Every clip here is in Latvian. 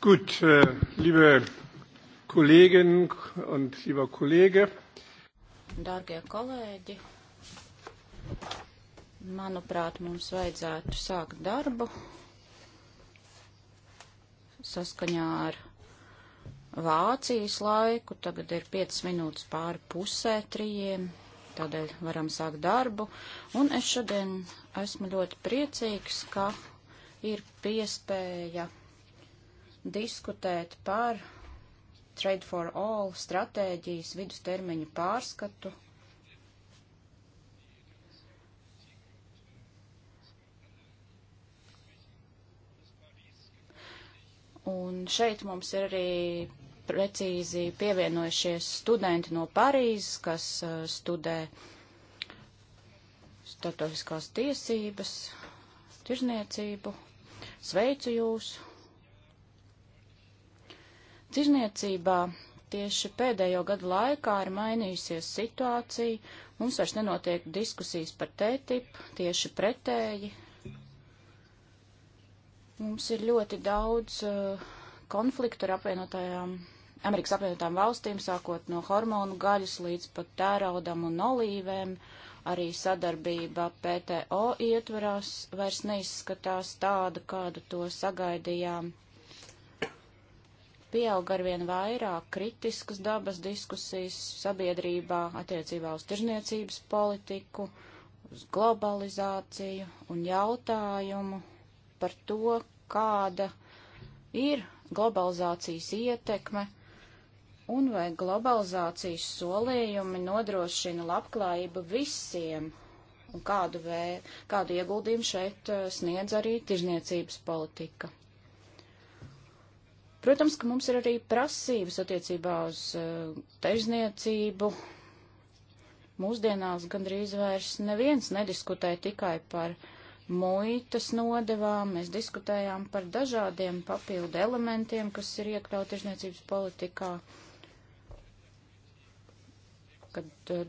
Gut, äh, liebe Kolleginnen und lieber Kollege. Dargie kolēģi, manuprāt, mums vajadzētu sākt darbu saskaņā ar Vācijas laiku. Tagad ir 5 minūtes pāri pusē trījiem, tādēļ varam sākt darbu. Un es šodien esmu ļoti priecīgs, ka ir piespēja diskutēt par Trade for All stratēģijas vidustermiņu pārskatu. Un šeit mums ir arī precīzi pievienojušies studenti no Parīzes, kas uh, studē statoviskās tiesības, tirzniecību. Sveicu jūs! Tirzniecībā tieši pēdējo gadu laikā ir mainījusies situācija. Mums vairs nenotiek diskusijas par TTIP, tieši pretēji. Mums ir ļoti daudz uh, konfliktu ar apvienotajām Amerikas Savienotām valstīm, sākot no hormonu gaļas līdz pat tēraudam un olīvēm. Uh, Arī sadarbība PTO ietvarās vairs neizskatās tāda, kādu to sagaidījām. Pieaug arvien vairāk kritiskas dabas diskusijas sabiedrībā attiecībā uz tirzniecības politiku, uz globalizāciju un jautājumu par to, kāda ir globalizācijas ietekme un vai globalizācijas solījumi nodrošina labklājību visiem, un kādu, vē, kādu ieguldījumu šeit eh, sniedz arī tirzniecības politika. Protams, ka mums ir arī prasības attiecībā uz uh, tirzniecību. Mūsdienās gandrīz vairs neviens nediskutē tikai par muitas nodevām, mēs diskutējām par dažādiem papildu elementiem, kas ir iekļauti tirzniecības politikā. Uh, kad uh,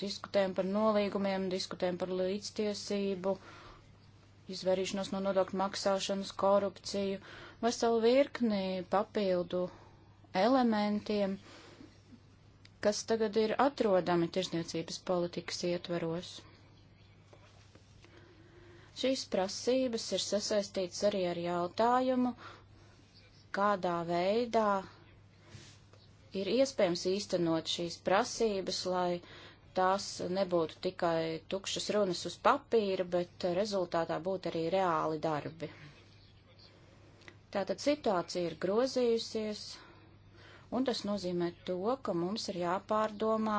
diskutējam par nolīgumiem, diskutējam par līdztiesību, izvairīšanos no nodokļu maksāšanas, korupciju, veselu virkni papildu elementiem, kas tagad ir atrodami tirzniecības politikas ietveros. Šīs prasības ir sasaistītas arī ar jautājumu, kādā veidā ir iespējams īstenot šīs prasības, lai tās nebūtu tikai tukšas runas uz papīra, bet rezultātā būtu arī reāli darbi. Tātad situācija ir grozījusies, un tas nozīmē to, ka mums ir jāpārdomā,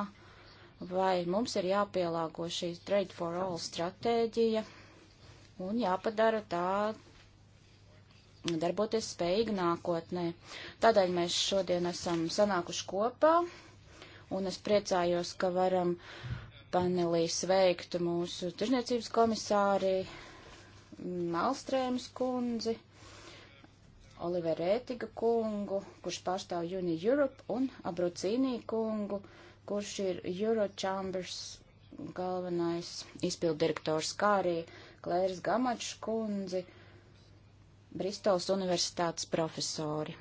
vai mums ir jāpielāgo šī Trade for All stratēģija un jāpadara tā darboties spējīgi nākotnē. Tādēļ mēs šodien esam sanākuši kopā, un es priecājos, ka varam panelī sveikt mūsu tirzniecības komisāri Malstrēmas mm, kundzi, Oliveru Ētiga kungu, kurš pārstāv Uni Europe, un Abrucīnī kungu, kurš ir Eurochambers galvenais izpildirektors, kā arī Klēras Gamačs kundzi, uh, Bristols universitātes profesori.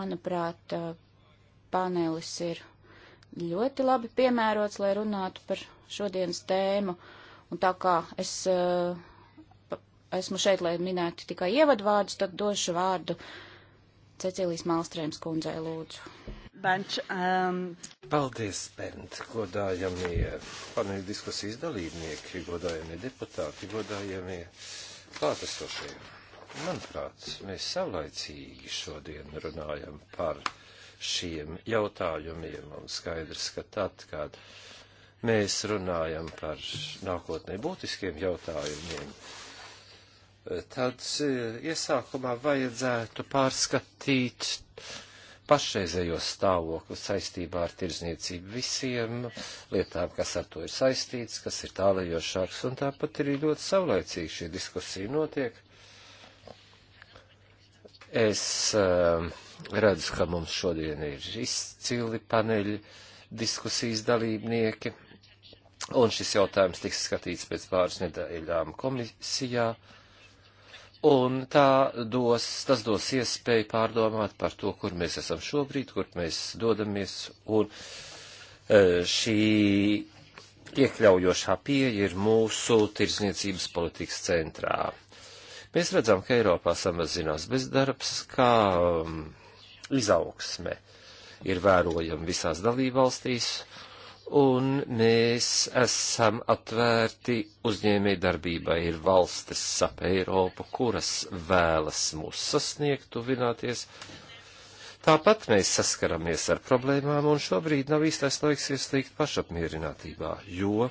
Manuprāt, uh, panelis ir ļoti labi piemērots, lai runātu par šodienas tēmu. Un tā kā es uh, esmu šeit, lai minētu tikai ievadvārdus, tad došu vārdu Cecīlijas Malstrēms kundzei lūdzu. Banč, um... Paldies, Bernt, godājamie paneļa diskusijas dalībnieki, godājamie deputāti, godājamie klātesošie. Manuprāt, mēs savlaicīgi šodien runājam par šiem jautājumiem un skaidrs, ka tad, kad mēs runājam par nākotnē būtiskiem jautājumiem, tad eh, iesākumā vajadzētu pārskatīt pašreizējo stāvokli saistībā ar tirzniecību visiem lietām, kas ar to ir saistīts, kas ir tālajošāks, un tāpat arī ļoti saulaicīgi šī diskusija notiek. Es uh, redzu, ka mums šodien ir izcili paneļi, diskusijas dalībnieki, un šis jautājums tiks skatīts pēc pāris nedēļām komisijā. Uh, un tā dos, tas dos iespēju pārdomāt par to, kur mēs esam šobrīd, kur mēs dodamies, un e, šī iekļaujošā pieeja ir mūsu tirzniecības politikas centrā. Mēs redzam, ka Eiropā samazinās bezdarbs, kā um, izaugsme ir vērojama visās dalībvalstīs, valstīs un mēs esam atvērti uzņēmēji darbībai. Ir valstis ap Eiropu, kuras vēlas mūs sasniegt, tuvināties. Tāpat mēs saskaramies ar problēmām, un šobrīd nav īstais laiks ieslīgt pašapmierinātībā, jo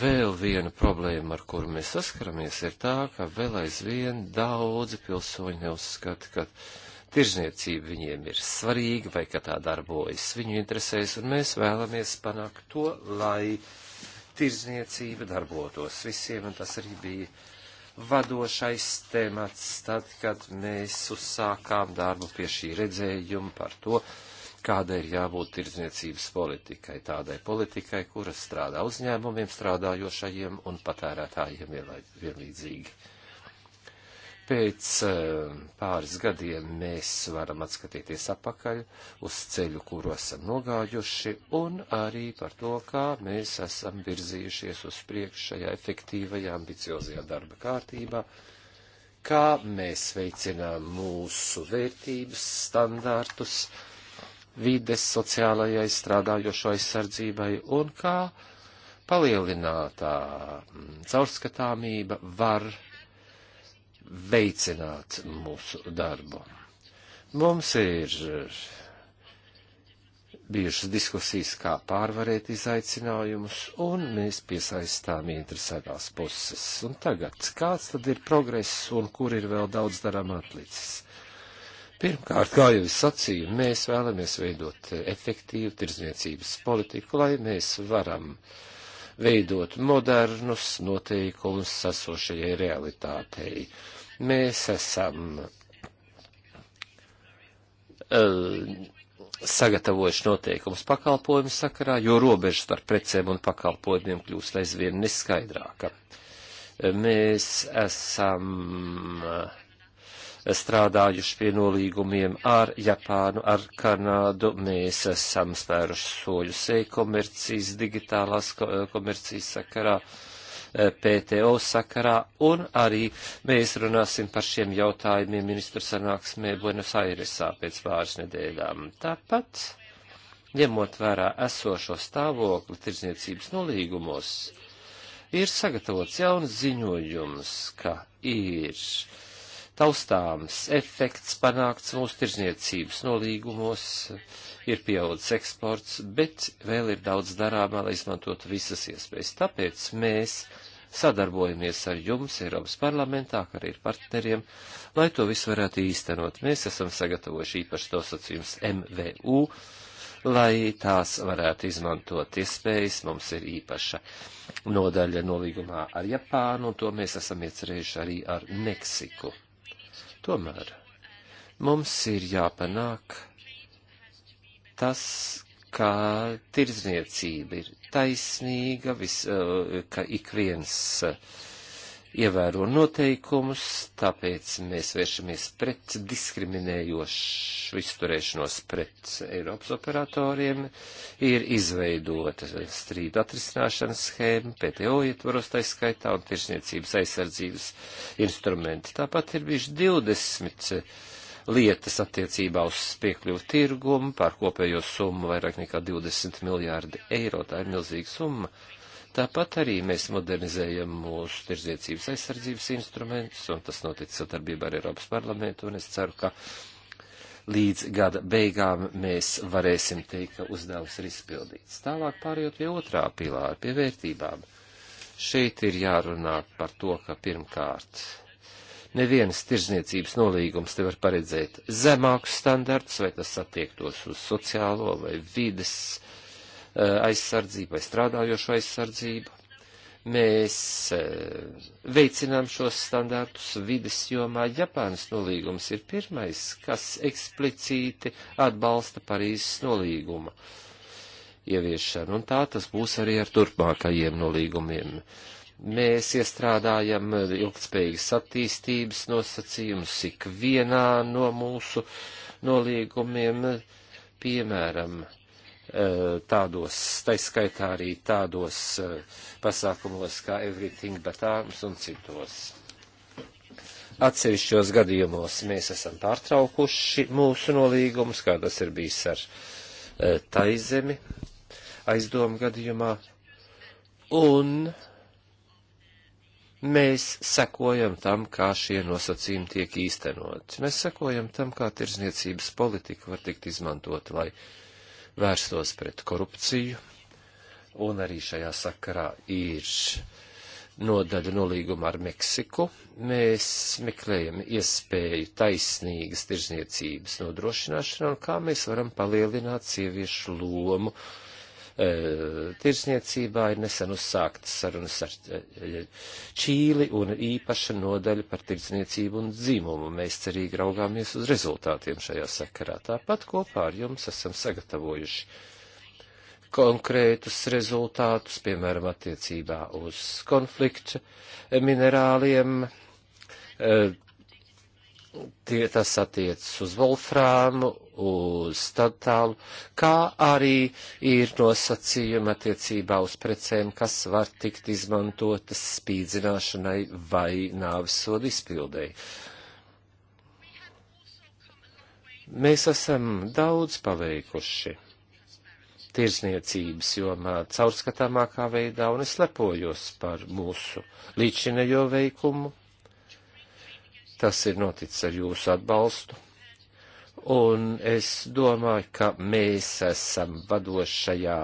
vēl viena problēma, ar kuru mēs saskaramies, ir tā, ka vēl aizvien daudzi pilsoņi neuzskata, ka tirzniecība viņiem ir svarīga vai ka tā darbojas viņu interesēs, un mēs vēlamies panākt to, lai tirzniecība darbotos visiem, un tas arī bija vadošais temats tad, kad mēs uzsākām darbu pie šī redzējuma par to, kādai ir jābūt tirdzniecības politikai, tādai politikai, kuras strādā uzņēmumiem, strādājošajiem un patērētājiem vienlīdzīgi pēc eh, pāris gadiem mēs varam atskatīties apakaļ uz ceļu, kuru esam nogājuši, un arī par to, kā mēs esam virzījušies uz priekšu šajā efektīvajā, ambiciozajā darba kārtībā, kā mēs veicinām mūsu vērtības, standārtus, vides, sociālajai, strādājošo aizsardzībai, un kā palielinātā mm, caurskatāmība var veicināt mūsu darbu. Mums ir eh, bijušas diskusijas, kā pārvarēt izaicinājumus, un mēs piesaistām interesētās puses. Un tagad, kāds tad ir progress un kur ir vēl daudz darām atlicis? Pirmkārt, kā jau es sacīju, mēs vēlamies veidot efektīvu tirzniecības politiku, lai mēs varam veidot modernus noteikumus sasošajai realitātei. Uh, Mēs esam eh, sagatavojuši noteikumus pakalpojumu sakarā, jo robeža starp precēm un pakalpojumiem kļūst aizvien neskaidrāka. Mēs esam eh, strādājuši pie nolīgumiem ar Japānu, ar Kanādu, mēs esam spēruši soļus e-komercijas, digitālās komercijas sakarā. Uh, Eh, PTO sakarā, un arī mēs runāsim par šiem jautājumiem ministru sanāksmē Buenos Airesā pēc pāris nedēļām. Tāpat, ņemot vērā esošo stāvokli tirdzniecības nolīgumos, ir sagatavots jauns ziņojums, ka ir taustāms efekts panākts mūsu tirzniecības nolīgumos, ir pieaudzis eksports, bet vēl ir daudz darāmā, lai izmantotu visas iespējas. Tāpēc mēs sadarbojamies ar jums, Eiropas parlamentā, kā arī ar partneriem, lai to visu varētu īstenot. Mēs esam sagatavojuši īpaši nosacījums MVU, lai tās varētu izmantot iespējas. Mums ir īpaša nodaļa nolīgumā ar Japānu, un to mēs esam iecerējuši arī ar Meksiku. Tomēr mums ir jāpanāk tas, ka tirzniecība ir taisnīga, vis, eh, ka ik viens uh, ievēro noteikumus, tāpēc mēs vēršamies pret diskriminējošu izturēšanos pret Eiropas operatoriem, ir izveidota strīdu atrisināšanas schēma, PTO ietvaros taiskaitā un tirsniecības aizsardzības instrumenti. Tāpat ir bijuši 20 lietas attiecībā uz piekļuvu tirgumu par kopējo summu vairāk nekā 20 miljārdi eiro. Tā ir milzīga summa. Uh, Tāpat arī mēs modernizējam mūsu tirdzniecības aizsardzības instrumentus, un tas notic sadarbībā ar Eiropas parlamentu, un es ceru, ka līdz gada beigām mēs varēsim teikt, ka uzdevums ir izpildīts. Tālāk pārējot pie otrā pilāra, pie vērtībām. Šeit ir jārunā par to, ka pirmkārt nevienas tirzniecības nolīgums nevar paredzēt zemākus standartus, vai tas attiektos uz sociālo vai vides Eh, aizsardzību vai strādājošo aizsardzību. Mēs eh, veicinām šos standārtus vides jomā. Japānas nolīgums ir pirmais, kas eksplicīti atbalsta Parīzes nolīguma ieviešanu, un tā tas būs arī ar turpmākajiem nolīgumiem. Mēs iestrādājam ilgtspējīgas attīstības nosacījumus ikvienā no mūsu nolīgumiem, piemēram, Eh, tādos, taiskaitā arī tādos eh, pasākumos kā Everything But Arms un citos. Atsevišķos gadījumos mēs esam pārtraukuši mūsu nolīgumus, kā tas ir bijis ar eh, taizemi aizdomu gadījumā, un mēs sekojam tam, kā šie nosacījumi tiek īstenot. Mēs sekojam tam, kā tirzniecības politika var tikt izmantot, lai uh, vērstos pret korupciju, un arī šajā sakarā ir nodaļa nolīguma ar Meksiku. Mēs meklējam iespēju taisnīgas tirzniecības nodrošināšanā, un kā mēs varam palielināt sieviešu lomu uh, E, tirsniecībā ir nesen uzsāktas sarunas ar e, e, Čīli un īpaša nodaļa par tirsniecību un dzīmumu. Mēs cerīgi raugāmies uz rezultātiem šajā sakarā. Tāpat kopā ar jums esam sagatavojuši konkrētus rezultātus, piemēram, attiecībā uz konfliktu minerāliem, Tie tas attiecas uz Volfrāmu, uz Tantālu, kā arī ir nosacījumi attiecībā uz precēm, kas var tikt izmantotas spīdzināšanai vai nāves sodu izpildēji. Mēs esam daudz paveikuši tirzniecības jomā caurskatāmākā veidā, un es lepojos par mūsu līdzinējo veikumu. Tas ir noticis ar jūsu atbalstu. Un es domāju, ka mēs esam vadošajā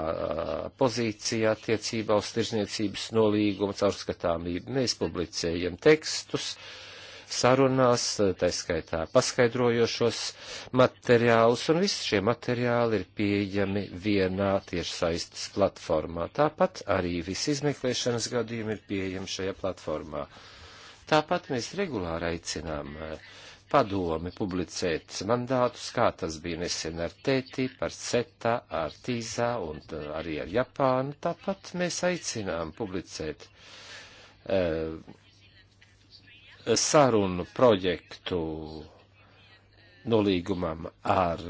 pozīcijā attiecībā uz tirzniecības nolīgumu caurskatāmību. Mēs publicējam tekstus sarunās, tā skaitā paskaidrojošos materiālus, un visi šie materiāli ir pieejami vienā tiešsaistes platformā. Tāpat arī visi izmeklēšanas gadījumi ir pieejami šajā platformā. Uh, Tāpat mēs regulāri aicinām eh, padomi publicēt mandātus, kā tas bija nesen ar Tēti, par Seta, ar Tīzā un eh, arī ar Japānu. Tāpat mēs aicinām publicēt uh, sarunu projektu nolīgumam ar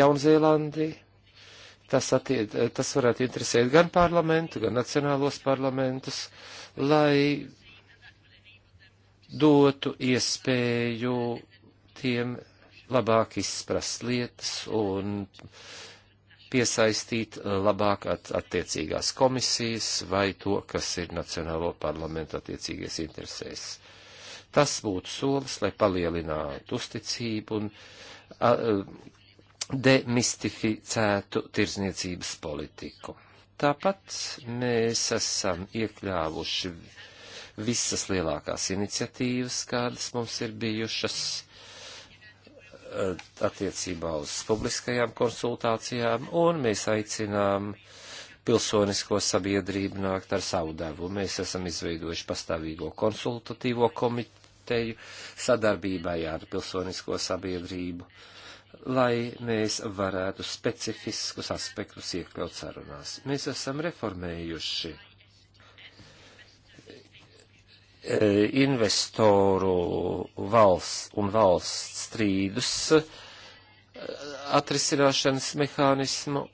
Jaunzēlandi. Tas, attied, tas varētu interesēt gan parlamentu, gan nacionālos parlamentus, lai dotu iespēju tiem labāk izprast lietas un piesaistīt eh, labāk at attiecīgās komisijas vai to, kas ir Nacionālo parlamentu attiecīgais interesēs. Tas būtu solis, lai palielinātu uzticību un a, eh, demistificētu tirzniecības politiku. Tāpat mēs esam iekļāvuši visas lielākās iniciatīvas, kādas mums ir bijušas eh, attiecībā uz publiskajām konsultācijām, un mēs aicinām pilsonisko sabiedrību nākt ar savu devu. Mēs esam izveidojuši pastāvīgo konsultatīvo komiteju sadarbībai ar pilsonisko sabiedrību, lai mēs varētu specifiskus aspektus iekļaut sarunās. Mēs esam reformējuši Eh, investoru valsts un valsts strīdus eh, atrisināšanas mehānismu,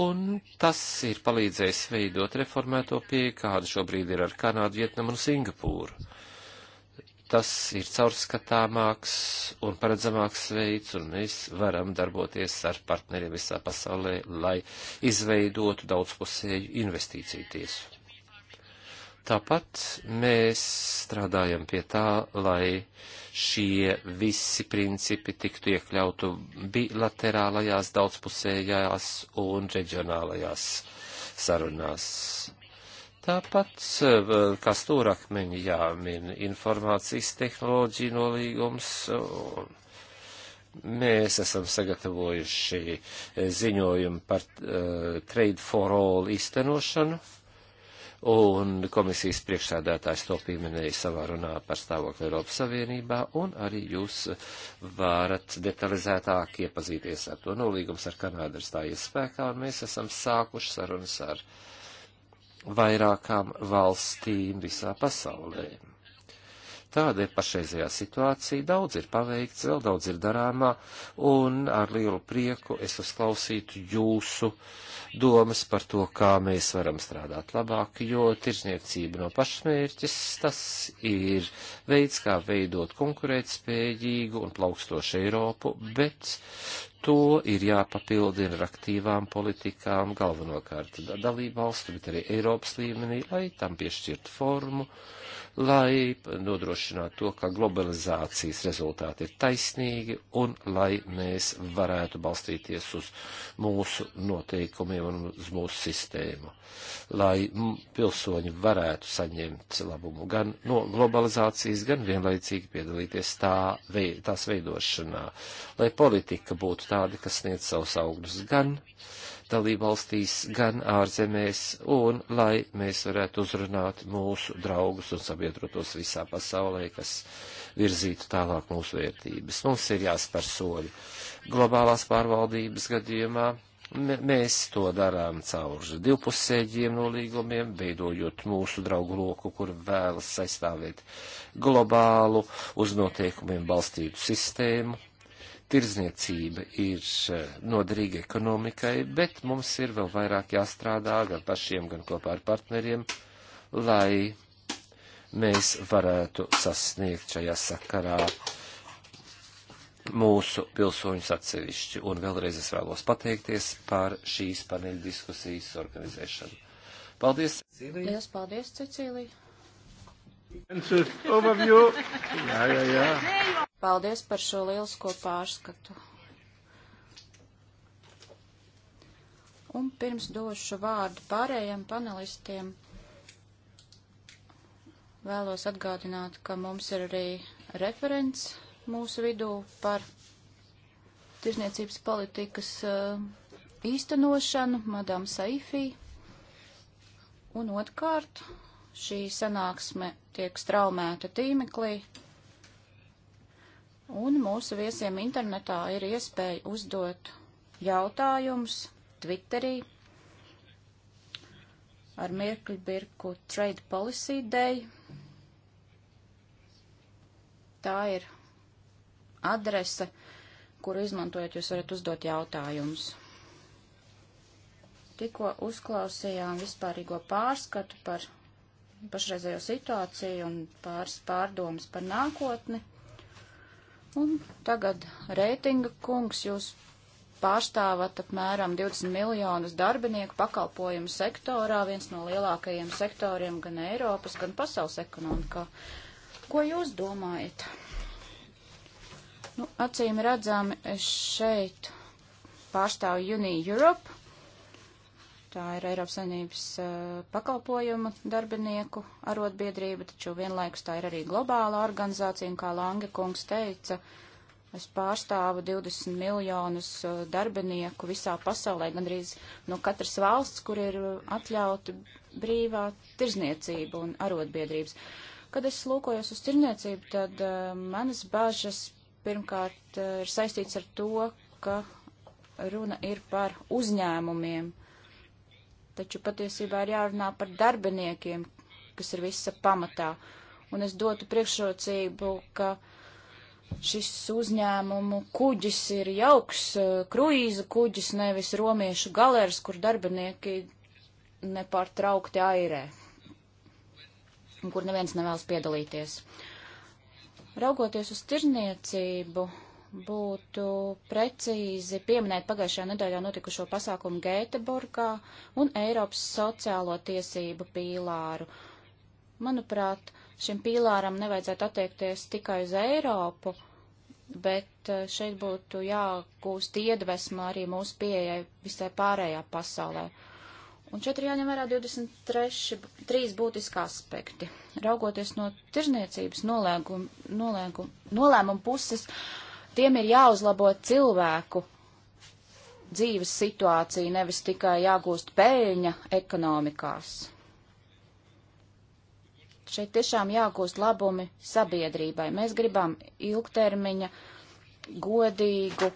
un tas ir palīdzējis veidot reformēto pieeju, kāda šobrīd ir ar Kanādu, Vietnamu un Singapūru. Tas ir caurskatāmāks un paredzamāks veids, un mēs varam darboties ar partneriem visā pasaulē, lai izveidotu daudzpusēju investīciju tiesu. Tāpat mēs strādājam pie tā, lai šie visi principi tiktu iekļautu bilaterālajās, daudzpusējās un reģionālajās sarunās. Tāpat, eh, kā stūrakmeņi jāmin, informācijas tehnoloģija nolīgums. Mēs esam sagatavojuši ziņojumu par uh, Trade for All īstenošanu. Uh, un komisijas priekšsēdētājs to pieminēja savā runā par stāvokli Eiropas Savienībā, un arī jūs varat detalizētāk iepazīties ar to. Nolīgums ar Kanādu ir stājies spēkā, un mēs esam sākuši sarunas ar vairākām valstīm visā pasaulē. Tāda ir pašreizējā situācija, daudz ir paveikts, vēl daudz ir darāmā, un ar lielu prieku es uzklausītu jūsu domas par to, kā mēs varam strādāt labāk, jo tirzniecība no pašmērķis, tas ir veids, kā veidot konkurētspējīgu un plaukstošu Eiropu, bet to ir jāpapildina ar aktīvām politikām, galvenokārt dalību valstu, bet arī Eiropas līmenī, lai tam piešķirtu formu lai nodrošinātu to, ka globalizācijas rezultāti ir taisnīgi un lai mēs varētu balstīties uz mūsu noteikumiem un uz mūsu sistēmu, lai pilsoņi varētu saņemt labumu gan no globalizācijas, gan vienlaicīgi piedalīties tā, vei, tās veidošanā, lai politika būtu tāda, kas sniedz savus augļus gan dalībvalstīs, gan ārzemēs, un lai mēs varētu uzrunāt mūsu draugus un sabiedrotos visā pasaulē, kas virzītu tālāk mūsu vērtības. Mums ir jāspēr soļi. Globālās pārvaldības gadījumā mēs to darām caur divpusēģiem nolīgumiem, veidojot mūsu draugu loku, kur vēlas aizstāvēt globālu uz noteikumiem balstītu sistēmu tirzniecība ir eh, noderīga ekonomikai, bet mums ir vēl vairāk jāstrādā gan pašiem, gan kopā ar partneriem, lai mēs varētu sasniegt šajā sakarā mūsu pilsoņus atsevišķi. Un vēlreiz es vēlos pateikties par šīs paneļa diskusijas organizēšanu. Paldies! Cecīlija! Lielas paldies, Cecīlija! Jā, jā, jā. Paldies par šo lielisko pārskatu. Un pirms došu vārdu pārējiem panelistiem, vēlos atgādināt, ka mums ir arī referents mūsu vidū par tirzniecības politikas īstenošanu, Madame Saifī. Un otrkārt, šī sanāksme tiek straumēta tīmeklī, un mūsu viesiem internetā ir iespēja uzdot jautājumus Twitterī ar Mirkļu Birku Trade Policy Day. Tā ir adrese, kuru izmantojot, jūs varat uzdot jautājumus. Tikko uzklausījām vispārīgo pārskatu par pašreizējo situāciju un pāris pārdomas par nākotni. Un tagad reitinga kungs, jūs pārstāvat apmēram 20 miljonus darbinieku pakalpojumu sektorā, viens no lielākajiem sektoriem gan Eiropas, gan pasaules ekonomikā. Ko jūs domājat? Nu, acīm redzami, es šeit pārstāvu Unī Europe, Tā ir Eiropas Savienības uh, pakalpojuma darbinieku arotbiedrība, taču vienlaikus tā ir arī globāla organizācija, un kā Lange kungs teica, es pārstāvu 20 miljonus uh, darbinieku visā pasaulē, gandrīz no katras valsts, kur ir atļauta brīvā tirzniecība un arotbiedrības. Kad es lūkojos uz tirzniecību, tad uh, manas bažas pirmkārt ir saistīts ar to, ka runa ir par uzņēmumiem taču patiesībā ir jārunā par darbiniekiem, kas ir visa pamatā. Un es dotu priekšrocību, ka šis uzņēmumu kuģis ir jauks, eh, kruīza kuģis, nevis romiešu galers, kur darbinieki nepārtraukti airē un kur neviens nevēlas piedalīties. Raugoties uz tirzniecību, būtu precīzi pieminēt pagājušajā nedēļā notikušo pasākumu Gēteburgā un Eiropas sociālo tiesību pīlāru. Manuprāt, šim pīlāram nevajadzētu attiekties tikai uz Eiropu, bet eh, šeit būtu jāgūst iedvesma arī mūsu pieejai visai pārējā pasaulē. Un šeit ir jāņem vērā 23 trīs būtiski aspekti. Raugoties no tirzniecības nolēgumu, nolēgumu, nolēmumu puses, uh, Tiem ir jāuzlabo cilvēku dzīves situācija, nevis tikai jāgūst pēļņa ekonomikās. Šeit tiešām jāgūst labumi sabiedrībai. Mēs gribam ilgtermiņa, godīgu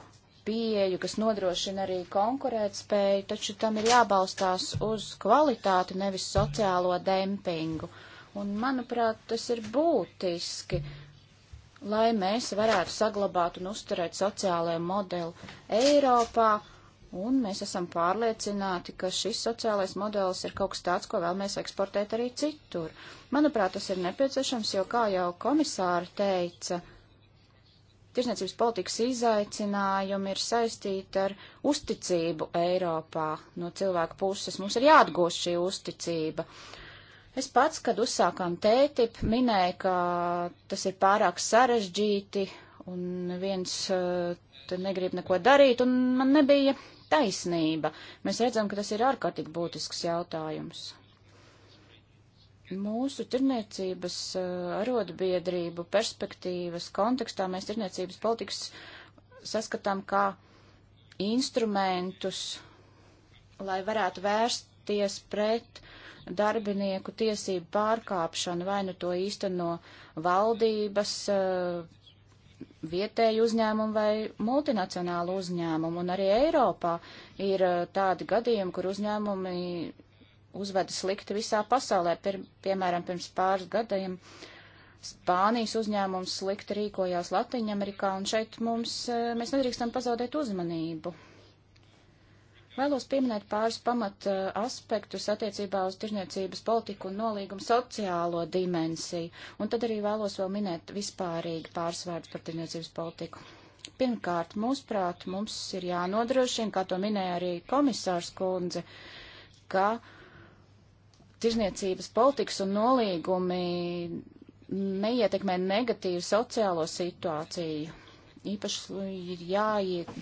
pieeju, kas nodrošina arī konkurētspēju, taču tam ir jābalstās uz kvalitāti, nevis sociālo dempingu. Un, manuprāt, tas ir būtiski lai mēs varētu saglabāt un uzturēt sociālajā modeli Eiropā, un mēs esam pārliecināti, ka šis sociālais modelis ir kaut kas tāds, ko vēlamies eksportēt arī citur. Manuprāt, tas ir nepieciešams, jo, kā jau komisāri teica, tirsniecības politikas izaicinājumi ir saistīti ar uzticību Eiropā no cilvēku puses. Mums ir jāatgūst šī uzticība. Uh, Es pats, kad uzsākām tētip, minēju, ka tas ir pārāk sarežģīti un neviens eh, te negrib neko darīt, un man nebija taisnība. Mēs redzam, ka tas ir ārkārtīgi būtisks jautājums. Mūsu tirniecības eh, arotbiedrību perspektīvas kontekstā mēs tirniecības politikas saskatām kā instrumentus, lai varētu vērsties pret uh, darbinieku tiesību pārkāpšanu, vai nu to īsteno valdības, eh, vietēju uzņēmumu vai multinacionālu uzņēmumu. Un arī Eiropā ir eh, tādi gadījumi, kur uzņēmumi uzveda slikti visā pasaulē. Pir, piemēram, pirms pāris gadiem Spānijas uzņēmums slikti rīkojās Latviņamerikā, un šeit mums, eh, mēs nedrīkstam pazaudēt uzmanību. Vēlos pieminēt pāris pamat eh, aspektus attiecībā uz tirzniecības politiku un nolīgumu sociālo dimensiju, un tad arī vēlos vēl minēt vispārīgi pāris vārdus par tirzniecības politiku. Pirmkārt, mūsuprāt, mums ir jānodrošina, kā to minēja arī komisārs kundze, ka tirzniecības politikas un nolīgumi neietekmē negatīvu sociālo situāciju. Īpaši ir jāiet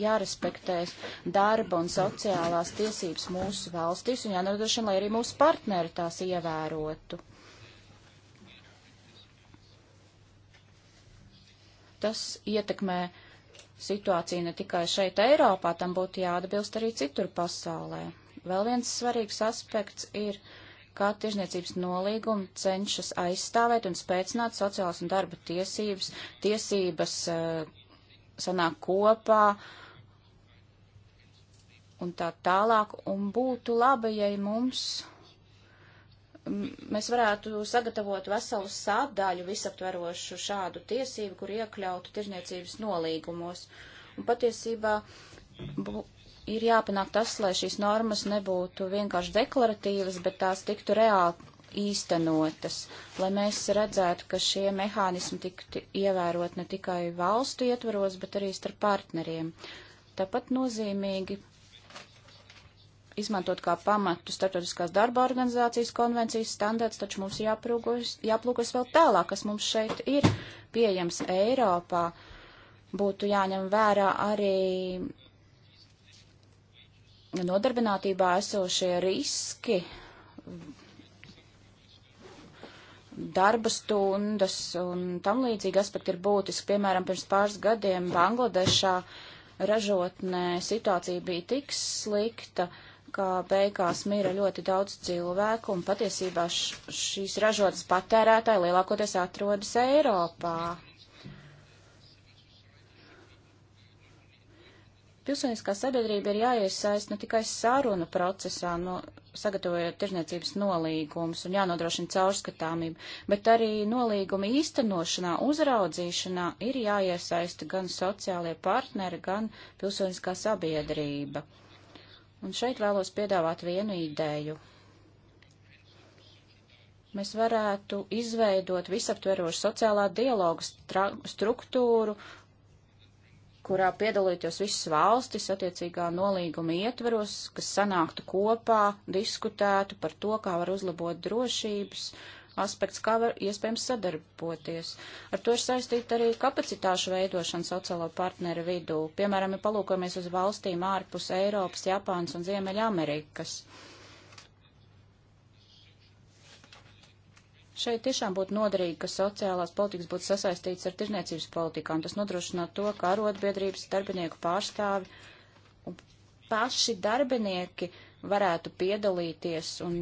jārespektēs darba un sociālās tiesības mūsu valstīs un jānodrošina, lai arī mūsu partneri tās ievērotu. Tas ietekmē situāciju ne tikai šeit Eiropā, tam būtu jāatbilst arī citur pasaulē. Vēl viens svarīgs aspekts ir, kā tirzniecības nolīgumi cenšas aizstāvēt un spēcināt sociālas un darba tiesības, tiesības uh, sanāk kopā un tā tālāk. Un būtu labi, ja mums, mēs varētu sagatavot veselu sādaļu visaptverošu šādu tiesību, kur iekļautu tirzniecības nolīgumos. Un patiesībā bu, ir jāpanāk tas, lai šīs normas nebūtu vienkārši deklaratīvas, bet tās tiktu reāli īstenotas, lai mēs redzētu, ka šie mehānismi tiktu ievērot ne tikai valstu ietvaros, bet arī starp partneriem. Tāpat nozīmīgi izmantot kā pamatu starptautiskās darba organizācijas konvencijas standarts, taču mums jāplūkos vēl tālāk, kas mums šeit ir pieejams Eiropā. Būtu jāņem vērā arī nodarbinātībā esošie riski, darba stundas un tam līdzīgi aspekti ir būtiski. Piemēram, pirms pāris gadiem Bangladešā ražotnē situācija bija tik slikta, ka beigās mira ļoti daudz cilvēku un patiesībā šīs ražotas patērētāji lielākoties atrodas Eiropā. Pilsoniskā sabiedrība ir jāiesaist ne tikai sarunu procesā, no, sagatavojot tirzniecības nolīgumus un jānodrošina caurskatāmību, bet arī nolīguma īstenošanā, uzraudzīšanā ir jāiesaista gan sociālie partneri, gan pilsoniskā sabiedrība. Un šeit vēlos piedāvāt vienu ideju. Mēs varētu izveidot visaptverošu sociālā dialogu struktūru kurā piedalītos visas valstis attiecīgā nolīguma ietveros, kas sanāktu kopā, diskutētu par to, kā var uzlabot drošības aspekts, kā var iespējams sadarboties. Ar to ir saistīta arī kapacitāšu veidošana sociālo partneru vidū. Piemēram, ja palūkojamies uz valstīm ārpus Eiropas, Japānas un Ziemeļamerikas. Amerikas Šeit tiešām būtu noderīgi, ka sociālās politikas būtu sasaistītas ar tirniecības politikām. Tas nodrošinātu to, ka arotbiedrības darbinieku pārstāvi un paši darbinieki varētu piedalīties un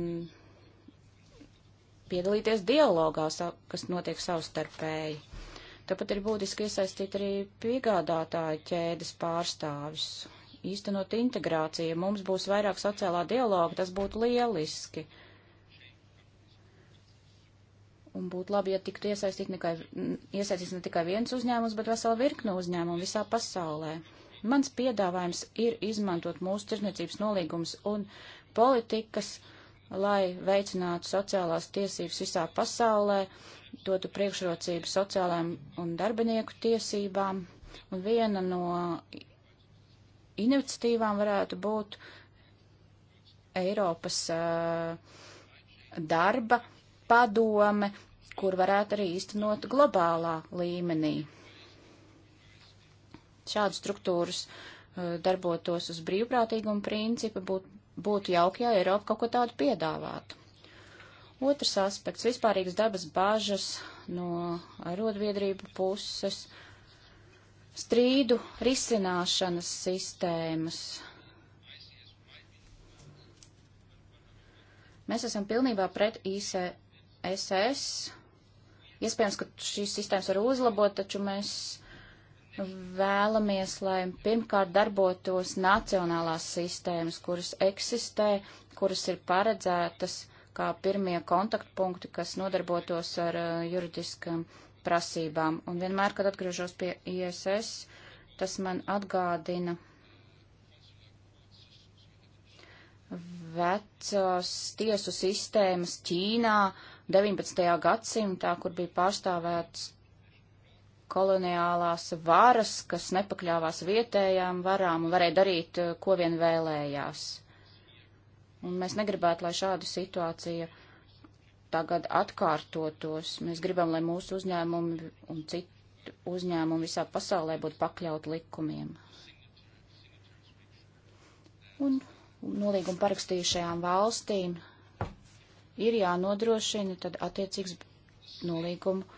piedalīties dialogā, kas notiek savstarpēji. Tāpat ir būtiski iesaistīt arī piegādātāju ķēdes pārstāvis. Īstenot integrāciju, mums būs vairāk sociālā dialoga, tas būtu lieliski. Uh, Un būtu labi, ja tiktu iesaistīt nekai, iesaistīts ne tikai viens uzņēmums, bet vesela virkne uzņēmumu visā pasaulē. Mans piedāvājums ir izmantot mūsu tirzniecības nolīgums un politikas, lai veicinātu sociālās tiesības visā pasaulē, dotu priekšrocību sociālajām un darbinieku tiesībām. Un viena no iniciatīvām varētu būt Eiropas uh, darba padome, kur varētu arī īstenot globālā līmenī. Šādas struktūras uh, darbotos uz brīvprātīguma principa, būtu, būtu jauki, ja Eiropa kaut ko tādu piedāvātu. Otrs aspekts - vispārīgas dabas bažas no arotbiedrību puses, strīdu risināšanas sistēmas. Mēs esam pilnībā pret ICSS Iespējams, ka šīs sistēmas var uzlabot, taču mēs vēlamies, lai pirmkārt darbotos nacionālās sistēmas, kuras eksistē, kuras ir paredzētas kā pirmie kontaktpunkti, kas nodarbotos ar uh, juridiskam prasībām. Un vienmēr, kad atgriežos pie ISS, tas man atgādina vecās tiesu sistēmas Ķīnā, uh, 19. gadsimtā, kur bija pārstāvēts koloniālās varas, kas nepakļāvās vietējām varām un varēja darīt, eh, ko vien vēlējās. Un mēs negribētu, lai šāda situācija tagad atkārtotos. Mēs gribam, lai mūsu uzņēmumi un citu uzņēmumu visā pasaulē būtu pakļaut likumiem. Un nolīgumu parakstījušajām valstīm ir jānodrošina tad attiecīgs nolīguma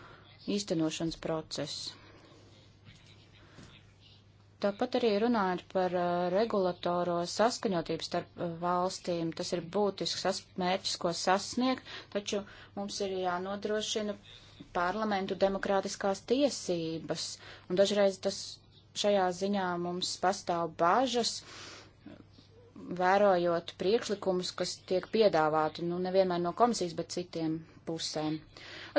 īstenošanas process. Tāpat arī runājot par uh, regulatoro saskaņotību starp uh, valstīm, tas ir būtisks mērķis, ko sasniegt, taču mums ir jānodrošina parlamentu demokrātiskās tiesības, un dažreiz tas šajā ziņā mums pastāv bažas, uh, vērojot priekšlikumus, kas tiek piedāvāti, nu, nevienmēr no komisijas, bet citiem pusēm.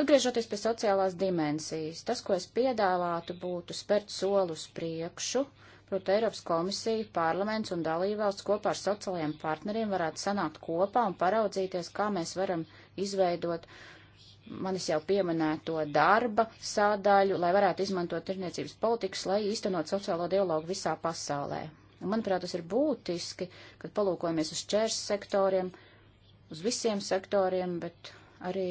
Atgriežoties pie sociālās dimensijas, tas, ko es piedāvātu, būtu spērt solus priekšu, proti Eiropas komisija, parlaments un dalībvalsts kopā ar sociālajiem partneriem varētu sanākt kopā un paraudzīties, kā mēs varam izveidot manis jau pieminēto darba sādaļu, lai varētu izmantot tirniecības politikas, lai īstenot sociālo dialogu visā pasaulē. Un, manuprāt, tas ir būtiski, kad palūkojamies uz čērs sektoriem, uz visiem sektoriem, bet arī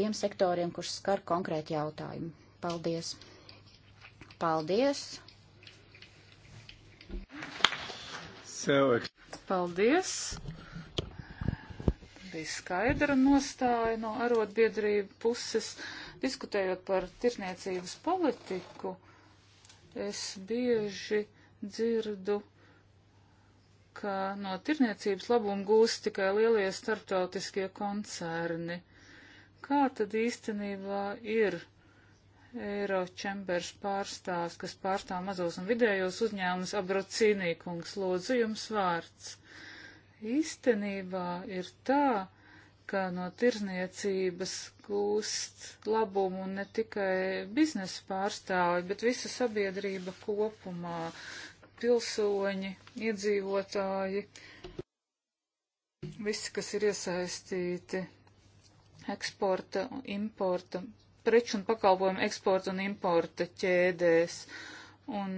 tiem sektoriem, kurš skar konkrēti jautājumi. Paldies! Paldies! Cilvēks. Paldies! Bija skaidra nostāja no arotbiedrību puses. Diskutējot par tirzniecības politiku, es bieži dzirdu, ka no tirzniecības labumu gūst tikai lielie starptautiskie koncerni. Kā tad īstenībā ir Eiro čembers pārstāvs, kas pārstāv mazos un vidējos uzņēmumus, Abrocīnīkungs, lūdzu jums vārds. Īstenībā ir tā, ka no tirzniecības gūst labumu ne tikai biznesa pārstāvi, bet visa sabiedrība kopumā, pilsoņi, iedzīvotāji, visi, kas ir iesaistīti eksporta, importa, preču un pakalpojumu eksporta un importa ķēdēs. Un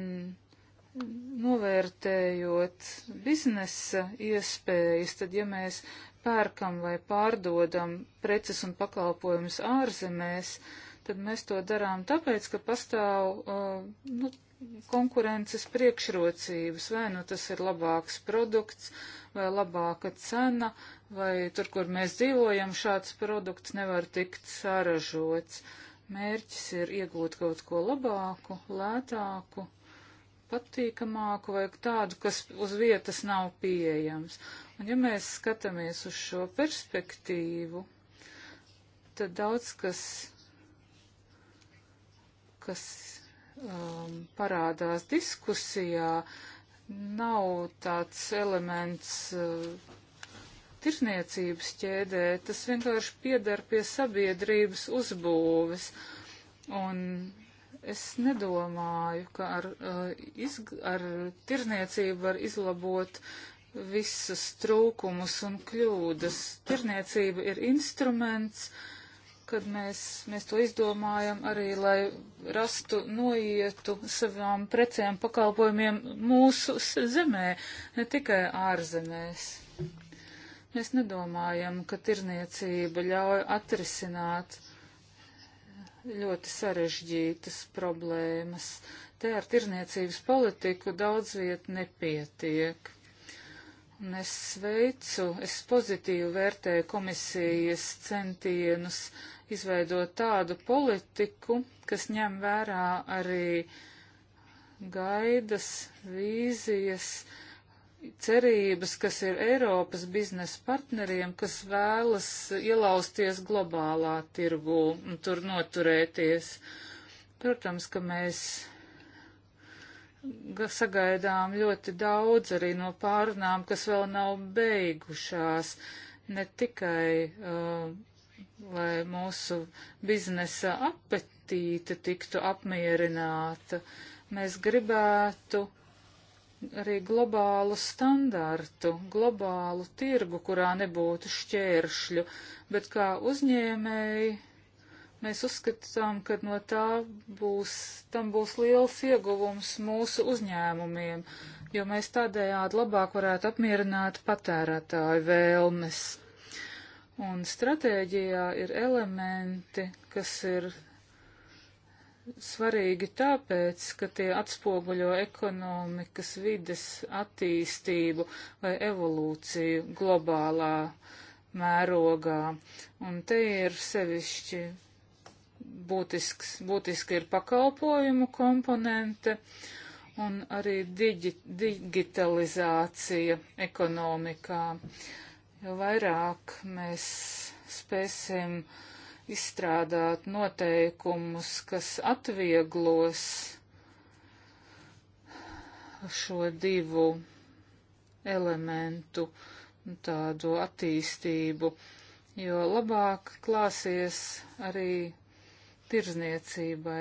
novērtējot biznesa iespējas, tad ja mēs pērkam vai pārdodam preces un pakalpojumus ārzemēs, tad mēs to darām tāpēc, ka pastāv uh, nu, konkurences priekšrocības, vai nu tas ir labāks produkts, vai labāka cena, vai tur, kur mēs dzīvojam, šāds produkts nevar tikt saražots. Mērķis ir iegūt kaut ko labāku, lētāku, patīkamāku, vajag tādu, kas uz vietas nav pieejams. Un ja mēs skatāmies uz šo perspektīvu, tad daudz kas, kas um, parādās diskusijā, nav tāds elements uh, tirsniecības ķēdē, tas vienkārši piedar pie sabiedrības uzbūves. Un Es nedomāju, ka ar, uh, izg ar tirzniecību var izlabot visus trūkumus un kļūdas. Tirzniecība ir instruments, kad mēs, mēs to izdomājam arī, lai rastu noietu savām precēm pakalpojumiem mūsu zemē, ne tikai ārzemēs. Mēs nedomājam, ka tirzniecība ļauj atrisināt ļoti sarežģītas problēmas. Te ar tirzniecības politiku daudz viet nepietiek. Un es sveicu, es pozitīvi vērtēju komisijas centienus izveidot tādu politiku, kas ņem vērā arī gaidas, vīzijas, uh, cerības, kas ir Eiropas biznesa partneriem, kas vēlas ielausties globālā tirgū un tur noturēties. Protams, ka mēs sagaidām ļoti daudz arī no pārunām, kas vēl nav beigušās, ne tikai, uh, lai mūsu biznesa apetīte tiktu apmierināta. Mēs gribētu arī globālu standartu, globālu tirgu, kurā nebūtu šķēršļu, bet kā uzņēmēji mēs uzskatām, ka no tā būs, tam būs liels ieguvums mūsu uzņēmumiem, jo mēs tādējādi labāk varētu apmierināt patērētāju vēlmes. Un stratēģijā ir elementi, kas ir svarīgi tāpēc, ka tie atspoguļo ekonomikas vides attīstību vai evolūciju globālā mērogā. Un te ir sevišķi būtisks, būtiski ir pakalpojumu komponente un arī digi, digitalizācija ekonomikā. Jo vairāk mēs spēsim uh, izstrādāt noteikumus, kas atvieglos šo divu elementu tādu attīstību, jo labāk klāsies arī tirzniecībai.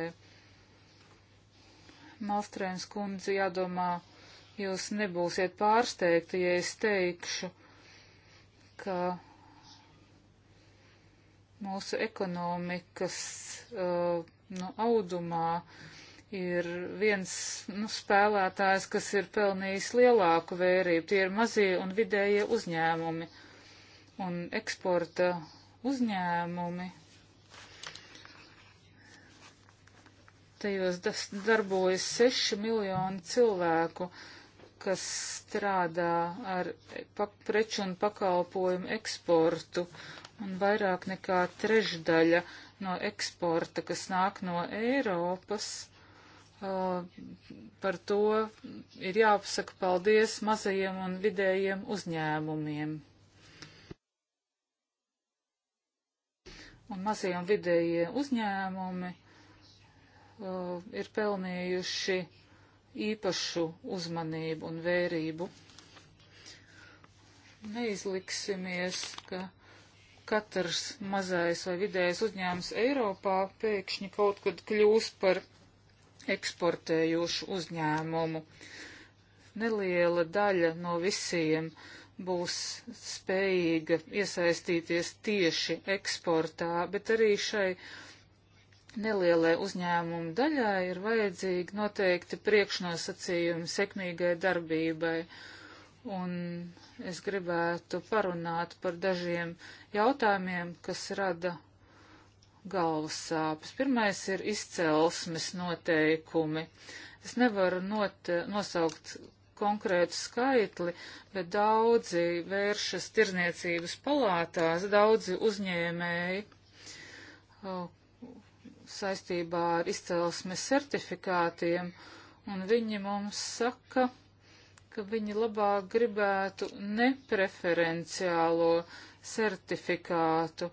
Malstrēns kundze jādomā, jūs nebūsiet pārsteigti, ja es teikšu, ka mūsu ekonomikas uh, nu, audumā ir viens nu, spēlētājs, kas ir pelnījis lielāku vērību. Tie ir mazie un vidējie uzņēmumi un eksporta uzņēmumi. Tajos darbojas 6 miljoni cilvēku, kas strādā ar preču un pakalpojumu eksportu. Uh, un vairāk nekā trešdaļa no eksporta, kas nāk no Eiropas, par to ir jāpasaka paldies mazajiem un vidējiem uzņēmumiem. Un mazie un vidējie uzņēmumi uh, ir pelnījuši īpašu uzmanību un vērību. Neizliksimies, ka katrs mazais vai vidējais uzņēmums Eiropā pēkšņi kaut kad kļūs par eksportējošu uzņēmumu. Neliela daļa no visiem būs spējīga iesaistīties tieši eksportā, bet arī šai nelielai uzņēmumu daļai ir vajadzīgi noteikti priekšnosacījumi sekmīgai darbībai. Uh, un es gribētu parunāt par dažiem jautājumiem, kas rada galvas sāpes. Pirmais ir izcelsmes noteikumi. Es nevaru note, nosaukt konkrētu skaitli, bet daudzi vēršas tirniecības palātās, daudzi uzņēmēji saistībā ar izcelsmes certifikātiem, un viņi mums saka, ka ka viņi labāk gribētu nepreferenciālo certifikātu,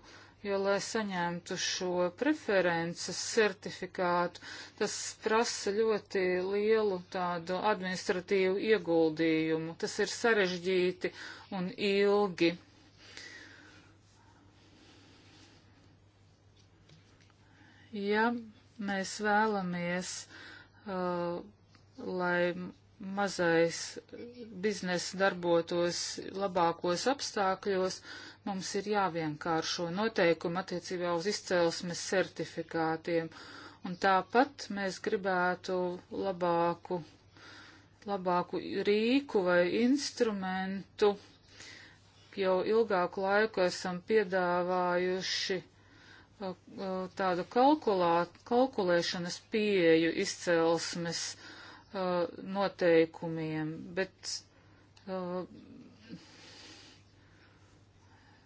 jo, lai saņemtu šo preferences certifikātu, tas prasa ļoti lielu tādu administratīvu ieguldījumu. Tas ir sarežģīti un ilgi. Ja mēs vēlamies, uh, lai mazais biznes darbotos labākos apstākļos, mums ir jāvienkāršo noteikumi attiecībā uz izcelsmes certifikātiem. Un tāpat mēs gribētu labāku, labāku rīku vai instrumentu. Jau ilgāku laiku esam piedāvājuši uh, uh, tādu kalkulā, kalkulēšanas pieju izcelsmes certifikātiem uh, noteikumiem, bet uh,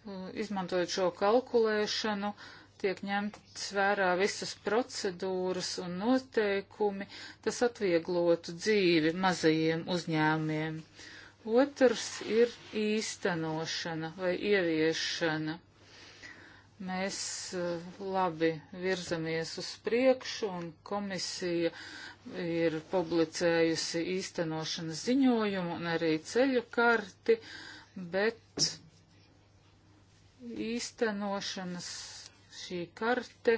uh, izmantojot šo kalkulēšanu, tiek ņemts vērā visas procedūras un noteikumi, tas atvieglotu dzīvi mazajiem uzņēmumiem. Otrs ir īstenošana vai ieviešana mēs eh, labi virzamies uz priekšu un komisija ir publicējusi īstenošanas ziņojumu un arī ceļu karti, bet īstenošanas šī karte,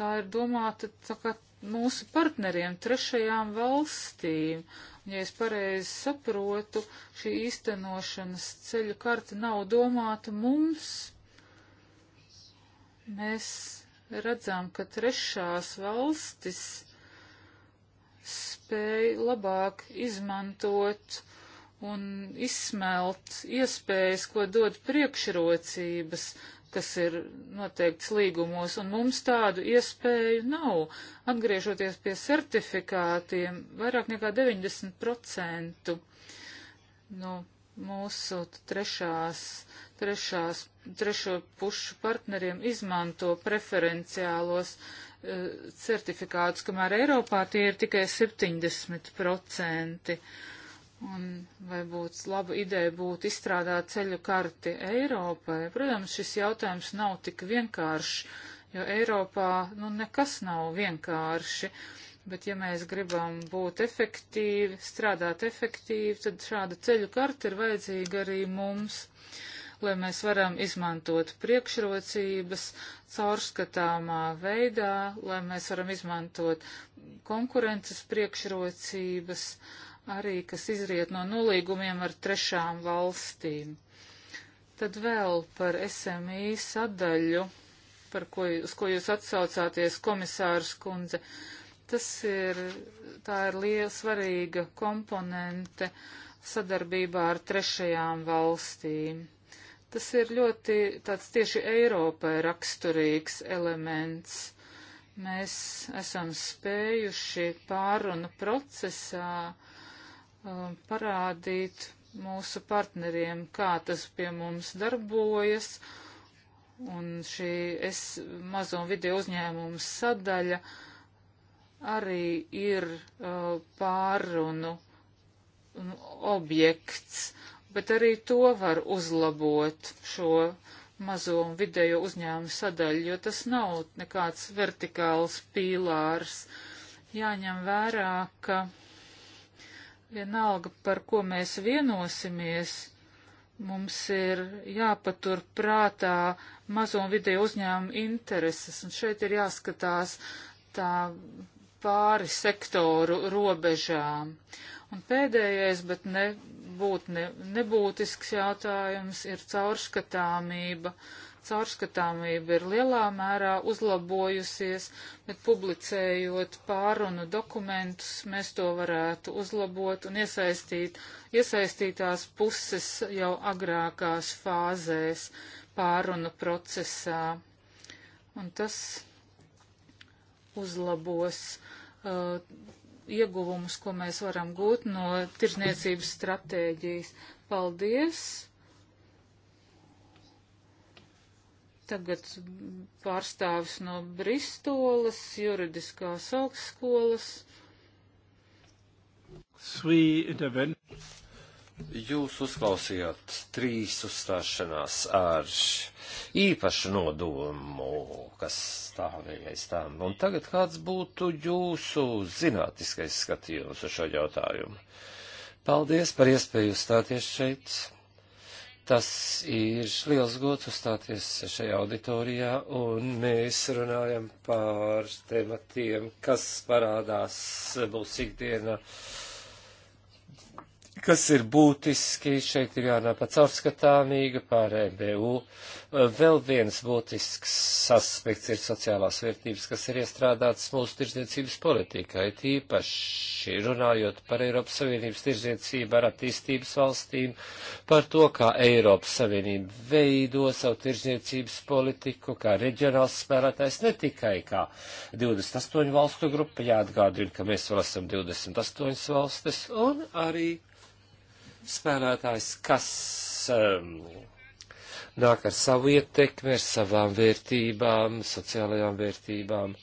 tā ir domāta tā kā mūsu partneriem, trešajām valstīm. Un, ja es pareizi saprotu, šī īstenošanas ceļu karte nav domāta mums, Mēs redzam, ka trešās valstis spēj labāk izmantot un izsmelt iespējas, ko dod priekšrocības, kas ir noteikts līgumos, un mums tādu iespēju nav. Atgriežoties pie certifikātiem, vairāk nekā 90% no mūsu trešās, trešās trešo pušu partneriem izmanto preferenciālos uh, certifikātus, kamēr Eiropā tie ir tikai 70%. Un vai būtu laba ideja būtu izstrādāt ceļu karti Eiropai? Protams, šis jautājums nav tik vienkāršs, jo Eiropā nu, nekas nav vienkārši. Bet, ja mēs gribam būt efektīvi, strādāt efektīvi, tad šāda ceļu karta ir vajadzīga arī mums. Uh, lai mēs varam izmantot priekšrocības caurskatāmā veidā, lai mēs varam izmantot konkurences priekšrocības arī, kas izriet no nolīgumiem ar trešām valstīm. Tad vēl par SMI sadaļu, par ko, uz ko jūs atsaucāties, komisārs kundze. Tas ir, tā ir liela svarīga komponente sadarbībā ar trešajām valstīm. Tas ir ļoti tāds tieši Eiropai raksturīgs elements. Mēs esam spējuši pārunu procesā um, parādīt mūsu partneriem, kā tas pie mums darbojas, un šī es mazo un video uzņēmumu sadaļa arī ir uh, pārunu um, objekts. Uh, bet arī to var uzlabot šo mazo un vidējo uzņēmumu sadaļu, jo tas nav nekāds vertikāls pīlārs. Jāņem vērā, ka vienalga, par ko mēs vienosimies, mums ir jāpatur prātā mazo un vidējo uzņēmumu intereses, un šeit ir jāskatās tā pāri sektoru robežām. Un pēdējais, bet ne būt ne, nebūtisks jautājums, ir caurskatāmība. Caurskatāmība ir lielā mērā uzlabojusies, bet publicējot pārunu dokumentus, mēs to varētu uzlabot un iesaistīt iesaistītās puses jau agrākās fāzēs pārunu procesā. Un tas uzlabos uh, ieguvumus, ko mēs varam gūt no tirzniecības stratēģijas. Paldies! Tagad pārstāvis no Bristolas, juridiskās augstskolas. Jūs uzklausījāt trīs uzstāšanās ar. Ārš īpašu nodomu, kas stāvēja aiz tām. Un tagad kāds būtu jūsu zinātniskais skatījums uz šo jautājumu? Paldies par iespēju uzstāties šeit. Tas ir liels gods uzstāties šajā auditorijā, un mēs runājam par tematiem, kas parādās mūsu ikdienā. Uh, kas ir būtiski, šeit ir jārunā par caurskatāmīgu, par MBU. Vēl viens būtisks aspekts ir sociālās vērtības, kas ir iestrādātas mūsu tirzniecības politikai, tīpaši runājot par Eiropas Savienības tirzniecību ar attīstības valstīm, par to, kā Eiropas Savienība veido savu tirzniecības politiku, kā reģionāls spēlētājs, ne tikai kā 28 valstu grupa, jāatgādina, ka mēs vēl esam 28 valstis, un arī spēlētājs, kas um, nāk ar savu ietekmi, ar savām vērtībām, sociālajām vērtībām.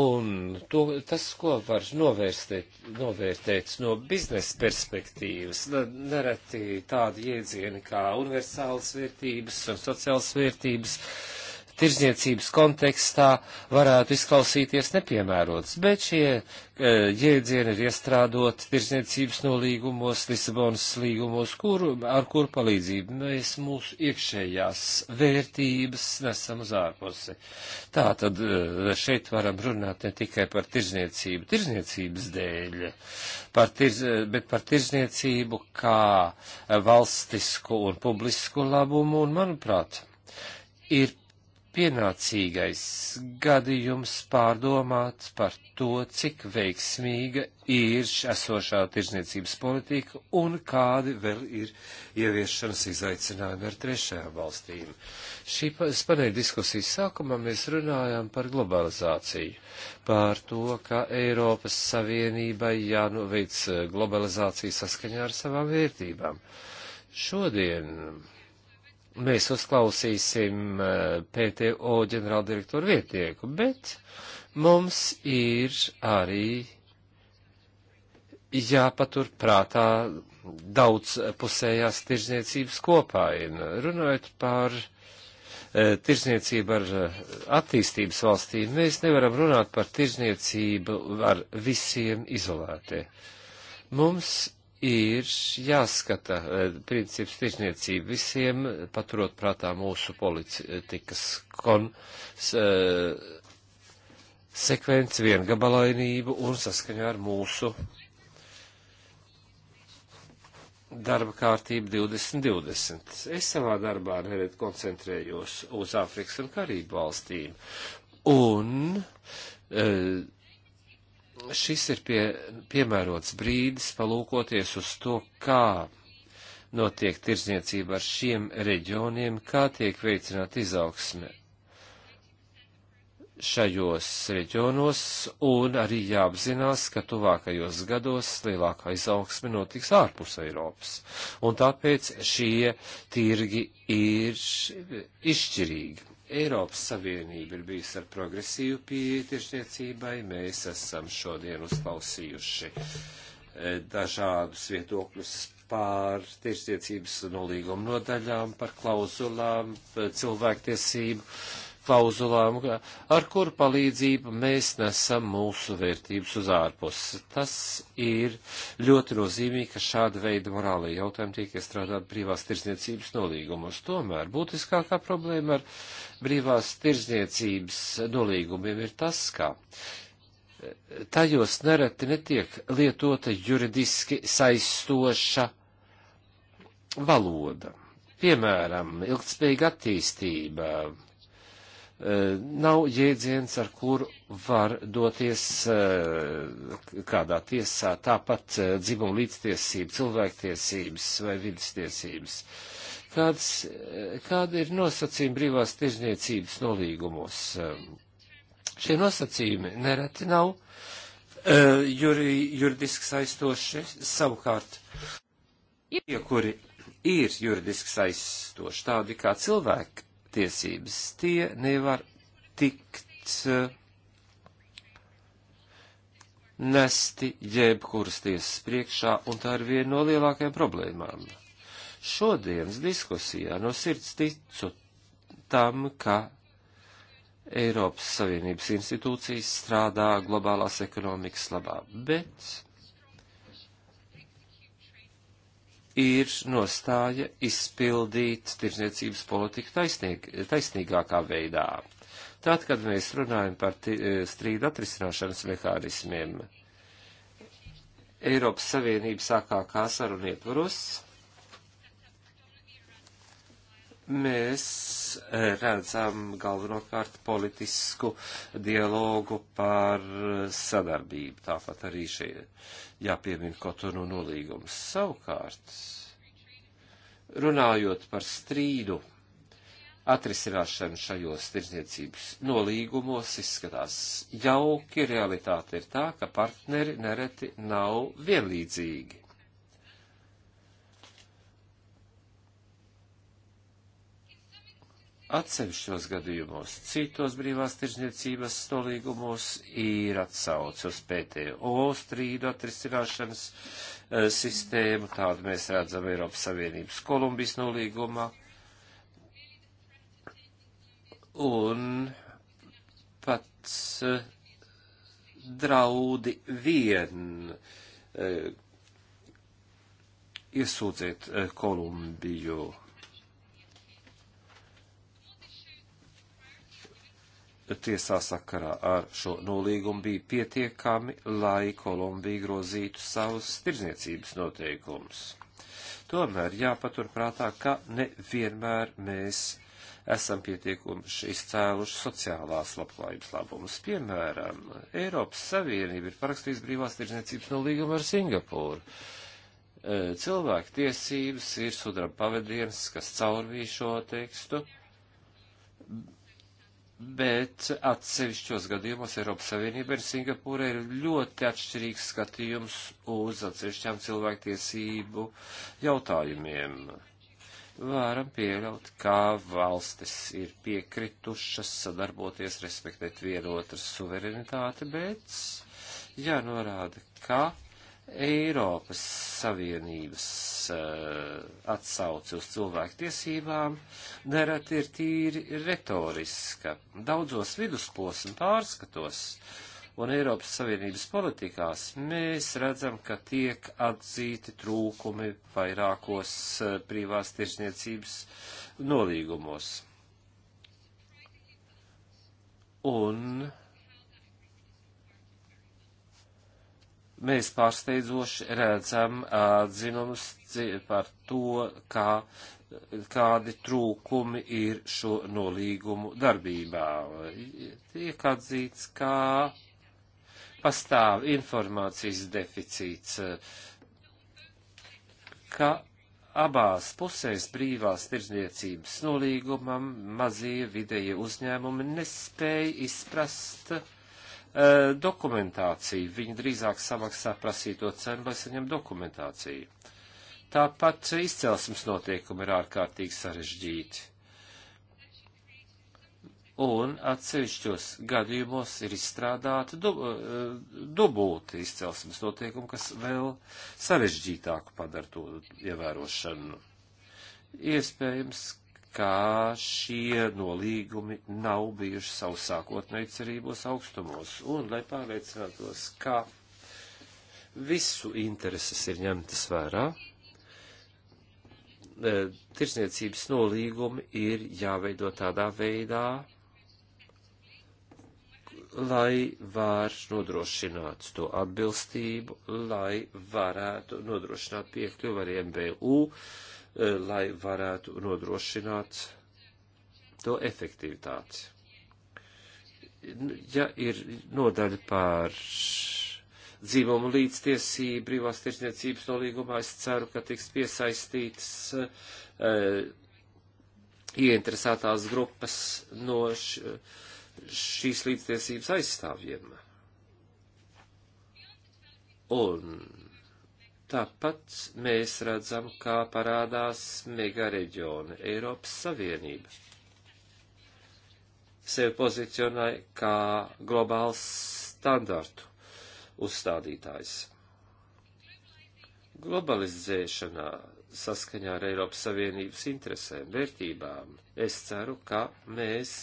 Un to, tas, ko var novērstēt, novērtēt no biznesa perspektīvas, nereti tādi jēdzieni kā universālas vērtības un sociālas vērtības, uh, tirzniecības kontekstā varētu izklausīties nepiemērots, bet šie e, jēdzieni ir iestrādot tirzniecības nolīgumos, Lisabonas līgumos, kur, ar kur palīdzību mēs mūsu iekšējās vērtības nesam uz ārpusi. Tā tad e, šeit varam runāt ne tikai par tirzniecību tirzniecības dēļ, par tirz, bet par tirzniecību kā valstisku un publisku labumu, un manuprāt, ir pienācīgais gadījums pārdomāt par to, cik veiksmīga ir esošā tirzniecības politika un kādi vēl ir ieviešanas izaicinājumi ar trešajām valstīm. Šī spanēja diskusijas sākumā mēs runājām par globalizāciju, par to, ka Eiropas Savienībai jānoveic eh, globalizācija saskaņā ar savām vērtībām. Šodien mēs uzklausīsim eh, PTO ģenerāldirektoru vietnieku, bet mums ir arī jāpatur prātā daudz pusējās tirzniecības kopā. Runājot par eh, tirzniecību ar eh, attīstības valstīm, mēs nevaram runāt par tirzniecību ar visiem izolētē. Mums ir jāskata eh, princips tirzniecība visiem, paturot prātā mūsu politikas kon, se, eh, sekvenci viengabalainību un saskaņā ar mūsu darba kārtību 2020. Es savā darbā nereti koncentrējos uz Āfrikas un Karību valstīm. Un, uh, e, šis ir pie, piemērots brīdis palūkoties uz to, kā notiek tirzniecība ar šiem reģioniem, kā tiek veicināta izaugsme šajos reģionos, un arī jāapzinās, ka tuvākajos gados lielākā izaugsme notiks ārpus Eiropas. Un tāpēc šie tirgi ir izšķirīgi. Eiropas Savienība ir bijusi ar progresīvu pieeju tiešniecībai. Mēs esam šodien uzklausījuši eh, dažādus viedokļus pār tiešniecības nolīgumu nodaļām, par klauzulām, eh, cilvēktiesību klauzulām, ar kuru palīdzību mēs nesam mūsu vērtības uz ārpusi. Tas ir ļoti nozīmīgi, ka šāda veida morālai jautājumi tiek iestrādāt brīvās tirzniecības nolīgumos. Tomēr būtiskākā problēma ar brīvās tirzniecības nolīgumiem ir tas, ka tajos nereti netiek lietota juridiski saistoša valoda. Piemēram, ilgspējīga attīstība, Eh, nav jēdziens, ar kuru var doties eh, kādā tiesā, tāpat eh, dzimuma līdztiesība, cilvēktiesības vai vidas tiesības. Kāds, kāda ir nosacījuma brīvās tirzniecības nolīgumos? Šie nosacījumi nereti nav juri, juridiski saistoši, savukārt tie, kuri ir juridiski saistoši, tādi kā cilvēki tiesības. Tie nevar tikt eh, nesti jebkuras tiesas priekšā, un tā ir viena no lielākajām problēmām. Šodienas diskusijā no sirds ticu tam, ka Eiropas Savienības institūcijas strādā globālās ekonomikas labā, bet ir nostāja izpildīt tirzniecības politiku taisnīg, taisnīgākā veidā. Tad, kad mēs runājam par e, strīdu atrisināšanas mehānismiem, Eiropas Savienības sākākā saruna ietvaros mēs eh, redzam galvenokārt politisku dialogu par eh, sadarbību. Tāpat arī šeit jāpiemina Kotonu nolīgums. Savukārt, runājot par strīdu atrisināšanu šajos tirdzniecības nolīgumos, izskatās jauki. Realitāte ir tā, ka partneri nereti nav vienlīdzīgi Atsevišķos gadījumos, citos brīvās tirzniecības stolīgumos ir atsauce uz PTO strīdu atrisināšanas e, sistēmu, tādu mēs redzam Eiropas Savienības Kolumbijas nolīgumā. Un pats e, draudi vien e, iesūdzēt Kolumbiju tiesā sakarā ar šo nolīgumu bija pietiekami, lai Kolumbija grozītu savus tirzniecības noteikumus. Tomēr jāpaturprātā, ka nevienmēr mēs esam pietiekuši izcēluši sociālās labklājības labumus. Piemēram, Eiropas Savienība ir parakstījusi brīvās tirzniecības nolīgumu ar Singapūru. E, cilvēku tiesības ir sudraba pavadienas, kas caurvīšo tekstu, bet atsevišķos gadījumos Eiropas Savienība ir Singapūra ir ļoti atšķirīgs skatījums uz atsevišķām cilvēktiesību jautājumiem. Varam pieļaut, kā valstis ir piekritušas sadarboties, respektēt vienotras suverenitāti, bet jānorāda, ka Eiropas Savienības uh, eh, atsauci uz cilvēku tiesībām nereti ir tīri retoriska. Daudzos vidusposmu pārskatos un Eiropas Savienības politikās mēs redzam, ka tiek atzīti trūkumi vairākos uh, privās tirsniecības nolīgumos. Un mēs pārsteidzoši redzam atzinumus par to, kā, kādi trūkumi ir šo nolīgumu darbībā. Tiek atzīts, kā pastāv informācijas deficīts, ka abās pusēs brīvās tirdzniecības nolīgumam mazie vidēji uzņēmumi nespēja izprast, uh, E, dokumentāciju. Viņi drīzāk samaksā prasīto cenu, lai saņem dokumentāciju. Tāpat izcelsmes noteikumi ir ārkārtīgi sarežģīti. Un atsevišķos gadījumos ir izstrādāti dub, e, dubulti izcelsmes noteikumi, kas vēl sarežģītāku padara to ievērošanu. Iespējams, kā šie nolīgumi nav bijuši savu sākotnēji cerībos augstumos, un lai pārliecinātos, ka visu intereses ir ņemtas vērā, e, tirsniecības nolīgumi ir jāveido tādā veidā, lai var nodrošināt to atbilstību, lai varētu nodrošināt piekļuvu ar MBU, uh, E, lai varētu nodrošināt to efektivitāti. Ja ir nodaļa par dzīvumu līdztiesību, brīvās tirsniecības nolīgumā, es ceru, ka tiks piesaistītas e, ieinteresētās grupas no š, šīs līdztiesības aizstāvjiem. Un Tāpat mēs redzam, kā parādās mega reģiona Eiropas Savienība. Sevi pozicionēja kā globāls standartu uzstādītājs. Globalizēšanā saskaņā ar Eiropas Savienības interesēm, vērtībām, es ceru, ka mēs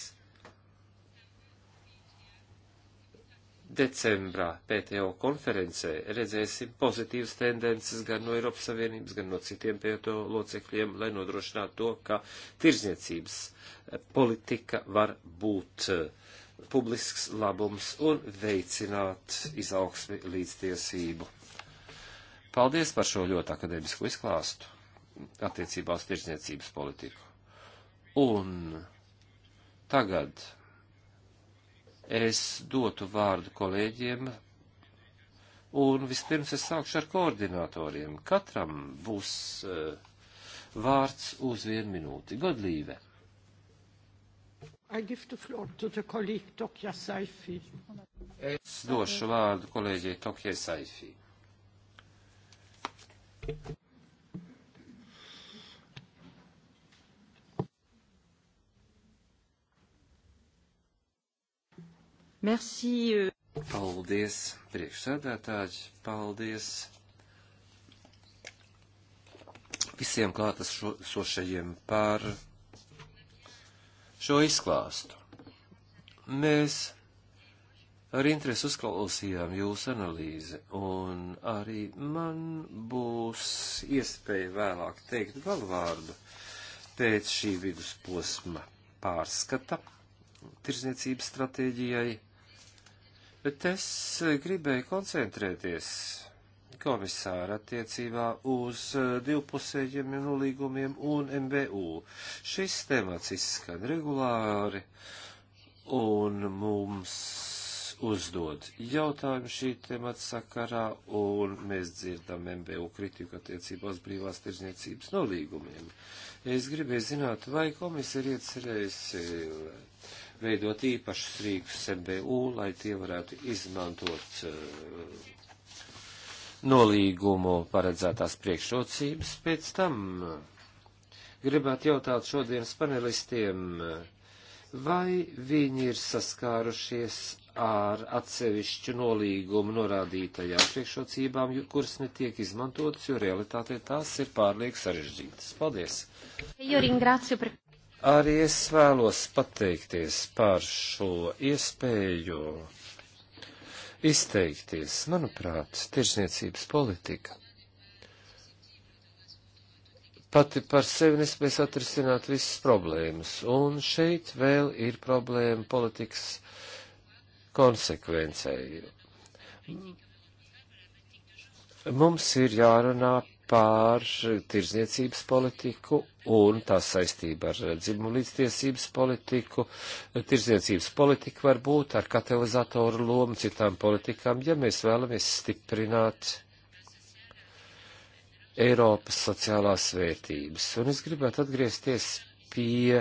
decembrā PTO konferencē redzēsim pozitīvas tendences gan no Eiropas Savienības, gan no citiem PTO locekļiem, lai nodrošinātu to, ka tirzniecības eh, politika var būt eh, publisks labums un veicināt izaugsmi līdztiesību. Paldies par šo ļoti akadēmisko izklāstu attiecībā uz tirzniecības politiku. Un tagad es dotu vārdu kolēģiem, un vispirms es sākšu ar koordinatoriem. Katram būs uh, vārds uz vienu minūti. Godlīve. Es došu vārdu kolēģei Tokijai Saifī. Merci. Euh. Paldies, priekšsēdētāji, paldies visiem klātesošajiem par šo izklāstu. Mēs ar interesi uzklausījām jūsu analīzi, un arī man būs iespēja vēlāk teikt galvārdu pēc šī vidusposma pārskata tirzniecības stratēģijai Bet es gribēju koncentrēties komisāra attiecībā uz eh, divpusējiem nolīgumiem un MBU. Šis temats izskan regulāri un mums uzdod jautājumu šī temata sakarā, un mēs dzirdam MBU kritiku attiecībā uz brīvās tirzniecības nolīgumiem. Es gribēju zināt, vai komisija ir iecerējusi veidot īpašus rīkus MBU, lai tie varētu izmantot eh, nolīgumu paredzētās priekšrocības. Pēc tam eh, gribētu jautāt šodienas panelistiem, eh, vai viņi ir saskārušies ar atsevišķu nolīgumu norādītajām priekšrocībām, kuras netiek izmantotas, jo realitātē tās ir pārlieku sarežģītas. Paldies! Arī es vēlos pateikties par šo iespēju izteikties. Manuprāt, tirsniecības politika pati par sevi nespēs atrisināt visas problēmas, un šeit vēl ir problēma politikas konsekvencei. Mums ir jārunā pār tirzniecības politiku un tā saistība ar dzimumu līdztiesības politiku. Tirzniecības politika var būt ar katalizatoru lomu citām politikām, ja mēs vēlamies stiprināt Eiropas sociālās vērtības. Un es gribētu atgriezties pie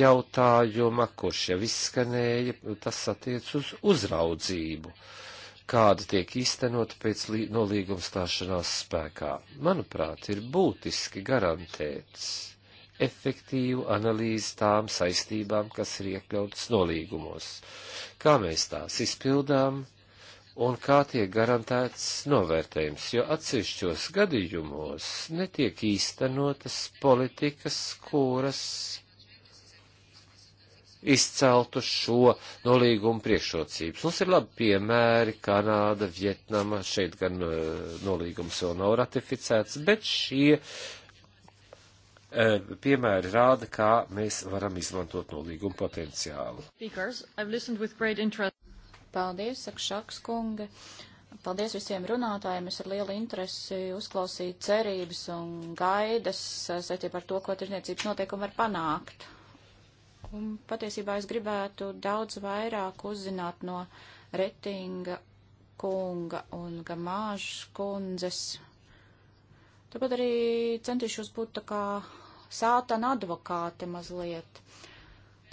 jautājuma, kurš jau izskanēja, tas attiec uz uzraudzību. Uh, kāda tiek īstenota pēc nolīguma stāšanās spēkā. Manuprāt, ir būtiski garantēts efektīvu analīzi tām saistībām, kas ir iekļautas nolīgumos, kā mēs tās izpildām un kā tiek garantēts novērtējums, jo atsevišķos gadījumos netiek īstenotas politikas, kuras izceltu šo nolīgumu priekšrocības. Mums ir labi piemēri - Kanāda, Vietnama, šeit gan eh, nolīgums vēl nav ratificēts, bet šie eh, piemēri rāda, kā mēs varam izmantot nolīgumu potenciālu. Paldies, saka Šaks kunga. Paldies visiem runātājiem. Es ar lielu interesi uzklausīju cerības un gaidas eh, saistībā ar to, ko tirniecības noteikumi var panākt. Un patiesībā es gribētu daudz vairāk uzzināt no Retinga kunga un Gamāžas kundzes. Tāpat arī centīšos būt tā kā sātana advokāte mazliet.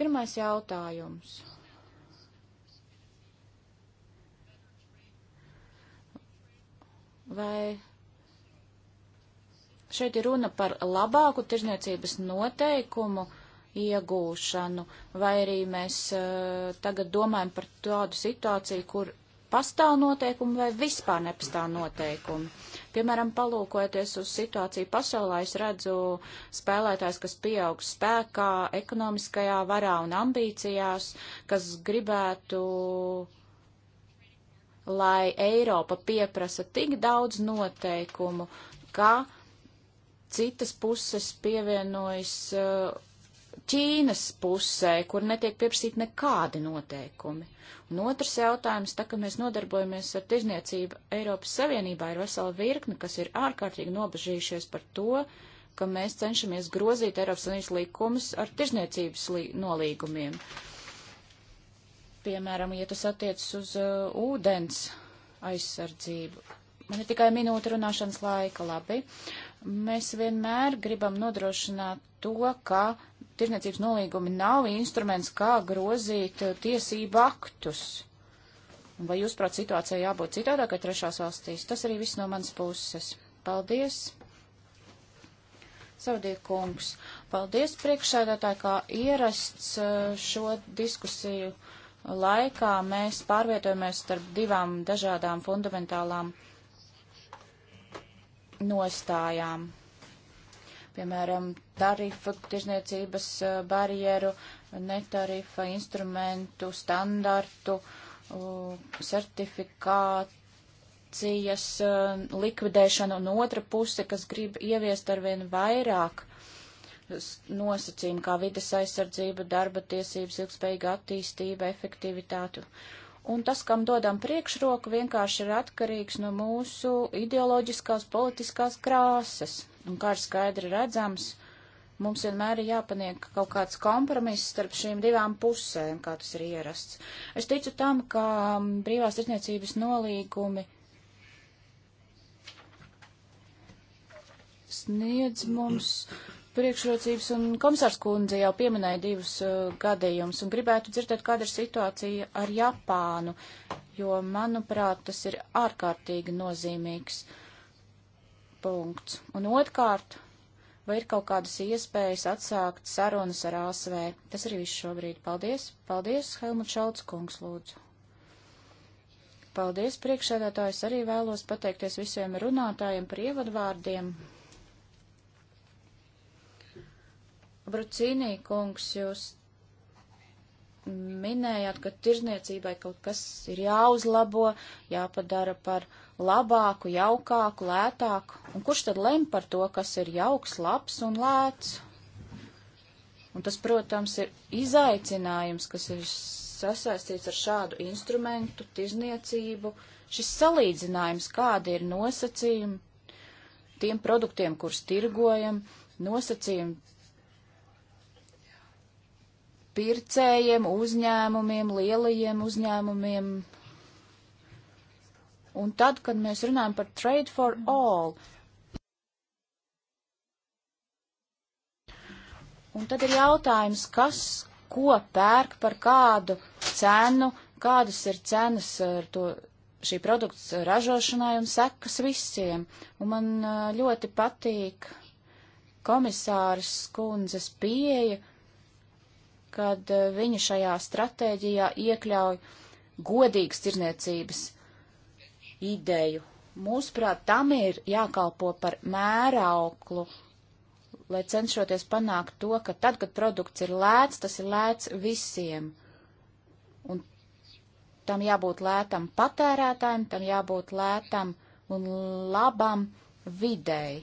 Pirmais jautājums. Vai šeit ir runa par labāku tirzniecības noteikumu? iegūšanu, vai arī mēs uh, tagad domājam par tādu situāciju, kur pastāv noteikumi vai vispār nepastāv noteikumi. Piemēram, palūkojoties uz situāciju pasaulē, es redzu spēlētājs, kas pieaug spēkā, ekonomiskajā varā un ambīcijās, kas gribētu, lai Eiropa pieprasa tik daudz noteikumu, ka citas puses pievienojas uh, Ķīnas pusē, kur netiek pieprasīti nekādi noteikumi. Un otrs jautājums, tā kā mēs nodarbojamies ar tirzniecību Eiropas Savienībā, ir vesela virkne, kas ir ārkārtīgi nobežījušies par to, ka mēs cenšamies grozīt Eiropas Savienības līkumus ar tirzniecības nolīgumiem. Piemēram, ja tas attiecas uz uh, ūdens aizsardzību. Man ir tikai minūte runāšanas laika, labi. Mēs vienmēr gribam nodrošināt to, ka tirniecības nolīgumi nav instruments, kā grozīt uh, tiesību aktus. Vai jūs, prāt, situācija jābūt citādākai trešās valstīs? Tas arī viss no manas puses. Paldies! Savdie kungs, paldies priekšsēdētāji, kā ierasts uh, šo diskusiju laikā mēs pārvietojamies starp divām dažādām fundamentālām uh, nostājām. Piemēram, tarifa tirzniecības eh, barjeru, netarifa instrumentu, standartu, eh, certifikācijas eh, likvidēšanu un otra puse, kas grib ieviest arvien vairāk nosacījumu, kā vides aizsardzība, darba tiesības, ilgspējīga attīstība, efektivitāte un tas, kam dodam priekšroku, vienkārši ir atkarīgs no mūsu ideoloģiskās politiskās krāsas. Un kā ir skaidri redzams, mums vienmēr ir jāpaniek kaut kāds kompromiss starp šīm divām pusēm, kā tas ir ierasts. Es ticu tam, ka mm, brīvās tirdzniecības nolīgumi sniedz mums. Mm priekšrocības, un komisārs kundze jau pieminēja divus uh, gadījumus, un gribētu dzirdēt, kāda ir situācija ar Japānu, jo, manuprāt, tas ir ārkārtīgi nozīmīgs punkts. Un otrkārt, vai ir kaut kādas iespējas atsākt sarunas ar ASV? Tas arī viss šobrīd. Paldies! Paldies, Helmut Šalts kungs, lūdzu! Paldies, priekšsēdētājs! Arī vēlos pateikties visiem runātājiem par ievadvārdiem. Brucīnī kungs, jūs minējāt, ka tirzniecībai kaut kas ir jāuzlabo, jāpadara par labāku, jaukāku, lētāku. Un kurš tad lem par to, kas ir jauks, labs un lēts? Un tas, protams, ir izaicinājums, kas ir sasaistīts ar šādu instrumentu, tirzniecību, šis salīdzinājums, kādi ir nosacījumi tiem produktiem, kurus tirgojam, nosacījumi pircējiem, uzņēmumiem, lielajiem uzņēmumiem. Un tad, kad mēs runājam par trade for all, un tad ir jautājums, kas ko pērk par kādu cenu, kādas ir cenas ar to šī produkta ražošanai un sekas visiem. Un man ļoti patīk komisāras skundzes pieeja, kad eh, viņa šajā stratēģijā iekļauj godīgas tirzniecības ideju. Mūsuprāt, tam ir jākalpo par mērauklu, lai cenšoties panākt to, ka tad, kad produkts ir lēts, tas ir lēts visiem. Un tam jābūt lētam patērētājiem, tam jābūt lētam un labam videi.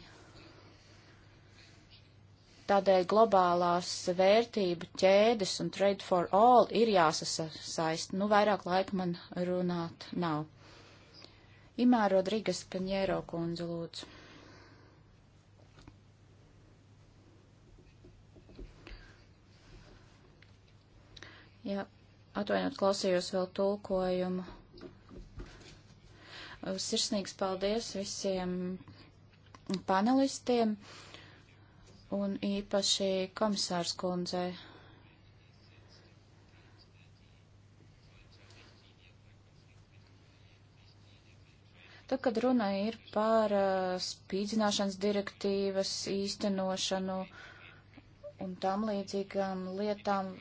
Tādēļ globālās vērtību ķēdes un trade for all ir jāsasaist. Nu, vairāk laika man runāt nav. Imā Rodrīgas Paņēro kundze lūdzu. Jā, atvainot, klausījos vēl tulkojumu. Sirsnīgs paldies visiem panelistiem. Uh, un īpaši komisārs kundzei. Tad, kad runa ir par uh, spīdzināšanas direktīvas īstenošanu un tam līdzīgām lietām,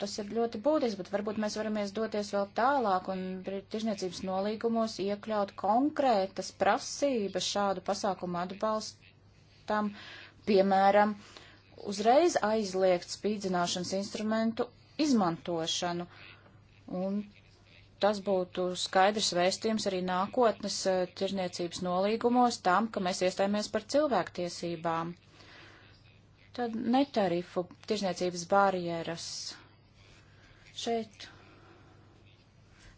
tas ir ļoti būtiski, bet varbūt mēs varamies doties vēl tālāk un tirzniecības nolīgumos iekļaut konkrētas prasības šādu pasākumu atbalstam Piemēram, uzreiz aizliegt spīdzināšanas instrumentu izmantošanu. Un tas būtu skaidrs vēstījums arī nākotnes eh, tirniecības nolīgumos tam, ka mēs iestājāmies par cilvēktiesībām. Tad netarifu tirzniecības barjeras. Šeit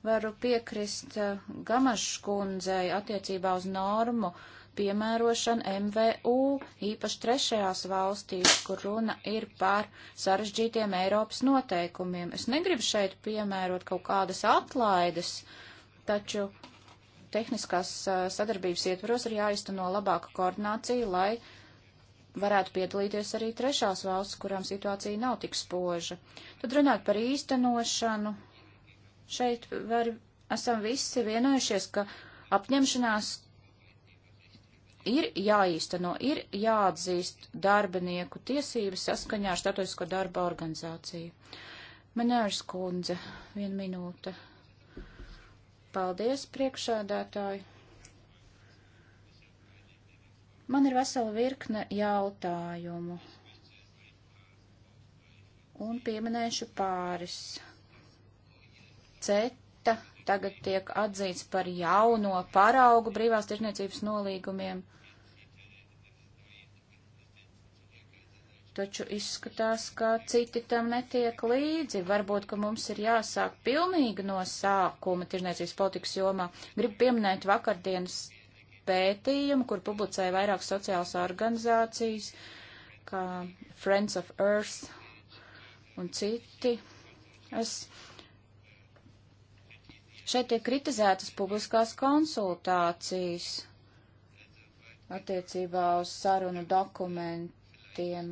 varu piekrist eh, Gamaškundzei attiecībā uz normu uh, piemērošana MVU, īpaši trešajās valstīs, kur runa ir par sarežģītiem Eiropas noteikumiem. Es negribu šeit piemērot kaut kādas atlaides, taču tehniskās sadarbības ietvaros ir jāizteno labāka koordinācija, lai varētu piedalīties arī trešās valsts, kurām situācija nav tik spoža. Tad runāt par īstenošanu. Šeit var, esam visi vienojušies, ka apņemšanās ir jāīsteno, ir jāatzīst darbinieku tiesības saskaņā ar statusko darba organizāciju. Menērs kundze, viena minūte. Paldies, priekšādātāji. Man ir vesela virkne jautājumu. Un pieminēšu pāris. CET tagad tiek atzīts par jauno paraugu brīvās tirzniecības nolīgumiem. Taču izskatās, ka citi tam netiek līdzi. Varbūt, ka mums ir jāsāk pilnīgi no sākuma tirzniecības politikas jomā. Gribu pieminēt vakardienas pētījumu, kur publicēja vairākas sociālas organizācijas, kā Friends of Earth un citi. Es Šeit tiek kritizētas publiskās konsultācijas attiecībā uz sarunu dokumentiem.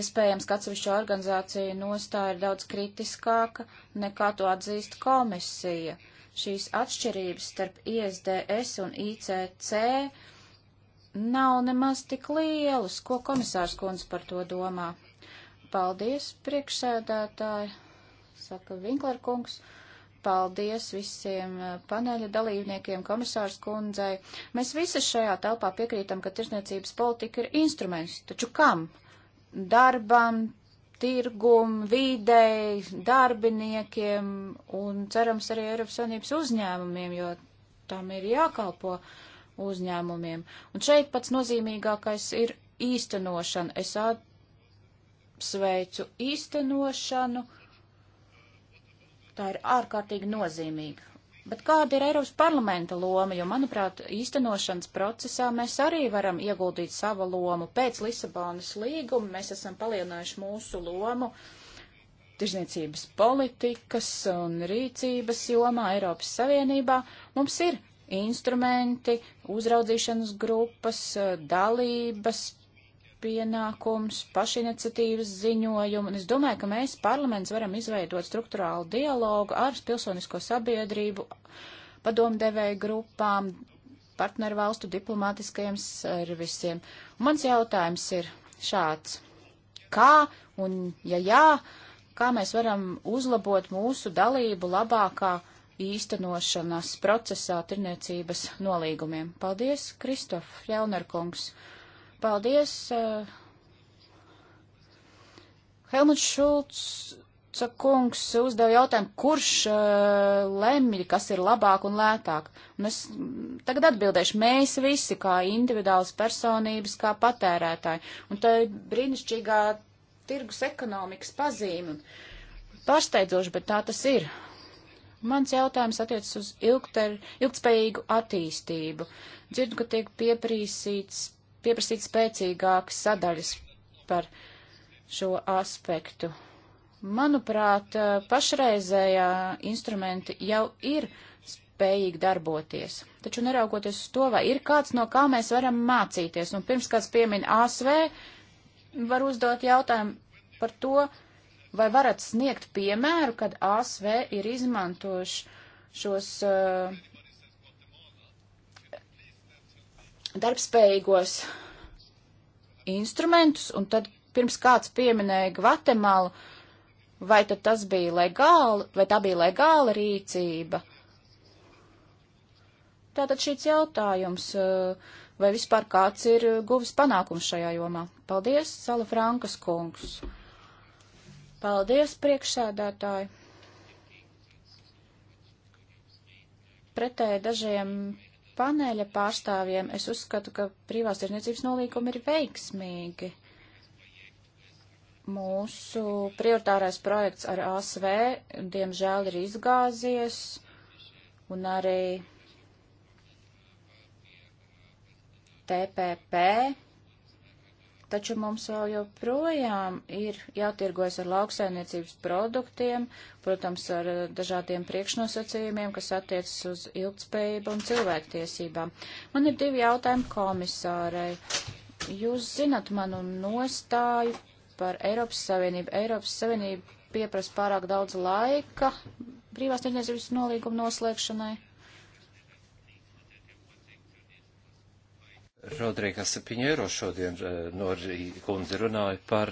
Iespējams, ka atsevišķa organizācija nostāja ir daudz kritiskāka nekā to atzīst komisija. Šīs atšķirības starp ISDS un ICC nav nemaz tik lielas. Ko komisārs Kunz par to domā? Paldies, priekšsēdētāji, saka Vinkler kungs. Paldies visiem eh, paneļa dalībniekiem, komisārs kundzei. Mēs visi šajā telpā piekrītam, ka tirsniecības politika ir instruments. Taču kam? Darbam, tirgum, vīdei, darbiniekiem un cerams arī Eiropas Savienības uzņēmumiem, jo tam ir jākalpo uzņēmumiem. Un šeit pats nozīmīgākais ir īstenošana. Es at apsveicu īstenošanu. Tā ir ārkārtīgi nozīmīga. Bet kāda ir Eiropas parlamenta loma? Jo, manuprāt, īstenošanas procesā mēs arī varam ieguldīt savu lomu. Pēc Lisabonas līguma mēs esam palielinājuši mūsu lomu tirzniecības politikas un rīcības jomā Eiropas Savienībā. Mums ir instrumenti, uzraudzīšanas grupas, dalības, pienākums, pašiniciatīvas ziņojumu, un es domāju, ka mēs parlaments varam izveidot struktūrālu dialogu ar pilsonisko sabiedrību, padomdevēju grupām, partneru valstu diplomātiskajiem servisiem. Un mans jautājums ir šāds. Kā un, ja jā, kā mēs varam uzlabot mūsu dalību labākā īstenošanas procesā tirniecības nolīgumiem? Paldies, Kristof Jaunerkungs! paldies. Eh, Helmuts Šulcs kungs uzdeva jautājumu, kurš eh, lemj, kas ir labāk un lētāk. Un es tagad atbildēšu, mēs visi kā individuāls personības, kā patērētāji. Un tā ir brīnišķīgā tirgus ekonomikas pazīme. Pārsteidzoši, bet tā tas ir. Mans jautājums attiecas uz ilgter, ilgtspējīgu attīstību. Dzirdu, ka tiek pieprīsīts pieprasīt spēcīgākas sadaļas par šo aspektu. Manuprāt, pašreizējā instrumenti jau ir spējīgi darboties. Taču neraugoties uz to, vai ir kāds no kā mēs varam mācīties, un pirms kāds piemin ASV, var uzdot jautājumu par to, vai varat sniegt piemēru, kad ASV ir izmantojuši šos uh, darbspējīgos instrumentus, un tad pirms kāds pieminēja Gvatemalu, vai tad tas bija legāli, vai tā bija legāla rīcība? Tātad šīs jautājums, eh, vai vispār kāds ir eh, guvis panākums šajā jomā? Paldies, Sala Frankas kungs. Paldies, priekšsēdētāji. Pretēji dažiem paneļa pārstāvjiem, es uzskatu, ka privās tirniecības nolīgumi ir veiksmīgi. Mūsu prioritārais projekts ar ASV, diemžēl, ir izgāzies, un arī TPP taču mums vēl joprojām ir jātirgojas ar lauksainiecības produktiem, protams, ar eh, dažādiem priekšnosacījumiem, kas attiecas uz ilgspējību un cilvēktiesībām. Man ir divi jautājumi komisārai. Jūs zinat manu nostāju par Eiropas Savienību. Eiropas Savienība pieprasa pārāk daudz laika brīvās tirdzniecības nolīguma noslēgšanai. Rodrīgas Piņēro šodien eh, no kundze runāja par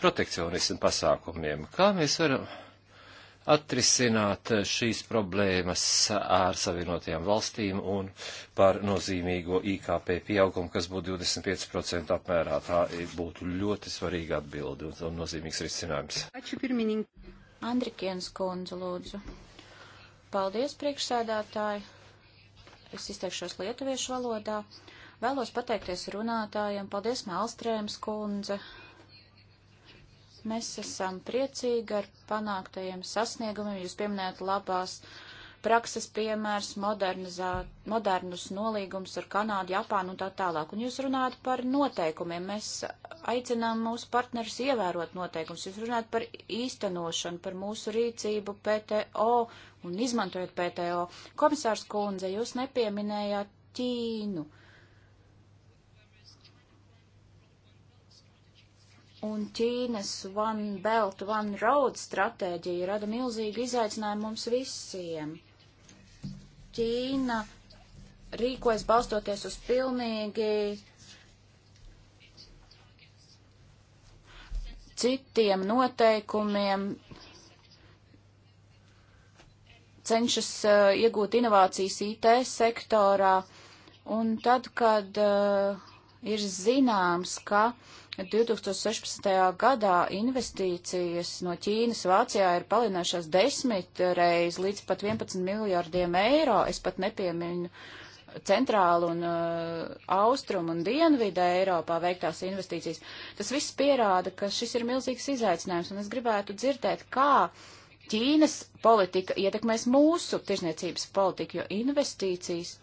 protekcionismu pasākumiem. Kā mēs varam atrisināt eh, šīs problēmas ar savienotajām valstīm un par nozīmīgo IKP pieaugumu, kas būtu 25% apmērā. Tā būtu ļoti svarīga atbilde un, un nozīmīgs risinājums. Andrikienas kundze, lūdzu. Paldies, priekšsēdētāji. Es izteikšos lietuviešu valodā. Uh, Vēlos pateikties runātājiem. Paldies, Melstrēms kundze. Mēs esam priecīgi ar panāktajiem sasniegumiem. Jūs pieminējat labās prakses piemērs, modernus nolīgums ar Kanādu, Japānu un tā tālāk. Un jūs runājat par noteikumiem. Mēs aicinām mūsu partnerus ievērot noteikumus. Jūs runājat par īstenošanu, par mūsu rīcību PTO un izmantojot PTO. Komisārs Kunze, jūs nepieminējāt Ķīnu. Uh, un Ķīnas One Belt, One Road stratēģija rada milzīgu izaicinājumu mums visiem. Ķīna rīkojas balstoties uz pilnīgi citiem noteikumiem, cenšas uh, iegūt inovācijas IT sektorā, un tad, kad uh, ir zināms, ka uh, 2016. gadā investīcijas no Ķīnas Vācijā ir palielinājušās desmit reiz līdz pat 11 miljārdiem eiro. Es pat nepieminu centrālu un uh, austrumu un dienvidu Eiropā veiktās investīcijas. Tas viss pierāda, ka šis ir milzīgs izaicinājums, un es gribētu dzirdēt, kā Ķīnas politika ietekmēs mūsu tirzniecības politiku, jo investīcijas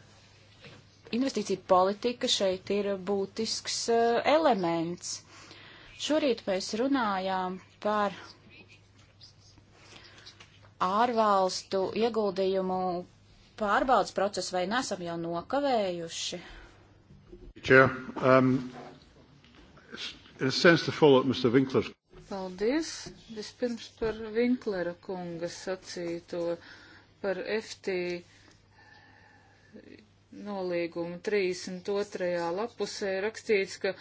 investīcija politika šeit ir būtisks uh, elements. Šorīt mēs runājām par ārvalstu ieguldījumu pārbaudas procesu, vai nesam jau nokavējuši? Chair, um, in a sense to follow up Mr. Winkler's Paldies! Vispirms par Vinklera kunga sacīto par FT nolīguma 32. lapusē rakstīts, ka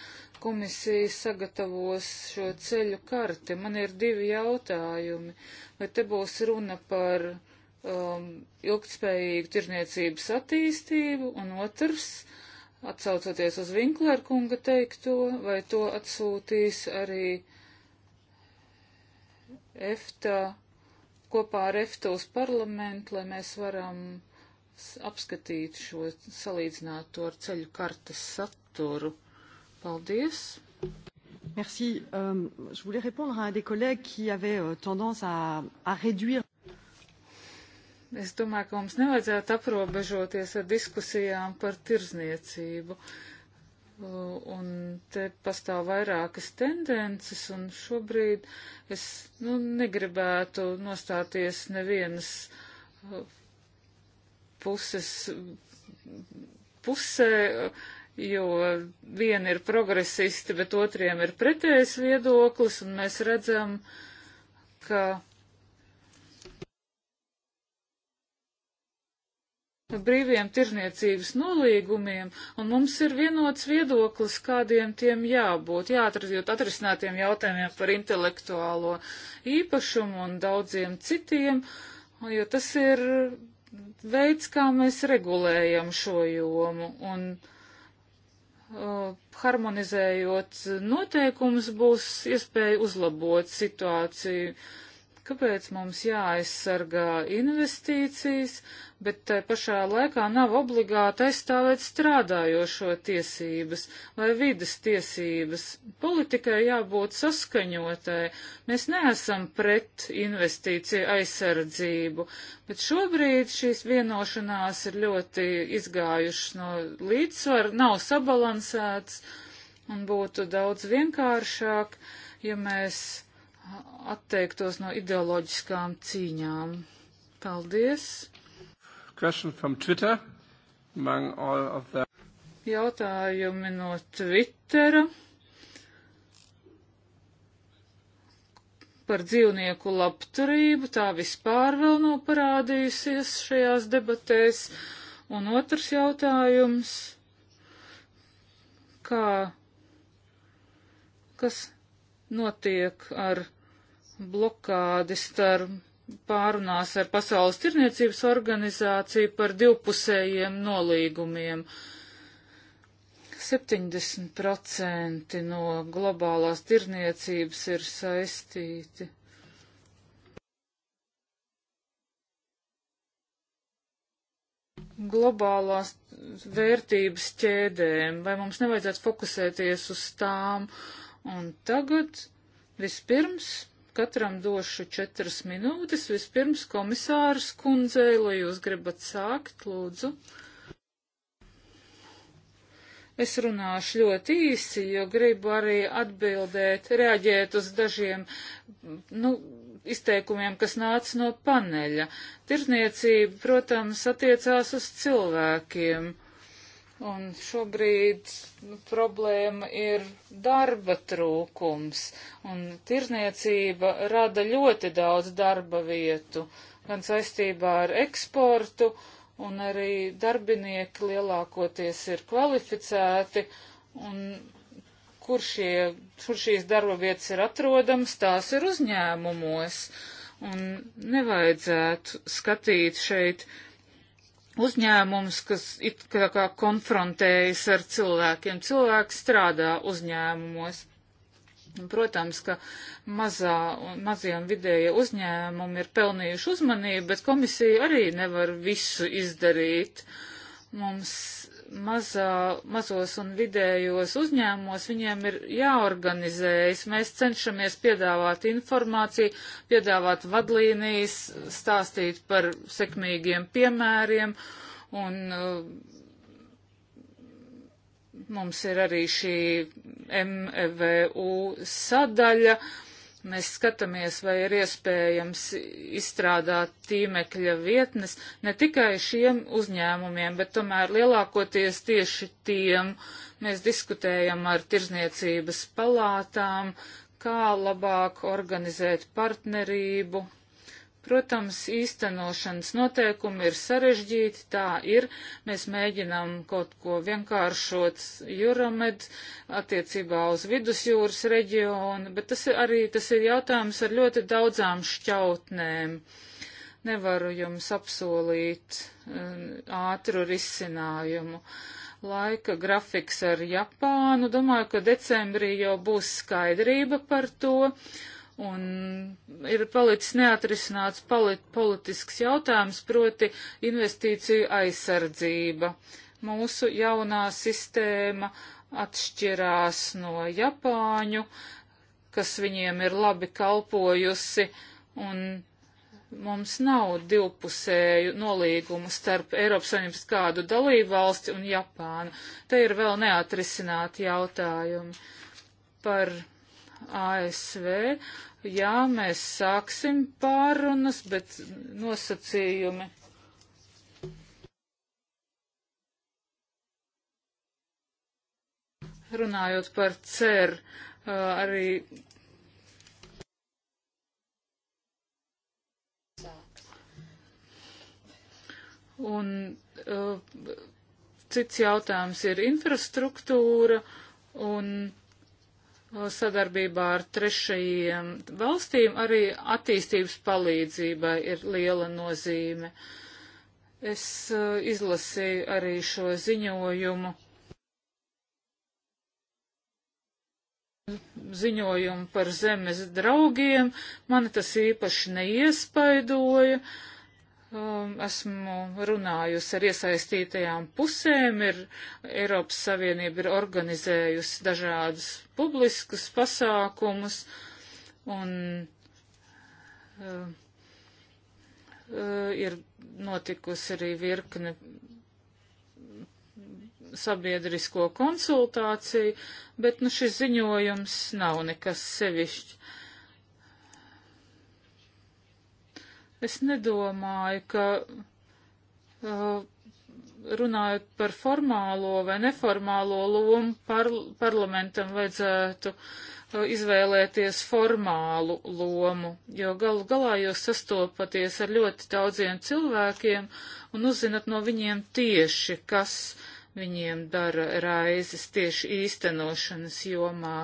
komisija sagatavos šo ceļu karti. Man ir divi jautājumi. Vai te būs runa par um, ilgtspējīgu tirniecības attīstību? Un otrs, atsaucoties uz Vinklēra kunga teikto, vai to atsūtīs arī EFTA kopā ar EFTA uz parlamentu, lai mēs varam apskatīt šo, salīdzināt to ar ceļu kartes saturu. Paldies! Merci. Euh, je voulais répondre à un des collègues qui avait euh, tendance à, à réduire. Es domāju, ka mums nevajadzētu aprobežoties ar diskusijām par tirzniecību. Uh, un te pastāv vairākas tendences, un šobrīd es nu, negribētu nostāties nevienas uh, puses pusē, jo viena ir progresisti, bet otriem ir pretējs viedoklis, un mēs redzam, ka brīviem tirniecības nolīgumiem, un mums ir vienots viedoklis, kādiem tiem jābūt, jāatradot atrisinātiem jautājumiem par intelektuālo īpašumu un daudziem citiem, jo tas ir veids, kā mēs regulējam šo jomu un uh, harmonizējot noteikumus būs iespēja uzlabot situāciju kāpēc mums jāaizsargā investīcijas, bet tai pašā laikā nav obligāti aizstāvēt strādājošo tiesības vai vidas tiesības. Politikai jābūt saskaņotai. Mēs neesam pret investīciju aizsardzību, bet šobrīd šīs vienošanās ir ļoti izgājušas no līdzsvara, nav sabalansēts un būtu daudz vienkāršāk, ja mēs atteiktos no ideoloģiskām cīņām. Paldies! Jautājumi no Twittera par dzīvnieku labturību, tā vispār vēl nav parādījusies šajās debatēs. Un otrs jautājums, kā, kas notiek ar blokādi starp pārunās ar Pasaules tirniecības organizāciju par divpusējiem nolīgumiem. 70% no globālās tirniecības ir saistīti. Globālās vērtības ķēdēm, vai mums nevajadzētu fokusēties uz tām, uh, Un tagad vispirms katram došu četras minūtes, vispirms komisāras kundzei, lai jūs gribat sākt, lūdzu. Es runāšu ļoti īsi, jo gribu arī atbildēt, reaģēt uz dažiem, nu, izteikumiem, kas nāca no paneļa. Tirzniecība, protams, attiecās uz cilvēkiem. Uh, Un šobrīd nu, problēma ir darba trūkums, un tirzniecība rada ļoti daudz darba vietu, gan saistībā ar eksportu, un arī darbinieki lielākoties ir kvalificēti, un kur, šie, kur šīs darba vietas ir atrodamas, tās ir uzņēmumos. Un nevajadzētu skatīt šeit uzņēmums, kas it kā, kā konfrontējas ar cilvēkiem. Cilvēki strādā uzņēmumos. Protams, ka mazā un mazie un vidēja uzņēmumi ir pelnījuši uzmanību, bet komisija arī nevar visu izdarīt. Mums mazā, mazos un vidējos uzņēmumos viņiem ir jāorganizējas. Mēs cenšamies piedāvāt informāciju, piedāvāt vadlīnijas, stāstīt par sekmīgiem piemēriem un uh, mums ir arī šī MVU e sadaļa. Uh, Mēs skatāmies, vai ir iespējams izstrādāt tīmekļa vietnes ne tikai šiem uzņēmumiem, bet tomēr lielākoties tieši tiem. Mēs diskutējam ar tirzniecības palātām, kā labāk organizēt partnerību Protams, īstenošanas noteikumi ir sarežģīti, tā ir. Mēs mēģinām kaut ko vienkāršot Juramed attiecībā uz vidusjūras reģionu, bet tas ir arī tas ir jautājums ar ļoti daudzām šķautnēm. Nevaru jums apsolīt um, ātru risinājumu. Laika grafiks ar Japānu. Domāju, ka decembrī jau būs skaidrība par to Un ir palicis neatrisināts palit politisks jautājums, proti investīciju aizsardzība. Mūsu jaunā sistēma atšķirās no Japāņu, kas viņiem ir labi kalpojusi, un mums nav divpusēju nolīgumu starp Eiropas Savienības kādu dalību valsti un Japānu. Te ir vēl neatrisināti jautājumi par ASV jā, mēs sāksim pārunas, bet nosacījumi. Runājot par cer, arī. Un cits jautājums ir infrastruktūra un sadarbībā ar trešajiem valstīm arī attīstības palīdzībai ir liela nozīme. Es uh, izlasīju arī šo ziņojumu. Ziņojumu par zemes draugiem mani tas īpaši neiespaidoja. Uh, Nu, esmu runājusi ar iesaistītajām pusēm, ir Eiropas Savienība ir organizējusi dažādus publiskus pasākumus un uh, ir notikusi arī virkne sabiedrisko konsultāciju, bet nu šis ziņojums nav nekas sevišķi. Uh, Es nedomāju, ka uh, runājot par formālo vai neformālo lomu, par, parlamentam vajadzētu uh, izvēlēties formālu lomu, jo galu galā jūs sastopaties ar ļoti daudziem cilvēkiem un uzzinat no viņiem tieši, kas viņiem dara raizes tieši īstenošanas jomā.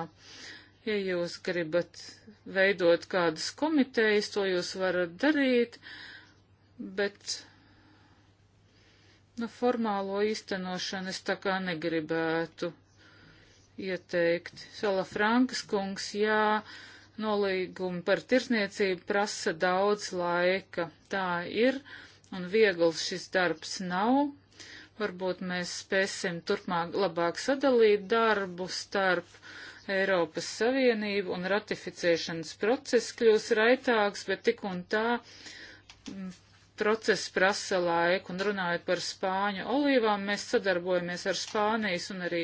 Ja jūs gribat veidot kādas komitejas, to jūs varat darīt, bet nu, formālo īstenošanu es tā kā negribētu ieteikt. Sala Frankas kungs, jā, nolīgumi par tirsniecību prasa daudz laika. Tā ir, un viegls šis darbs nav. Varbūt mēs spēsim turpmāk labāk sadalīt darbu starp uh, Eiropas Savienību un ratificēšanas process kļūs raitāks, bet tik un tā mm, process prasa laiku. Un runājot par Spāņu olīvām, mēs sadarbojamies ar Spānijas un arī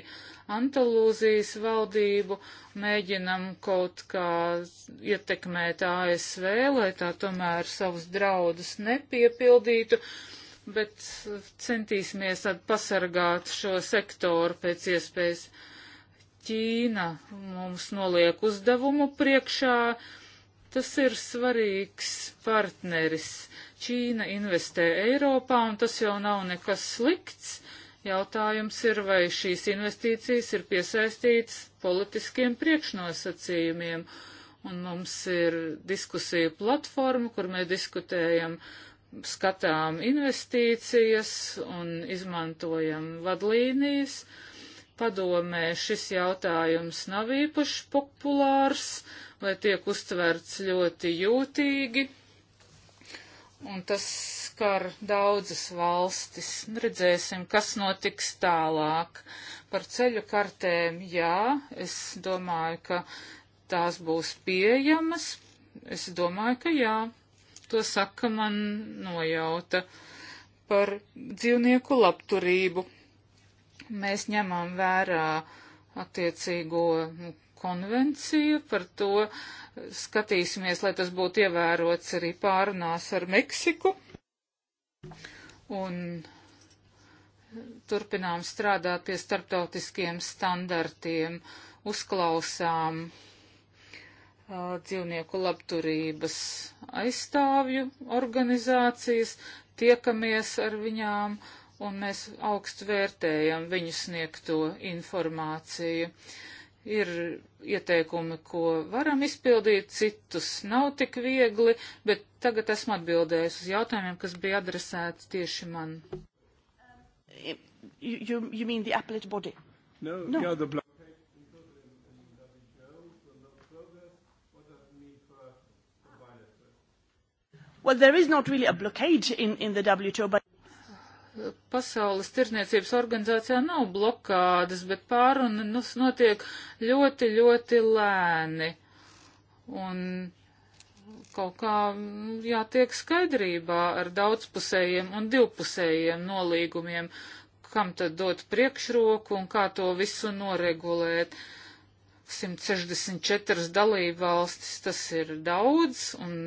Antalūzijas valdību, mēģinam kaut kā ietekmēt ASV, lai tā tomēr savus draudus nepiepildītu, bet centīsimies pasargāt šo sektoru pēc iespējas Ķīna mums noliek uzdevumu priekšā. Tas ir svarīgs partneris. Ķīna investē Eiropā, un tas jau nav nekas slikts. Jautājums ir, vai šīs investīcijas ir piesaistītas politiskiem priekšnosacījumiem. Un mums ir diskusija platforma, kur mēs diskutējam, skatām investīcijas un izmantojam vadlīnijas. Uh, Padomē šis jautājums nav īpaši populārs vai tiek uztverts ļoti jūtīgi, un tas skar daudzas valstis. Redzēsim, kas notiks tālāk. Par ceļu kartēm, jā, es domāju, ka tās būs pieejamas. Es domāju, ka jā. To saka man nojauta par dzīvnieku labturību. Mēs ņemam vērā attiecīgo konvenciju par to, skatīsimies, lai tas būtu ievērots arī pārunās ar Meksiku. Un turpinām strādāt pie starptautiskiem standartiem, uzklausām uh, dzīvnieku labturības aizstāvju organizācijas, tiekamies ar viņām. Uh, un mēs augstu vērtējam viņu sniegto informāciju. Ir ieteikumi, ko varam izpildīt, citus nav tik viegli, bet tagad esmu atbildējis uz jautājumiem, kas bija adresēti tieši man. You, you mean the appellate body? No, no. yeah, the block. Well, there is not really a blockade in, in the WTO, but Pasaules tirzniecības organizācijā nav blokādes, bet pārunas notiek ļoti, ļoti lēni. Un kaut kā mm, jātiek skaidrībā ar daudzpusējiem un divpusējiem nolīgumiem, kam tad dot priekšroku un kā to visu noregulēt. 164 dalībvalstis tas ir daudz un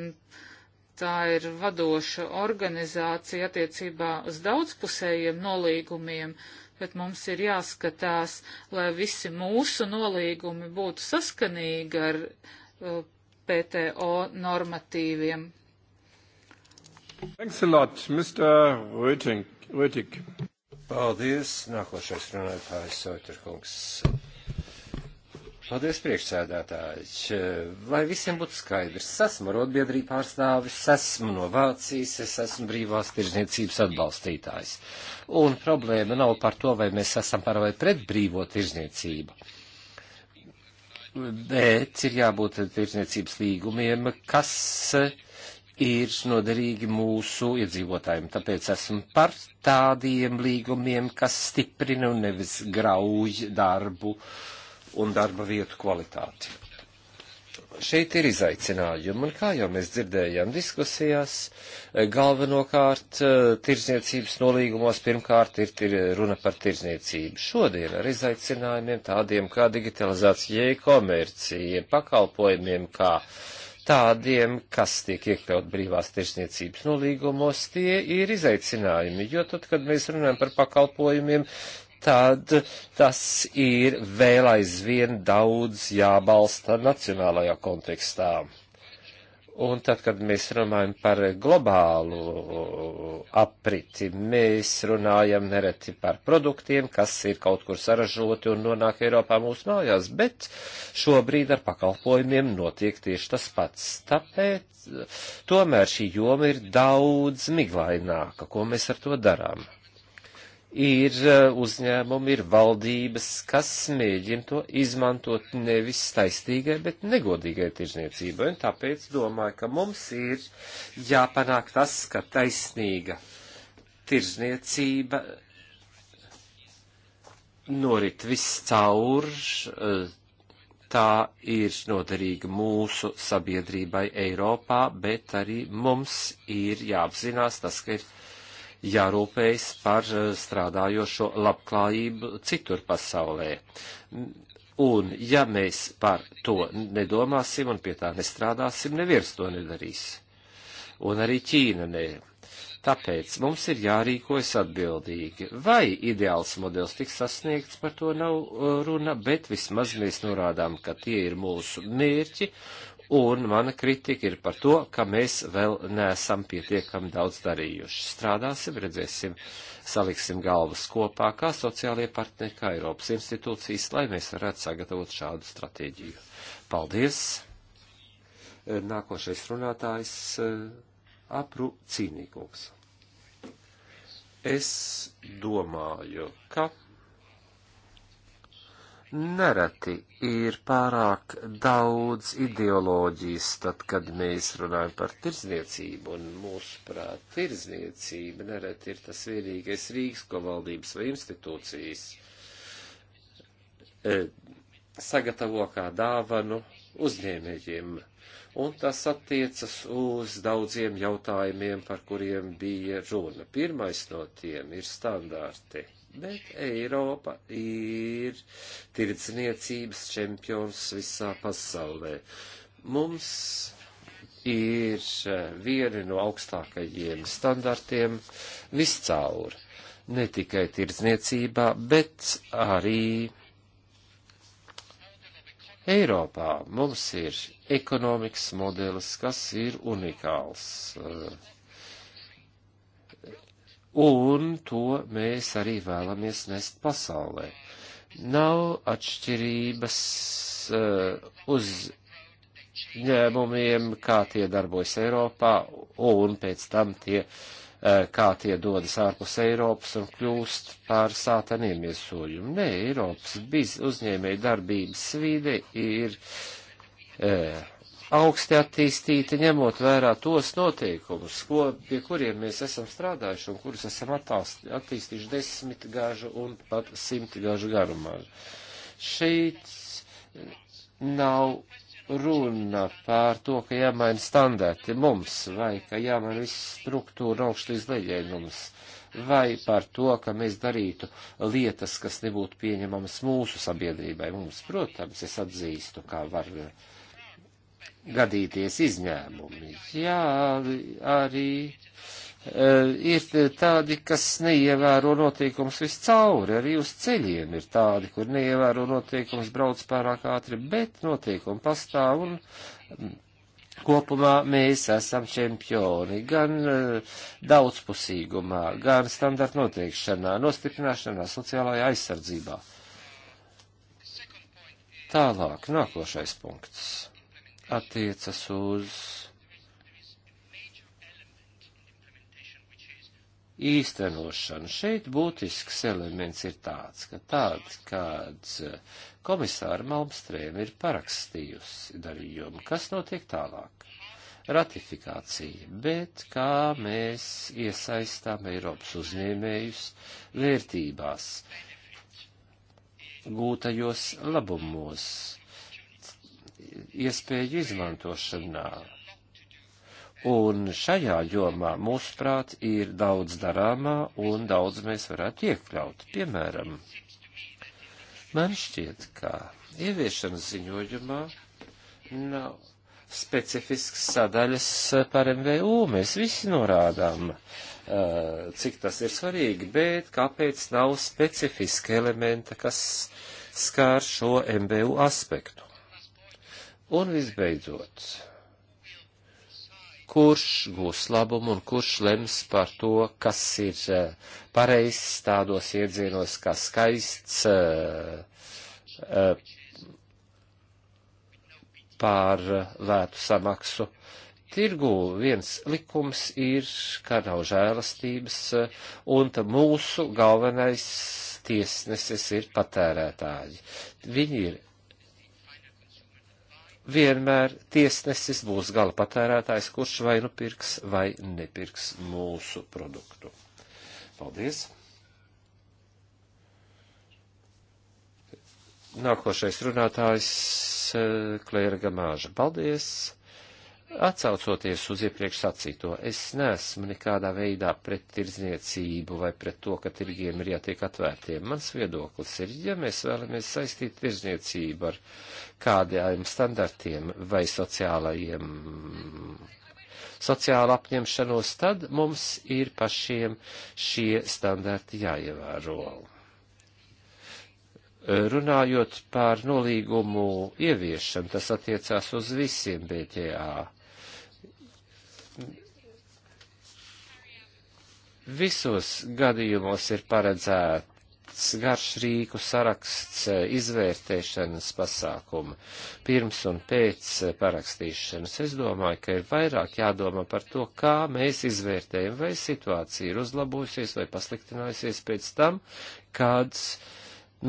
tā ir vadoša organizācija attiecībā uz daudzpusējiem nolīgumiem, bet mums ir jāskatās, lai visi mūsu nolīgumi būtu saskanīgi ar uh, PTO normatīviem. Thanks a lot, Mr. Röting. Röting. Paldies. Nākošais runātājs Sauterkungs. Paldies, priekšsēdētājs. Lai visiem būtu skaidrs, es esmu arotbiedrība pārstāvis, esmu no Vācijas, es esmu brīvās tirzniecības atbalstītājs. Un problēma nav par to, vai mēs esam par vai pret brīvo tirzniecību. Bet ir jābūt tirzniecības līgumiem, kas ir noderīgi mūsu iedzīvotājiem. Tāpēc esmu par tādiem līgumiem, kas stiprina un nevis grauj darbu. Uh, un darba vietu kvalitāti. Šeit ir izaicinājumi, un kā jau mēs dzirdējām diskusijās, galvenokārt eh, tirzniecības nolīgumos pirmkārt ir, ir runa par tirzniecību. Šodien ar izaicinājumiem tādiem kā digitalizācija, e-komercija, pakalpojumiem kā tādiem, kas tiek iekļaut brīvās tirsniecības nolīgumos, tie ir izaicinājumi, jo tad, kad mēs runājam par pakalpojumiem, tad tas ir vēl aizvien daudz jābalsta nacionālajā kontekstā. Un tad, kad mēs runājam par globālu apriti, mēs runājam nereti par produktiem, kas ir kaut kur saražoti un nonāk Eiropā mūsu mājās, bet šobrīd ar pakalpojumiem notiek tieši tas pats. Tāpēc tomēr šī joma ir daudz miglaināka, ko mēs ar to darām ir eh, uzņēmumi, ir valdības, kas mēģina to izmantot nevis taistīgai, bet negodīgai tirzniecībai. Un tāpēc domāju, ka mums ir jāpanāk tas, ka taisnīga tirzniecība norit viscaur, eh, tā ir noderīga mūsu sabiedrībai Eiropā, bet arī mums ir jāapzinās tas, ka ir jārūpējas par eh, strādājošo labklājību citur pasaulē. Un ja mēs par to nedomāsim un pie tā nestrādāsim, neviens to nedarīs. Un arī Ķīna nē. Tāpēc mums ir jārīkojas atbildīgi. Vai ideāls modelis tiks sasniegts, par to nav eh, runa, bet vismaz mēs norādām, ka tie ir mūsu mērķi Un mana kritika ir par to, ka mēs vēl neesam pietiekami daudz darījuši. Strādāsim, redzēsim, saliksim galvas kopā, kā sociālie partneri, kā Eiropas institūcijas, lai mēs varētu sagatavot šādu stratēģiju. Paldies! Nākošais runātājs eh, apru cīnīgums. Es domāju, ka nereti ir pārāk daudz ideoloģijas, tad, kad mēs runājam par tirzniecību, un mūsuprāt, tirzniecība nereti ir tas vienīgais rīks, ko valdības vai institūcijas e, sagatavo kā dāvanu uzņēmējiem. Un tas attiecas uz daudziem jautājumiem, par kuriem bija runa. Pirmais no tiem ir standārti bet Eiropa ir tirdzniecības čempions visā pasaulē. Mums ir eh, vieni no augstākajiem standartiem viscaur, ne tikai tirdzniecībā, bet arī Eiropā mums ir ekonomikas modelis, kas ir unikāls. Uh, un to mēs arī vēlamies nest pasaulē. Nav atšķirības uh, uz ņēmumiem, kā tie darbojas Eiropā, un pēc tam tie, eh, kā tie dodas ārpus Eiropas un kļūst par sātaniem iesoļumu. Nē, Eiropas biz, uzņēmēja darbības vide ir. Eh, augsti attīstīti, ņemot vērā tos noteikumus, ko, pie kuriem mēs esam strādājuši un kurus esam attīstījuši desmit gažu un pat simt gažu garumā. Šeit nav runa pār to, ka jāmaina standarti mums, vai ka jāmaina viss struktūra augstu izleģēji mums, vai par to, ka mēs darītu lietas, kas nebūtu pieņemamas mūsu sabiedrībai. Mums, protams, es atzīstu, kā var uh, gadīties izņēmumi. Jā, arī uh, ir tādi, kas neievēro noteikums viscauri, arī uz ceļiem ir tādi, kur neievēro noteikums, brauc pārāk ātri, bet noteikumi pastāv un kopumā mēs esam čempioni gan uh, daudzpusīgumā, gan standarta noteikšanā, nostiprināšanā, sociālajā aizsardzībā. Tālāk, nākošais punkts attiecas uz īstenošanu. Šeit būtisks elements ir tāds, ka tāds, kāds komisāra Malmstrēma ir parakstījusi darījumu, kas notiek tālāk? Ratifikācija, bet kā mēs iesaistām Eiropas uzņēmējus vērtībās, gūtajos labumos, iespēju izmantošanā. Un šajā jomā, mūsuprāt, ir daudz darāmā un daudz mēs varētu iekļaut. Piemēram, man šķiet, ka ieviešanas ziņojumā nav specifisks sadaļas par MVU. Mēs visi norādām, cik tas ir svarīgi, bet kāpēc nav specifiska elementa, kas skār šo MVU aspektu? Un visbeidzot, kurš gūs labumu un kurš lems par to, kas ir eh, pareizs tādos iedzienos kā skaists eh, eh, pār lētu samaksu. Tirgū viens likums ir, ka nav žēlastības, un mūsu galvenais tiesneses ir patērētāji. Viņi ir vienmēr tiesnesis būs gala patērētājs, kurš vai nu pirks vai nepirks mūsu produktu. Paldies! Nākošais runātājs eh, Klēra Gamāža. Paldies! Atcaucoties uz iepriekš sacīto, es neesmu nekādā veidā pret tirdzniecību vai pret to, ka tirgiem ir jātiek atvērtiem. Mans viedoklis ir, ja mēs vēlamies saistīt tirdzniecību ar kādiem standartiem vai sociālajiem, sociālu apņemšanos, tad mums ir pašiem šie standarti jāievēro. Runājot par nolīgumu ieviešanu, tas attiecās uz visiem BTA Visos gadījumos ir paredzēts garš rīku saraksts eh, izvērtēšanas pasākumu pirms un pēc eh, parakstīšanas. Es domāju, ka ir vairāk jādomā par to, kā mēs izvērtējam, vai situācija ir uzlabojusies vai pasliktinājusies pēc tam, kāds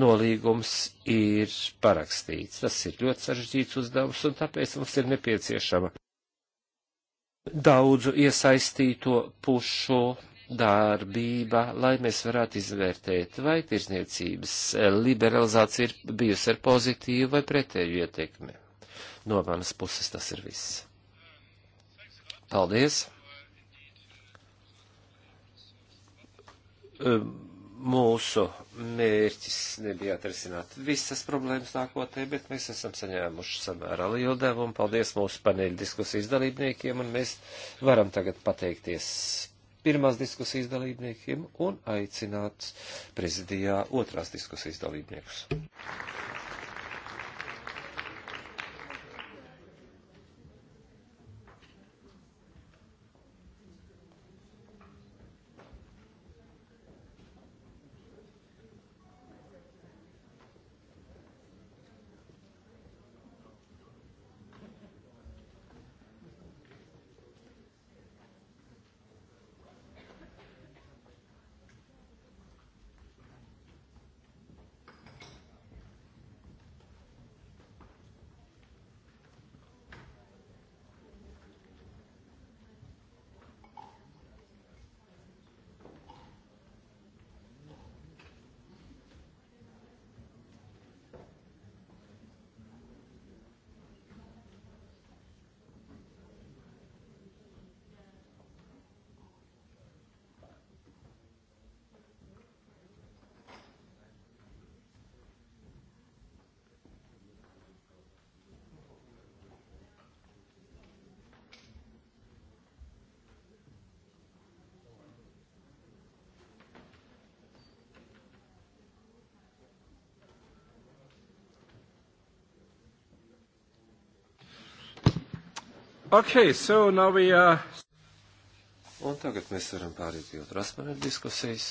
nolīgums ir parakstīts. Tas ir ļoti sarežģīts uzdevums, un tāpēc mums ir nepieciešama daudzu iesaistīto pušu darbība, lai mēs varētu izvērtēt, vai tirsniecības liberalizācija ir bijusi ar pozitīvu vai pretēju ietekmi. No manas puses tas ir viss. Paldies! Ehm, mūsu mērķis nebija atrisināt visas problēmas nākotnē, bet mēs esam saņēmuši samērā lielu devumu. Paldies mūsu paneļa diskusijas dalībniekiem, un mēs varam tagad pateikties pirmās diskusijas dalībniekiem un aicināt prezidijā otrās diskusijas dalībniekus. Okay, so now we are... Uh, un tagad mēs varam pārīt pie otrās manas diskusijas,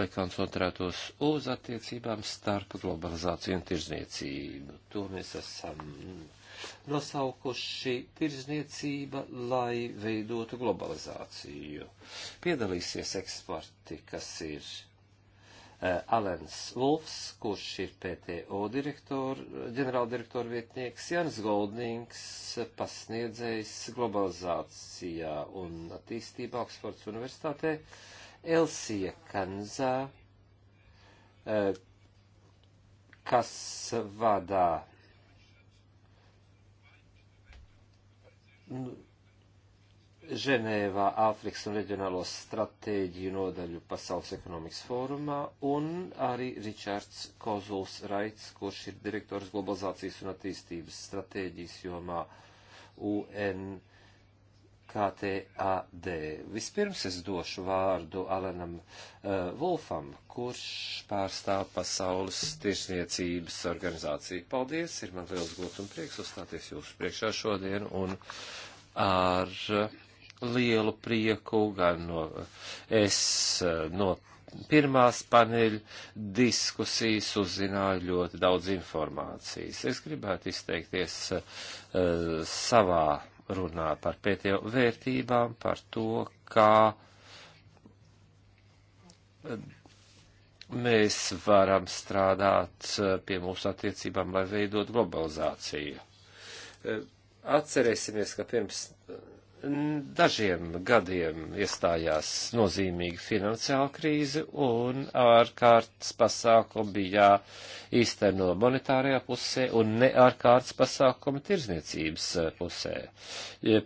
lai koncentrētos uz attiecībām starp globalizāciju un tirzniecību. To mēs esam nosaukuši tirzniecība, lai veidotu globalizāciju. Piedalīsies eksperti, kas ir Eh, Alens Vulfs, kurš ir PTO ģenerāldirektora vietnieks, Jans Goldnings, pasniedzējs globalizācijā un attīstībā Oksfords universitātē, Elsija Kanzā, eh, kas vadā. Nu, Ženēvā Āfrikas un reģionālo stratēģiju nodaļu Pasaules ekonomikas fórumā un arī Ričards Kozuls Raits, kurš ir direktors globalizācijas un attīstības stratēģijas jomā UNKTAD. Vispirms es došu vārdu Alenam uh, eh, Wolfam, kurš pārstāv Pasaules tirsniecības organizāciju. Paldies, ir man liels gods un prieks uzstāties jūsu priekšā šodien un ar. Uh, lielu prieku gan no, es eh, no pirmās paneļa diskusijas uzzināju ļoti daudz informācijas. Es gribētu izteikties uh, savā runā par pētījo vērtībām, par to, kā eh, mēs varam strādāt pie mūsu attiecībām, lai veidot globalizāciju. Atcerēsimies, ka pirms dažiem gadiem iestājās nozīmīga finansiāla krīze un ārkārtas pasākumi bija īsteno monetārajā pusē un ne ārkārtas pasākumi tirzniecības eh, pusē.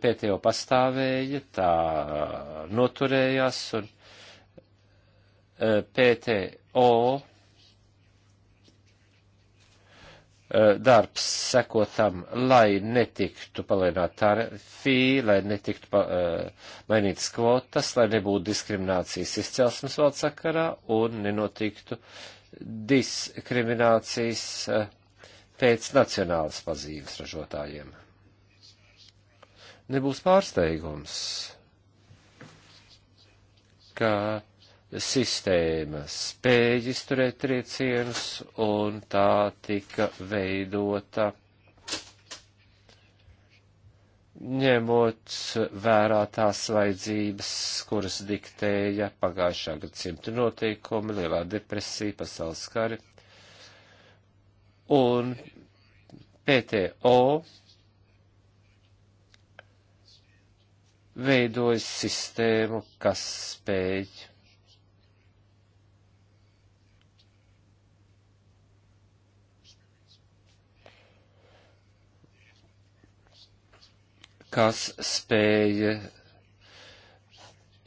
PTO pastāvēja, tā noturējās un eh, PTO Eh, darbs sekotam, lai netiktu palaidāt tarifī, lai netiktu pa, eh, mainītas kvotas, lai nebūtu diskriminācijas izcelsmes valsts sakarā un nenotiktu diskriminācijas eh, pēc nacionālas pazīmes ražotājiem. Nebūs pārsteigums, ka sistēma spēja izturēt triecienus, un tā tika veidota ņemot vērā tās vajadzības, kuras diktēja pagājušā gadsimta noteikumi, lielā depresija, pasaules kari. Un PTO veidojas sistēmu, kas spēj kas spēja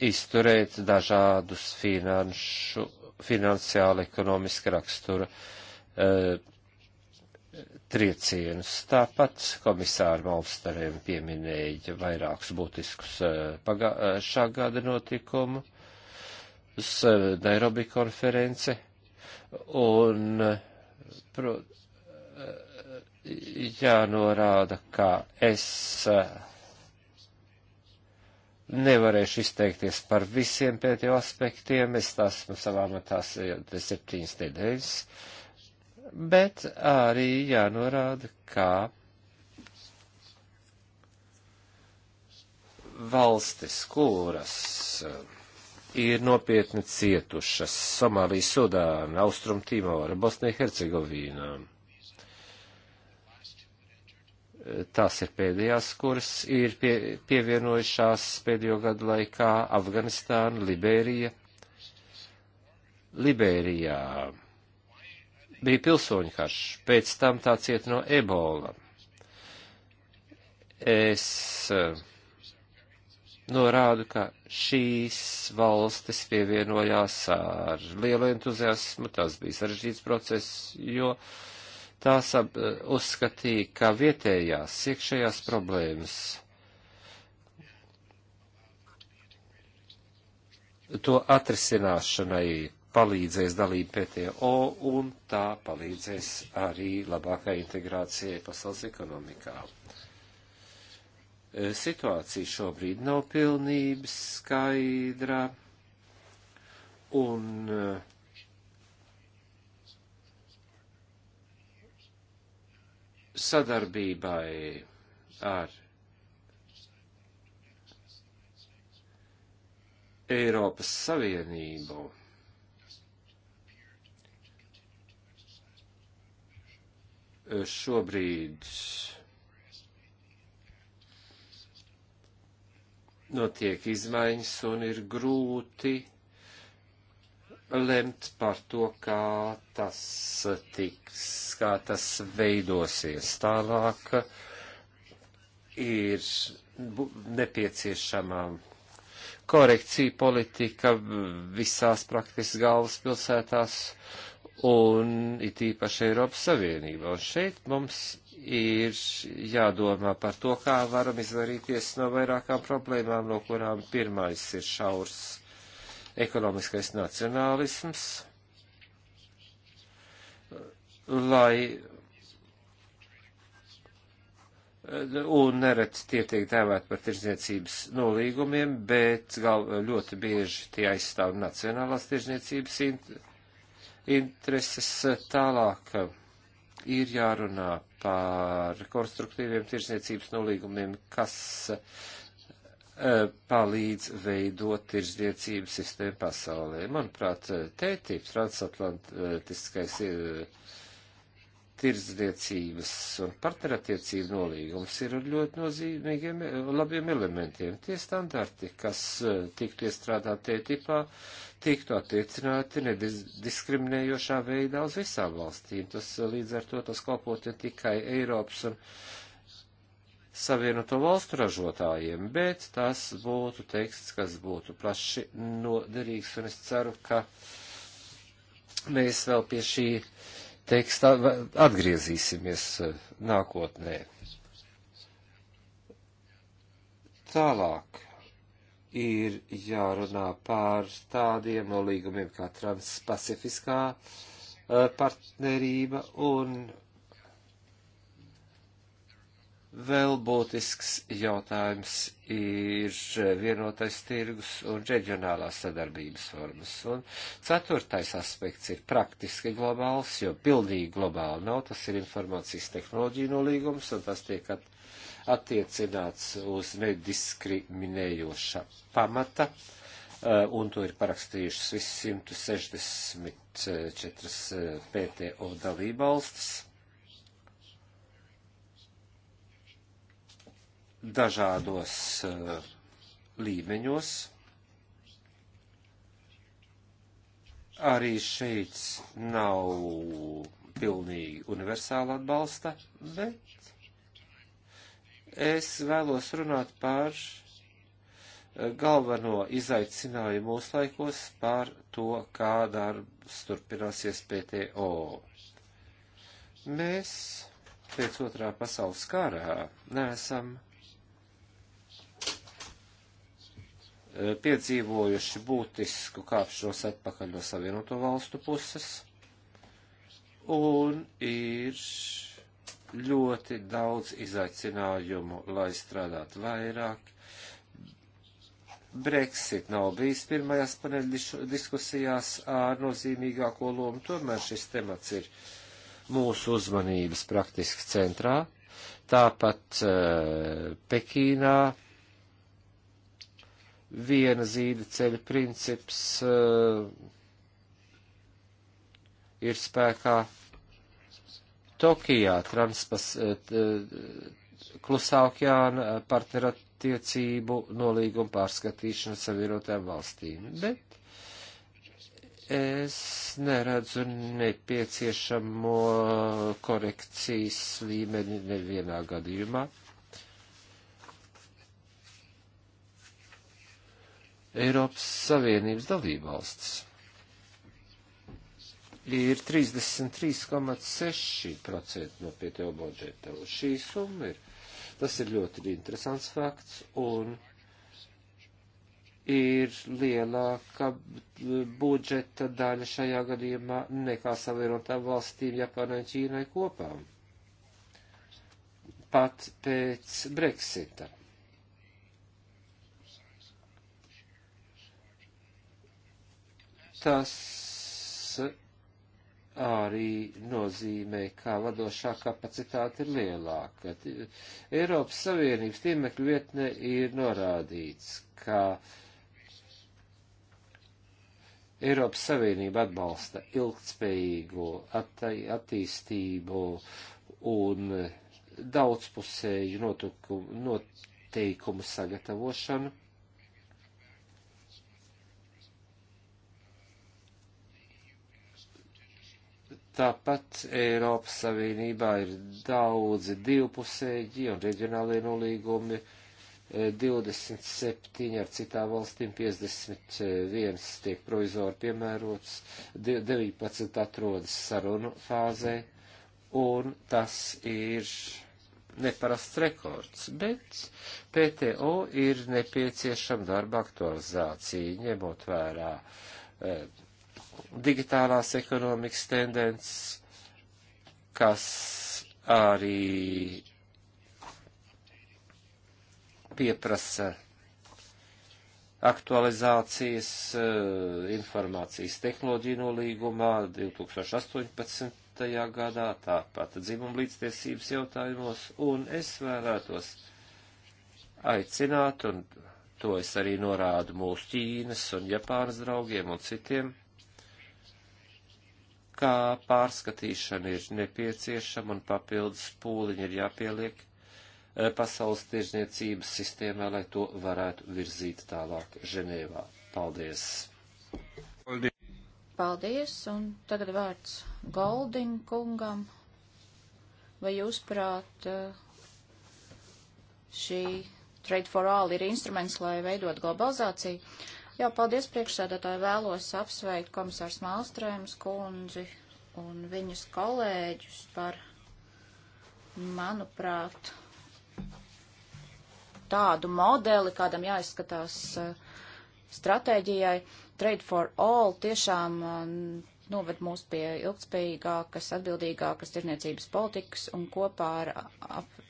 izturēt dažādus finanšu, finansiāli ekonomiski rakstura e, triecienus. Tāpat komisāra Malmstariem pieminēja vairākus būtiskus e, eh, pagā, eh, šā gada notikumu, uz e, Nairobi konference, un, pro, jānorāda, ka es nevarēšu izteikties par visiem pēdējo aspektiem, es esmu savā matā septiņas nedēļas, bet arī jānorāda, kā valstis, kuras eh, ir nopietni cietušas Somālija, Sudāna, Austrum Timora, Bosnija, Hercegovīnām tās ir pēdējās, kuras ir pie, pievienojušās pēdējo gadu laikā Afganistāna, Liberija. Liberijā bija pilsoņu karš, pēc tam tā ciet no ebola. Es eh, norādu, ka šīs valstis pievienojās ar lielu entuziasmu, tas bija sarežģīts process, jo uh, tās eh, uzskatīja, ka vietējās iekšējās problēmas to atrisināšanai palīdzēs dalību PTO un tā palīdzēs arī labākai integrācijai pasaules ekonomikā. Eh, situācija šobrīd nav pilnības skaidra un uh, sadarbībai ar Eiropas Savienību. Šobrīd notiek izmaiņas un ir grūti lemt par to, kā tas tiks, kā tas veidosies tālāk, ir nepieciešama korekcija politika visās praktiski galvaspilsētās un it īpaši Eiropas Savienībā. Un šeit mums ir jādomā par to, kā varam izvairīties no vairākām problēmām, no kurām pirmais ir šaurs ekonomiskais nacionālisms, lai un nereti tie tiek dēvēti par tirzniecības nolīgumiem, bet gal, ļoti bieži tie aizstāv nacionālās tirzniecības int, intereses tālāk. Ir jārunā par konstruktīviem tirsniecības nolīgumiem, kas Eh, palīdz veidot tirzniecības sistēmu pasaulē. Manuprāt, eh, tētība transatlantiskais eh, tirzniecības un partnerattiecību nolīgums ir ar ļoti nozīmīgiem labiem elementiem. Tie standarti, kas tiktu iestrādāti tētipā, tiktu attiecināti nediskriminējošā veidā uz visām valstīm. Tas līdz ar to tas kalpot ne tikai Eiropas un Savienoto valstu ražotājiem, bet tas būtu teksts, kas būtu plaši noderīgs, un es ceru, ka mēs vēl pie šī teksta atgriezīsimies eh, nākotnē. Tālāk ir jārunā pār tādiem nolīgumiem kā transpacifiskā eh, partnerība un Vēl būtisks jautājums ir vienotais tirgus un reģionālās sadarbības formas. Un ceturtais aspekts ir praktiski globāls, jo pilnīgi globāli nav. Tas ir informācijas tehnoloģija nolīgums, un tas tiek at attiecināts uz nediskriminējoša pamata. Eh, un to ir parakstījušas viss 164 PTO dalībvalstis dažādos eh, līmeņos. Arī šeit nav pilnīgi universāla atbalsta, bet es vēlos runāt par eh, galveno izaicinājumu mūsu laikos par to, kā darbs turpināsies PTO. Mēs pēc otrā pasaules kārā neesam Eh, piedzīvojuši būtisku kāpšanos atpakaļ no Savienoto valstu puses, un ir ļoti daudz izaicinājumu, lai strādātu vairāk. Brexit nav bijis pirmajās paneļa diskusijās ar nozīmīgāko lomu, tomēr šis temats ir mūsu uzmanības praktiski centrā. Tāpat uh, Pekīnā viena zīda ceļa princips uh, ir spēkā Tokijā, transpas, uh, klusā okeāna partnerattiecību nolīguma pārskatīšana savienotēm valstīm. Bet Es neredzu nepieciešamo korekcijas līmeni nevienā gadījumā. Eiropas Savienības dalībvalsts ir 33,6% no PTO budžeta. Šī summa ir, tas ir ļoti interesants fakts un ir lielāka budžeta daļa šajā gadījumā nekā savienotām valstīm, Japānai, Ķīnai kopā. Pat pēc Brexita. Tas arī nozīmē, ka vadošā kapacitāte ir lielāka. Eiropas Savienības tīmekļu vietnē ir norādīts, ka Eiropas Savienība atbalsta ilgtspējīgu attīstību un daudzpusēju noteikumu sagatavošanu Tāpat Eiropas Savienībā ir daudzi divpusēji un reģionālie nolīgumi, 27 eh, ar citām valstīm, 51 eh, tiek provizori piemērots, 19 atrodas sarunu fāzē, un tas ir neparasts rekords, bet PTO ir nepieciešama darba aktualizācija, ņemot vērā eh, digitālās ekonomikas tendences, kas arī pieprasa aktualizācijas eh, informācijas tehnoloģiju nolīgumā 2018. gadā, tāpat dzimuma līdztiesības jautājumos, un es vēlētos aicināt, un to es arī norādu mūsu Ķīnas un Japānas draugiem un citiem, kā pārskatīšana ir nepieciešama un papildus pūliņi ir jāpieliek e, pasaules tirzniecības sistēmā, lai to varētu virzīt tālāk Ženēvā. Paldies! Paldies! Paldies, un tagad vārds Golding kungam. Vai jūs prāt, e, šī Trade for All ir instruments, lai veidot globalizāciju? Jā, paldies priekšsēdētāji. Vēlos apsveikt komisārs Mālstrēmas kundzi un viņas kolēģus par, manuprāt, tādu modeli, kādam jāizskatās eh, stratēģijai. Trade for all tiešām eh, noved mūs pie ilgspējīgākas, atbildīgākas tirniecības politikas un kopā ar ap,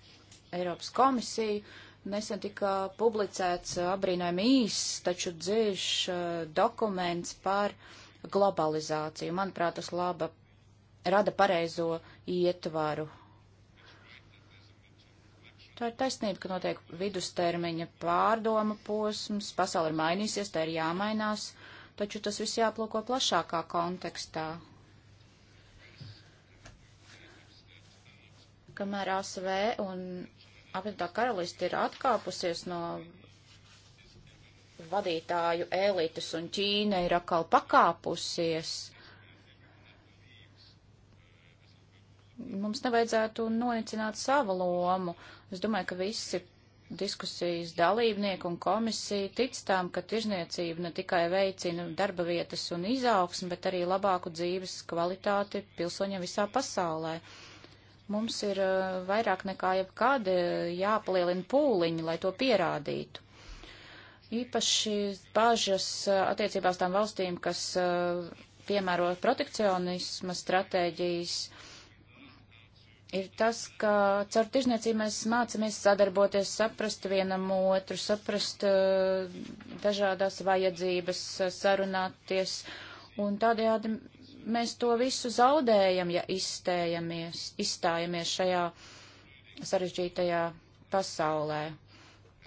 Eiropas komisiju Nesen tika publicēts uh, abrīnojami īss, taču dziļš uh, dokuments par globalizāciju. Manuprāt, tas laba, rada pareizo ietvaru. Tā ir taisnība, ka notiek vidustermiņa pārdoma posms, pasauli ir mainīsies, tā ir jāmainās, taču tas viss jāplūko plašākā kontekstā. Kamēr ASV un apvienotā karalista ir atkāpusies no vadītāju elites un Ķīna ir atkal pakāpusies. Mums nevajadzētu noicināt savu lomu. Es domāju, ka visi diskusijas dalībnieki un komisija tic tām, ka tirzniecība ne tikai veicina darba vietas un izaugsmi, bet arī labāku dzīves kvalitāti pilsoņiem visā pasaulē. Uh, Mums ir eh, vairāk nekā jebkad eh, jāpalielina pūliņi, lai to pierādītu. Īpaši bāžas eh, attiecībās tām valstīm, kas piemēro protekcionisma stratēģijas, ir tas, ka caur tirzniecību mēs mācāmies sadarboties, saprast vienam otru, saprast dažādās vajadzības, sarunāties. Un tādējādi mēs to visu zaudējam, ja izstējamies, izstājamies šajā sarežģītajā pasaulē.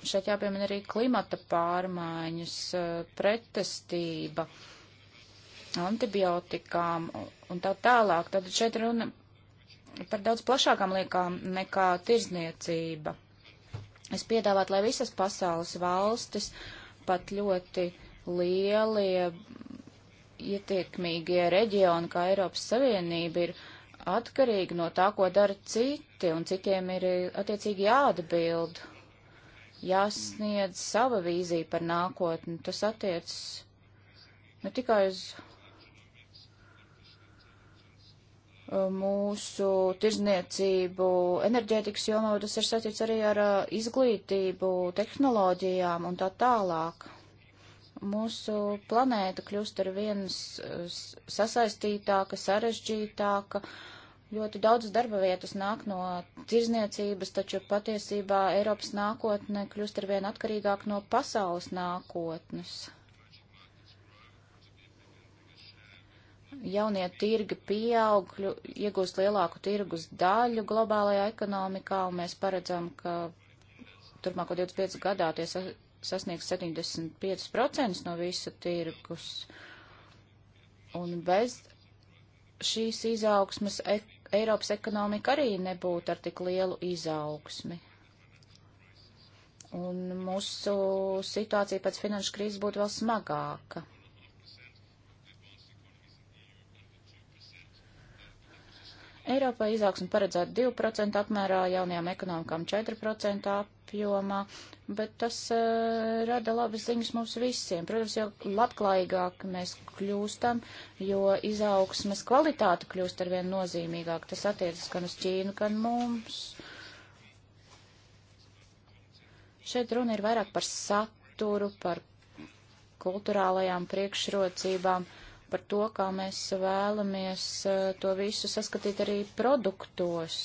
Šeit jāpiemina arī klimata pārmaiņas, eh, pretestība, antibiotikām un tā tālāk. Tad šeit runa par daudz plašākām liekām nekā tirzniecība. Es piedāvātu, lai visas pasaules valstis, pat ļoti lielie ietekmīgie reģioni, kā Eiropas Savienība, ir atkarīgi no tā, ko dara citi, un citiem ir eh, attiecīgi jāatbild, jāsniedz sava vīzija par nākotni. Tas attiecas ne tikai uz eh, mūsu tirzniecību enerģētikas jomā, tas ir saistīts arī ar eh, izglītību, tehnoloģijām un tā tālāk. Mūsu planēta kļūst ar vienas sasaistītāka, sarežģītāka. Ļoti daudz darba vietas nāk no tirzniecības, taču patiesībā Eiropas nākotne kļūst ar vien atkarīgāk no pasaules nākotnes. jaunie tirgi pieaug, iegūst lielāku tirgus daļu globālajā ekonomikā, un mēs paredzam, ka turpmāko 25 gadā tie sasniegs 75% no visa tirgus. Un bez šīs izaugsmas ek Eiropas ekonomika arī nebūtu ar tik lielu izaugsmi. Un mūsu situācija pēc finanšu krīzes būtu vēl smagāka. Eiropā izaugsme paredzēta 2% apmērā, jaunajām ekonomikām 4% apjomā, bet tas uh, rada labas ziņas mums visiem. Protams, jo labklājīgāk mēs kļūstam, jo izaugsmes kvalitāte kļūst arvien nozīmīgāk. Tas attiecas gan uz Ķīnu, gan mums. Šeit runa ir vairāk par saturu, par kulturālajām priekšrocībām. Uh, par to, kā mēs vēlamies eh, to visu saskatīt arī produktos.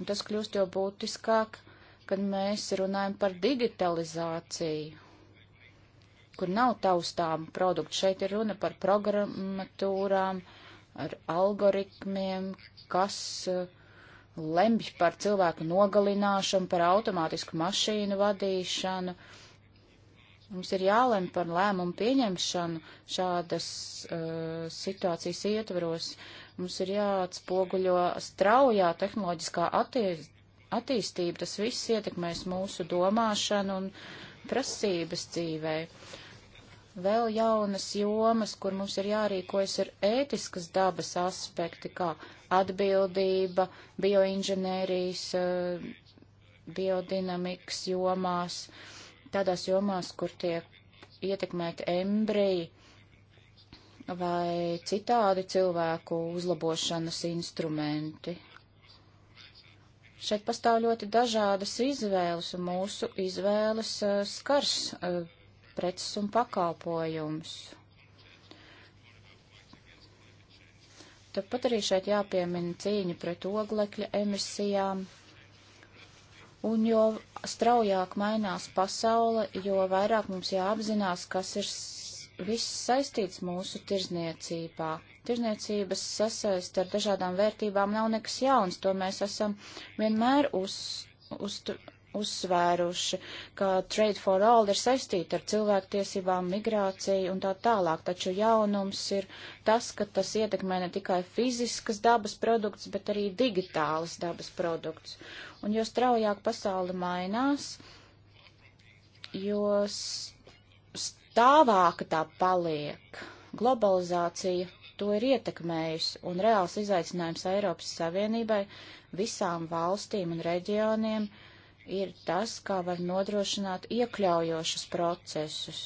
Un tas kļūst jau būtiskāk, kad mēs runājam par digitalizāciju, kur nav taustām produktu. Šeit ir runa par programmatūrām, ar algoritmiem, kas eh, lemj par cilvēku nogalināšanu, par automātisku mašīnu vadīšanu. Uh, Mums ir jālem par lēmumu pieņemšanu šādas uh, situācijas ietvaros. Mums ir jāatspoguļo straujā tehnoloģiskā attīstība attīstība, tas viss ietekmēs mūsu domāšanu un prasības dzīvē. Vēl jaunas jomas, kur mums ir jārīkojas, ir ētiskas dabas aspekti, kā atbildība, bioinženērijas, uh, biodinamikas jomās. Uh, tādās jomās, kur tiek ietekmēti embriji vai citādi cilvēku uzlabošanas instrumenti. Šeit pastāv ļoti dažādas izvēles, un mūsu izvēles eh, skars eh, preces un pakalpojums. Tāpat arī šeit jāpiemina cīņa pret oglekļa emisijām Un jo straujāk mainās pasaule, jo vairāk mums jāapzinās, kas ir viss saistīts mūsu tirzniecībā. Tirzniecības sasaist ar dažādām vērtībām nav nekas jauns, to mēs esam vienmēr uz, uz, uzsvēruši, ka Trade for All ir saistīta ar cilvēktiesībām, migrāciju un tā tālāk, taču jaunums ir tas, ka tas ietekmē ne tikai fiziskas dabas produkts, bet arī digitālas dabas produkts. Un jo straujāk pasauli mainās, jo stāvāka tā paliek. Globalizācija to ir ietekmējusi, un reāls izaicinājums Eiropas Savienībai, visām valstīm un reģioniem ir ir tas, kā var nodrošināt iekļaujošus procesus.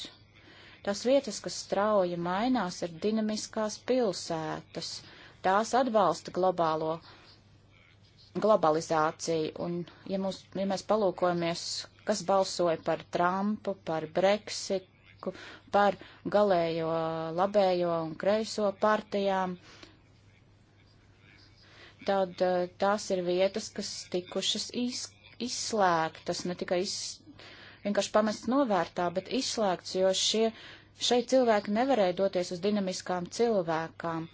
Tās vietas, kas strauji mainās, ir dinamiskās pilsētas. Tās atbalsta globālo globalizāciju, un ja, mūs, ja mēs palūkojamies, kas balsoja par Trumpu, par Brexitu, par galējo labējo un kreiso partijām, tad eh, tās ir vietas, kas tikušas izskatītas izslēgtas, ne tikai iz, vienkārši pamests novērtā, bet izslēgts, jo šie, šeit cilvēki nevarēja doties uz dinamiskām cilvēkām,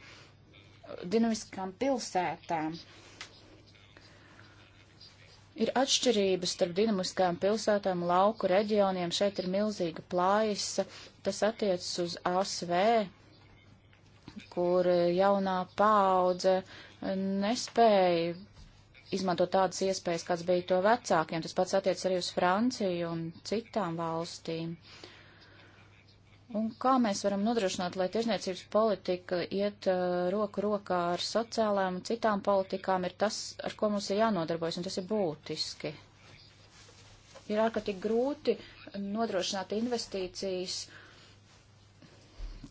dinamiskām pilsētām. Ir atšķirības starp dinamiskām pilsētām, lauku reģioniem, šeit ir milzīga plājasa, tas attiecas uz ASV, kur jaunā paudze nespēja izmantot tādas iespējas, kāds bija to vecākiem. Tas pats attiec arī uz Franciju un citām valstīm. Un kā mēs varam nodrošināt, lai tirzniecības politika iet uh, roku rokā ar sociālām un citām politikām, ir tas, ar ko mums ir jānodarbojas, un tas ir būtiski. Ir ārkārtīgi grūti nodrošināt investīcijas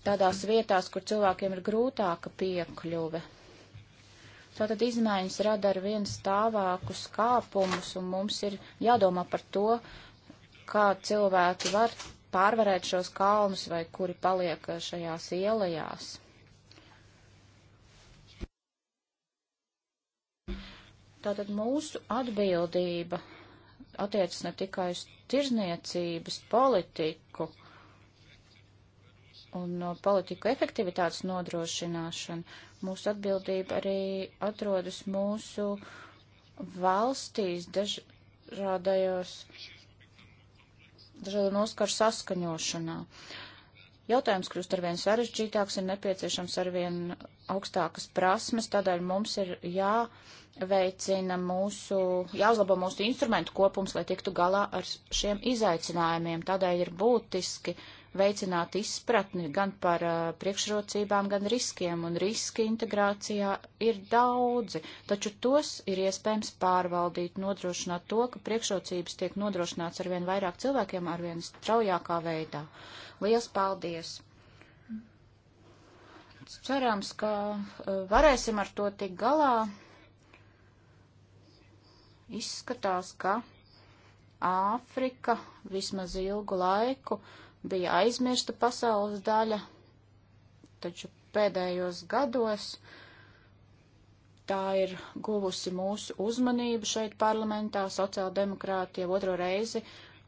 tādās vietās, kur cilvēkiem ir grūtāka piekļuve. Tātad izmaiņas rada ar vien stāvākus kāpumus, un mums ir jādomā par to, kā cilvēki var pārvarēt šos kalnus vai kuri paliek eh, šajās ielajās. Tātad mūsu atbildība attiecas ne tikai uz tirzniecības politiku, un no uh, politiku efektivitātes nodrošināšanu. Mūsu atbildība arī atrodas mūsu valstīs dažādajos, dažādu noskaru saskaņošanā. Jautājums kļūst arvien sarežģītāks, ir nepieciešams arvien augstākas prasmes, tādēļ mums ir jāveicina mūsu, jāuzlabo mūsu instrumentu kopums, lai tiktu galā ar šiem izaicinājumiem. Tādēļ ir būtiski uh, veicināt izpratni gan par uh, priekšrocībām, gan riskiem, un riski integrācijā ir daudzi, taču tos ir iespējams pārvaldīt, nodrošināt to, ka priekšrocības tiek nodrošināts arvien vairāk cilvēkiem, arvien straujākā veidā. Liels paldies! Cerams, ka uh, varēsim ar to tik galā. Izskatās, ka Āfrika vismaz ilgu laiku uh, bija aizmirsta pasaules daļa, taču pēdējos gados tā ir guvusi mūsu uzmanību šeit parlamentā. Sociāldemokrāti jau otro reizi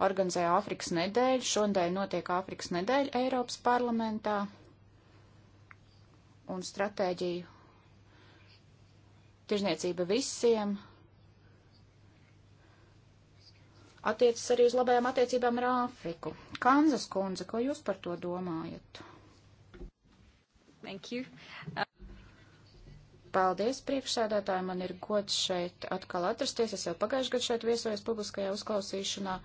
organizē Āfrikas nedēļu. Šodien notiek Āfrikas nedēļa Eiropas parlamentā un stratēģiju tirzniecība visiem attiecas arī uz labajām attiecībām ar Āfriku. Kanzas kundze, ko jūs par to domājat? Thank you. Uh... Paldies, priekšsēdētāji, man ir gods šeit atkal atrasties. Es jau pagājušajā gadā šeit viesojos publiskajā uzklausīšanā.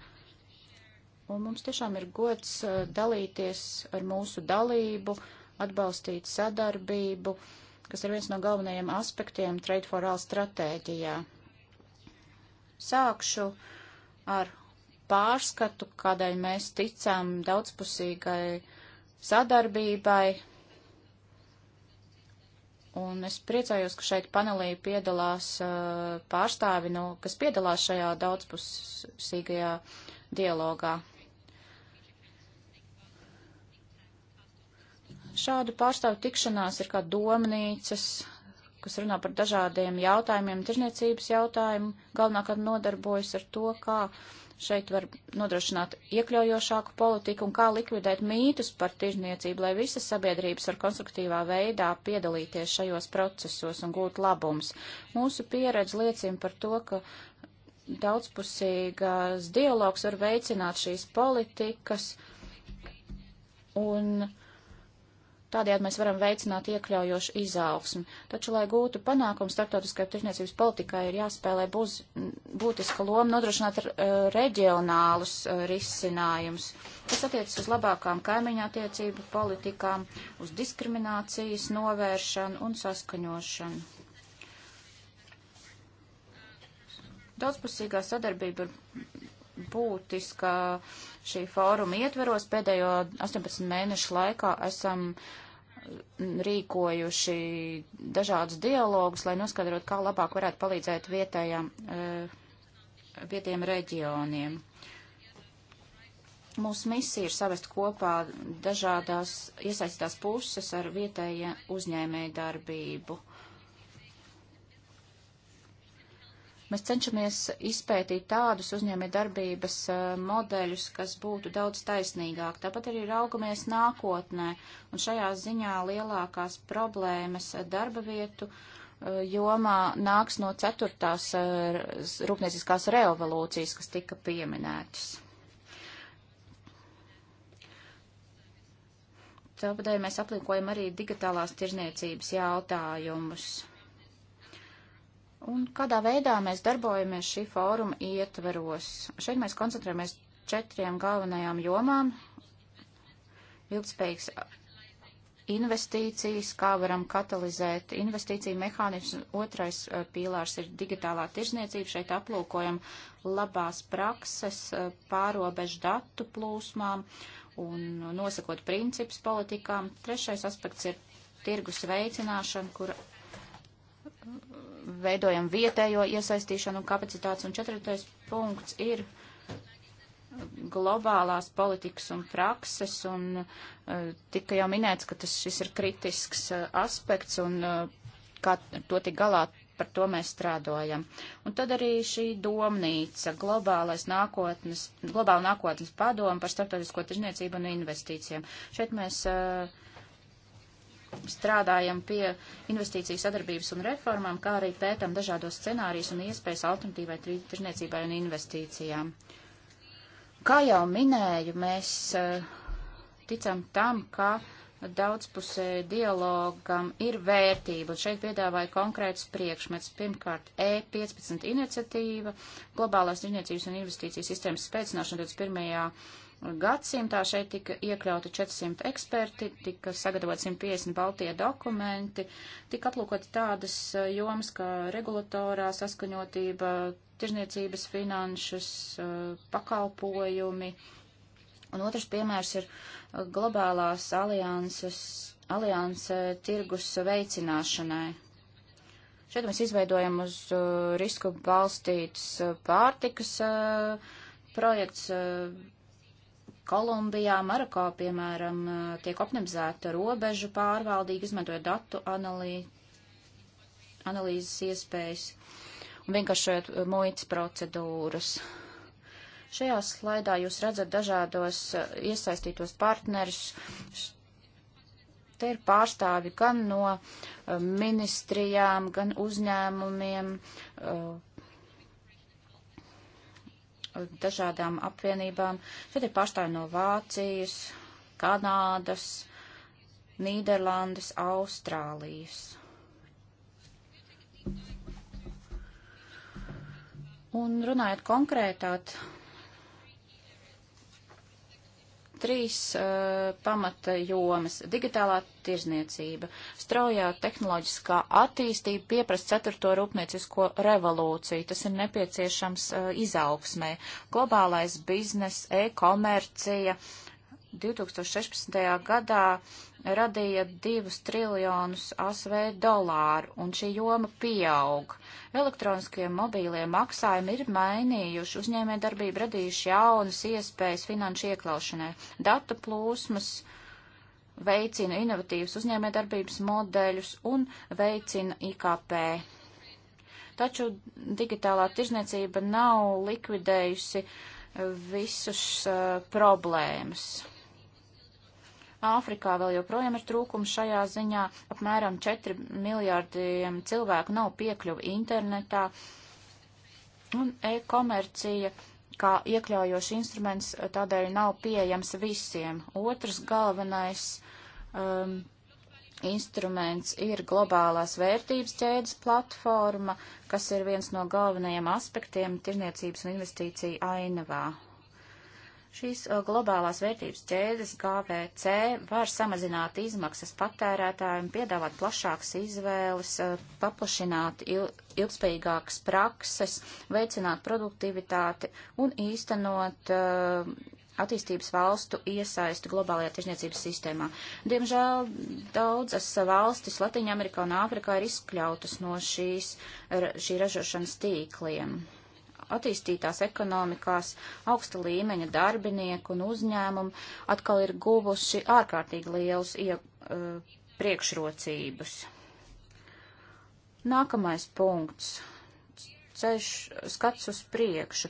Un mums tiešām ir gods dalīties ar mūsu dalību, atbalstīt sadarbību, kas ir viens no galvenajiem aspektiem Trade for All stratēģijā. Sākšu uh, ar pārskatu, kādēļ mēs ticam daudzpusīgai sadarbībai. Un es priecājos, ka šeit panelī piedalās uh, pārstāvi, no, kas piedalās šajā daudzpusīgajā dialogā. Šādu pārstāvu tikšanās ir kā domnīcas kas runā par dažādiem jautājumiem, tirzniecības jautājumu, galvenokārt nodarbojas ar to, kā šeit var nodrošināt iekļaujošāku politiku un kā likvidēt mītus par tirzniecību, lai visas sabiedrības var konstruktīvā veidā piedalīties šajos procesos un gūt labums. Mūsu pieredze liecina par to, ka daudzpusīgās dialogs var veicināt šīs politikas un Tādējādi mēs varam veicināt iekļaujošu izaugsmu. Taču, lai gūtu panākumu starptautiskajai tirsniecības politikai, ir jāspēlē būs, būtiska loma nodrošināt uh, reģionālus uh, risinājumus. Tas attiecas uz labākām kaimiņa attiecību politikām, uz diskriminācijas novēršanu un saskaņošanu. Daudzpusīgā sadarbība ir būtiska šī fóruma ietveros. Pēdējo 18 mēnešu laikā esam rīkojuši dažādus dialogus, lai noskaidrotu, kā labāk varētu palīdzēt vietējām, eh, vietējiem reģioniem. Mūsu misija ir savest kopā dažādās iesaistītās puses ar vietējiem uzņēmēju darbību. Mēs cenšamies izpētīt tādus uzņēmē darbības eh, modeļus, kas būtu daudz taisnīgāk. Tāpat arī raugamies nākotnē, un šajā ziņā lielākās problēmas darba vietu eh, jomā nāks no ceturtās eh, rūpnieciskās revolūcijas, kas tika pieminētas. Tāpēc mēs aplīkojam arī digitālās tirzniecības jautājumus un kādā veidā mēs darbojamies šī fóruma ietveros. Šeit mēs koncentrējamies četriem galvenajām jomām - ilgspējīgs investīcijas, kā varam katalizēt investīciju mehānismu. Otrais uh, pīlārs ir digitālā tirzniecība. Šeit aplūkojam labās prakses uh, pārobežu datu plūsmām un nosakot principus politikām. Trešais aspekts ir tirgus veicināšana, kur veidojam vietējo iesaistīšanu un kapacitātes. Un ceturtais punkts ir globālās politikas un prakses, un uh, tika jau minēts, ka tas šis ir kritisks uh, aspekts, un uh, kā to tik galā par to mēs strādājam. Un tad arī šī domnīca, globālais nākotnes, globāla nākotnes padoma par starptautisko tirzniecību un investīcijiem. Šeit mēs uh, strādājam pie investīciju sadarbības un reformām, kā arī pētam dažādos scenārijus un iespējas alternatīvai tirzniecībai un investīcijām. Kā jau minēju, mēs eh, ticam tam, ka daudzpusēju dialogam ir vērtība, un šeit piedāvāja konkrēts priekšmets. Pirmkārt, E15 iniciatīva, globālās tirniecības un investīciju sistēmas spēcināšana 21 gadsimtā. Šeit tika iekļauti 400 eksperti, tika sagatavot 150 baltie dokumenti, tika aplūkot tādas jomas kā regulatorā saskaņotība, tirzniecības finanšas, pakalpojumi. Un otrs piemērs ir globālās alianses, alianse tirgus veicināšanai. Šeit mēs izveidojam uz risku balstītas pārtikas projekts, Kolumbijā, Marokā, piemēram, tiek optimizēta robežu pārvaldība, izmantojot datu analī... analīzes iespējas un vienkāršojot muitas procedūras. Šajā slaidā jūs redzat dažādos iesaistītos partnerus. Te ir pārstāvi gan no ministrijām, gan uzņēmumiem, uh, dažādām apvienībām. Šeit ir pārstāvi no Vācijas, Kanādas, Nīderlandes, Austrālijas. Un runājot konkrētāt trīs uh, pamata jomas - digitālā tirzniecība, straujā tehnoloģiskā attīstība pieprasa ceturto rūpniecisko revolūciju, tas ir nepieciešams uh, izaugsmē, globālais biznes, e-komercija. 2016. gadā radīja 2 triljonus ASV dolāru, un šī joma pieaug. Elektroniskie mobīlie maksājumi ir mainījuši uzņēmē darbību, radījuši jaunas iespējas finanšu iekļaušanai. Datu plūsmas veicina inovatīvas uzņēmē darbības modeļus un veicina IKP. Taču digitālā tirzniecība nav likvidējusi visus uh, problēmas Āfrikā vēl joprojām ir trūkums šajā ziņā. Apmēram 4 miljārdiem cilvēku nav piekļuvi internetā. Un e-komercija kā iekļaujoši instruments tādēļ nav pieejams visiem. Otrs galvenais um, instruments ir globālās vērtības ķēdes platforma, kas ir viens no galvenajiem aspektiem tirniecības un investīciju ainavā. Šīs uh, globālās vērtības ķēdes GVC var samazināt izmaksas patērētājiem, piedāvāt plašākas izvēles, uh, paplašināt ilgspējīgākas prakses, veicināt produktivitāti un īstenot uh, attīstības valstu iesaistu globālajā tirzniecības sistēmā. Diemžēl daudzas valstis Latvijā, Amerikā un Āfrikā ir izkļautas no šīs, šī ražošanas tīkliem attīstītās ekonomikās augsta līmeņa darbinieku un uzņēmumu atkal ir guvuši ārkārtīgi liels ie, uh, priekšrocības. Nākamais punkts. Ceļš skats uz priekšu.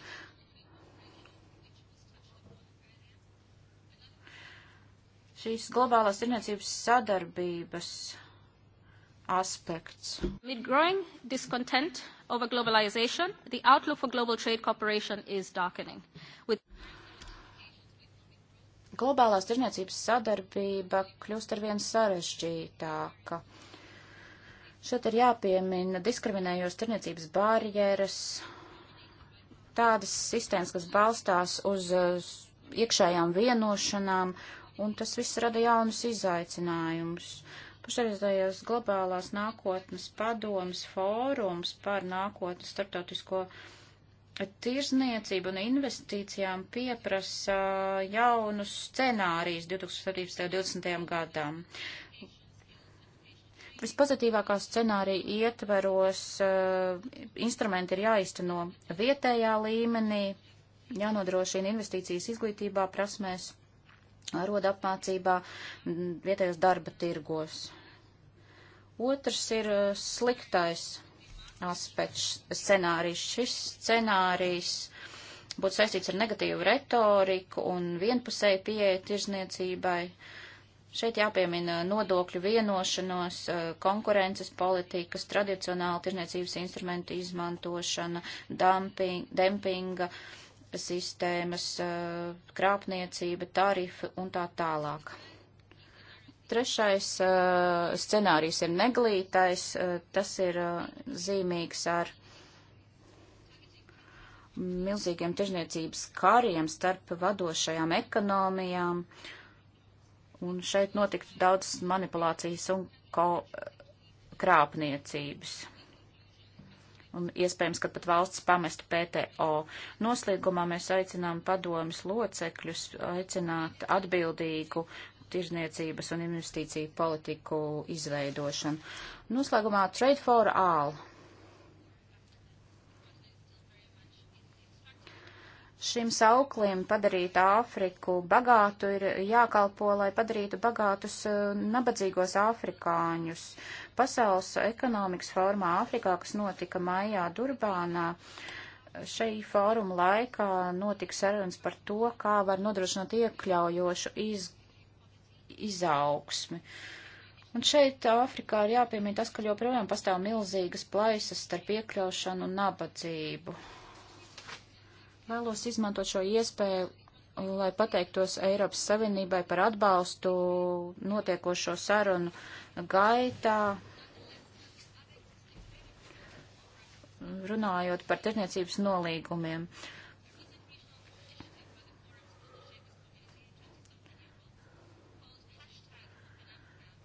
Šīs globālās tirniecības sadarbības aspekts. With growing discontent over globalization, the outlook for global trade cooperation is darkening. With Globālās tirniecības sadarbība kļūst arvien sarežģītāka. Šeit ir jāpiemina diskriminējos tirniecības barjeras, tādas sistēmas, kas balstās uz iekšējām vienošanām, un tas viss rada jaunus izaicinājumus. Pašreizējos globālās nākotnes padomas fórums par nākotnes starptautisko tirzniecību un investīcijām pieprasa jaunus scenārijus 2017. gadam. Vispozitīvākā scenārija ietveros uh, instrumenti ir jāizteno vietējā līmenī, jānodrošina investīcijas izglītībā, prasmēs arodu apmācībā vietējos darba tirgos. Otrs ir uh, sliktais aspekts, scenārijs. Šis scenārijs būtu saistīts ar negatīvu retoriku un vienpusēju pieeja tirzniecībai. Šeit jāpiemina nodokļu vienošanos, uh, konkurences politikas, tradicionāla tirzniecības instrumentu izmantošana, dumping, dempinga. Uh, sistēmas, eh, krāpniecība, tarifi un tā tālāk. Trešais eh, scenārijs ir neglītais, eh, tas ir zīmīgs ar milzīgiem tirzniecības kariem starp vadošajām ekonomijām, un šeit notiktu daudz manipulācijas un ko, krāpniecības un iespējams, ka pat valsts pamestu PTO. Noslīgumā mēs aicinām padomus locekļus aicināt atbildīgu tirzniecības un investīciju politiku izveidošanu. Noslēgumā Trade for All. Šim sauklim padarīt Āfriku bagātu ir jākalpo, lai padarītu bagātus eh, nabadzīgos afrikāņus. Uh, Pasaules ekonomikas fórumā Āfrikā, kas notika maijā Durbānā, šī fóruma laikā notika sarunas par to, kā var nodrošināt iekļaujošu iz, izaugsmi. Un šeit Āfrikā ir jāpiemina tas, ka joprojām pastāv milzīgas plaisas starp iekļaušanu un nabadzību. Vēlos izmantot šo iespēju, lai pateiktos Eiropas Savienībai par atbalstu notiekošo sarunu gaitā. Runājot par tirniecības nolīgumiem.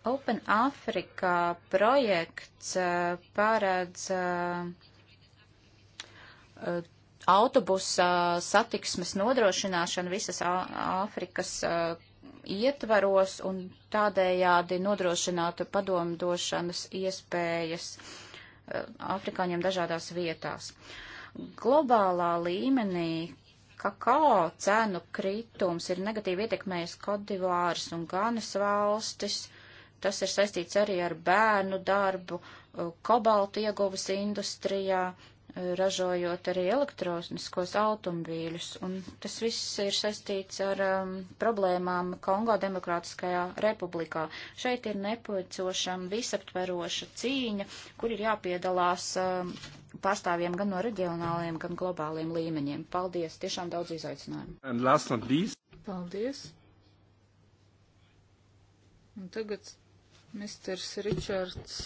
Open Africa projekts eh, paredz eh, autobusa satiksmes nodrošināšanu visas Āfrikas ietvaros un tādējādi nodrošinātu padomdošanas iespējas afrikāņiem dažādās vietās. Globālā līmenī kakao cenu kritums ir negatīvi ietekmējis Kodivāras un Ganas valstis. Tas ir saistīts arī ar bērnu darbu, kobaltu ieguvas industrijā, ražojot arī elektroniskos automobīļus, un tas viss ir saistīts ar um, problēmām Kongo Demokrātiskajā republikā. Šeit ir nepocošama visaptveroša cīņa, kur ir jāpiedalās um, pārstāvjiem gan no reģionāliem, gan globāliem līmeņiem. Paldies, tiešām daudz izaicinājumu. Paldies. Un tagad Mr. Richards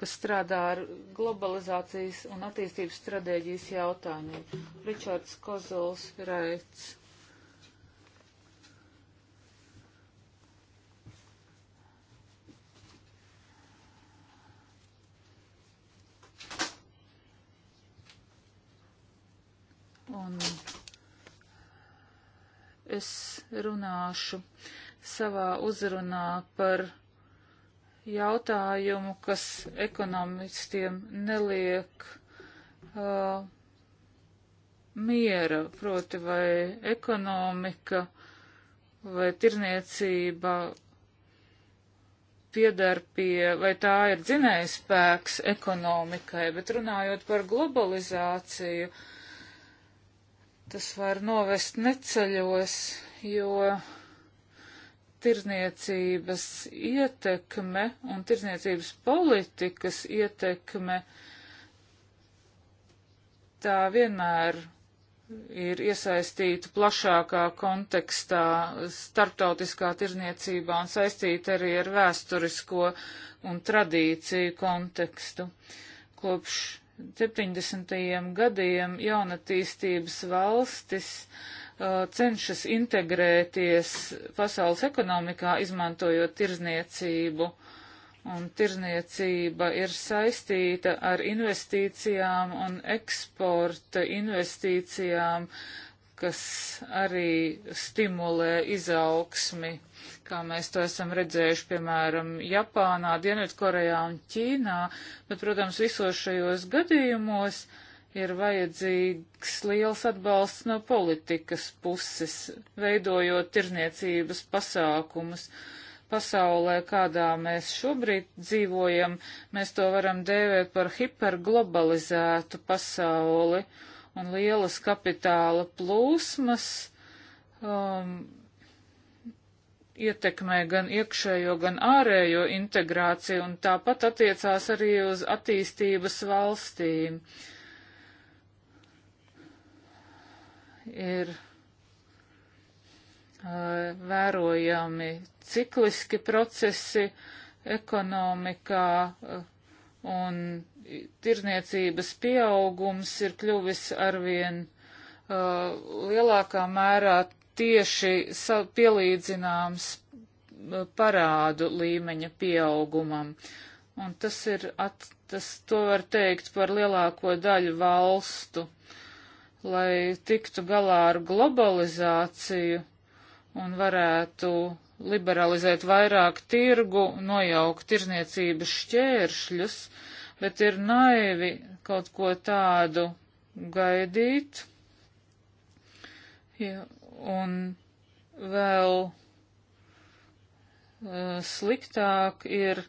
kas strādā ar globalizācijas un attīstības stratēģijas jautājumiem. Ričards Kozols Raits. Un es runāšu savā uzrunā par jautājumu, kas ekonomistiem neliek uh, miera, proti vai ekonomika vai tirniecība piedar pie, vai tā ir dzinējspēks ekonomikai, bet runājot par globalizāciju, tas var novest neceļos, jo tirzniecības ietekme un tirzniecības politikas ietekme tā vienmēr ir iesaistīta plašākā kontekstā starptautiskā tirzniecībā un saistīta arī ar vēsturisko un tradīciju kontekstu. Kopš 70. gadiem jaunatīstības valstis uh, cenšas integrēties pasaules ekonomikā, izmantojot tirzniecību. Un tirzniecība ir saistīta ar investīcijām un eksporta investīcijām, kas arī stimulē izaugsmi, kā mēs to esam redzējuši, piemēram, Japānā, Dienvidkorejā un Ķīnā, bet, protams, visos šajos gadījumos uh, ir vajadzīgs liels atbalsts no politikas puses, veidojot tirzniecības pasākumus. Pasaulē, kādā mēs šobrīd dzīvojam, mēs to varam dēvēt par hiperglobalizētu pasauli un lielas kapitāla plūsmas um, ietekmē gan iekšējo, gan ārējo integrāciju un tāpat attiecās arī uz attīstības valstīm. Uh, ir vērojami cikliski procesi ekonomikā un tirniecības pieaugums ir kļuvis arvien uh, lielākā mērā tieši pielīdzināms parādu līmeņa pieaugumam. Un tas ir, at, tas to var teikt par lielāko daļu valstu lai tiktu galā ar globalizāciju un varētu liberalizēt vairāk tirgu, nojaukt tirzniecības šķēršļus, bet ir naivi kaut ko tādu gaidīt. Ja, un vēl uh, sliktāk ir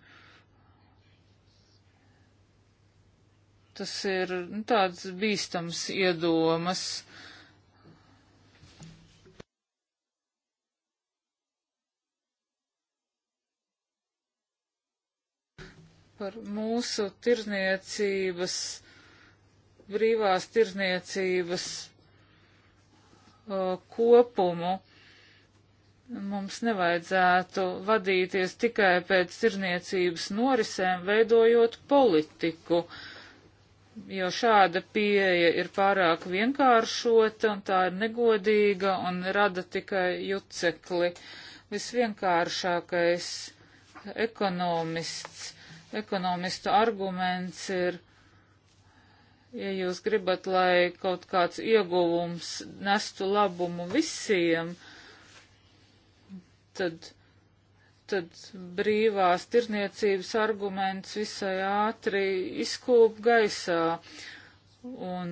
Tas ir nu, tāds bīstams iedomas. Par mūsu tirzniecības, brīvās tirzniecības uh, kopumu mums nevajadzētu vadīties tikai pēc tirzniecības norisēm, veidojot politiku. Uh, jo šāda pieeja ir pārāk vienkāršota un tā ir negodīga un rada tikai jucekli. Visvienkāršākais ekonomists, ekonomistu arguments ir, ja jūs gribat, lai kaut kāds ieguvums nestu labumu visiem, tad tad brīvās tirniecības arguments visai ātri izkūp gaisā. Un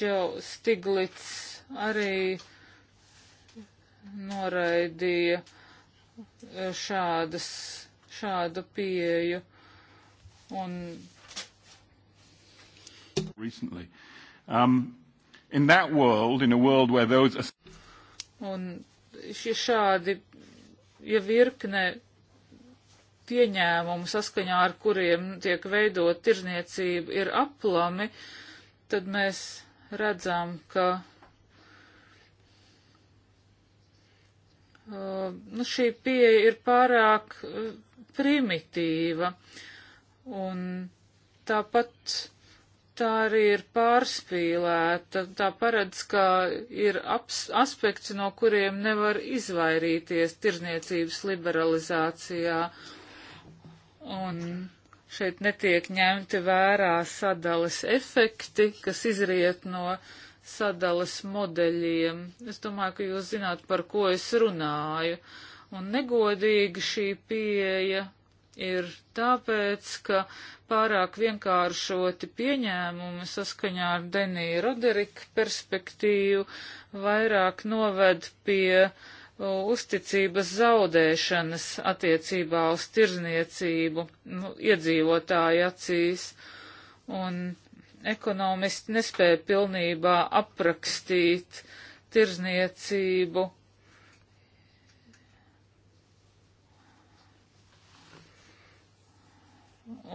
Džo Stiglits arī noraidīja šādas, šādu pieju. Un Recently. Um, in that world, in a world where those... Un šie šādi ja virkne pieņēmumu saskaņā ar kuriem tiek veidot tirzniecība ir aplami, tad mēs redzam, ka uh, nu, šī pieeja ir pārāk uh, primitīva un tāpat tā arī ir pārspīlēta. Tā paredz, ka ir aps, aspekts, no kuriem nevar izvairīties tirzniecības liberalizācijā. Un šeit netiek ņemti vērā sadales efekti, kas izriet no sadales modeļiem. Es domāju, ka jūs zināt, par ko es runāju. Un negodīgi šī pieeja ir tāpēc, ka pārāk vienkāršoti pieņēmumi saskaņā ar Deniju Roderika perspektīvu vairāk noved pie uh, uzticības zaudēšanas attiecībā uz tirzniecību nu, iedzīvotāju acīs. Un ekonomisti nespēja pilnībā aprakstīt tirzniecību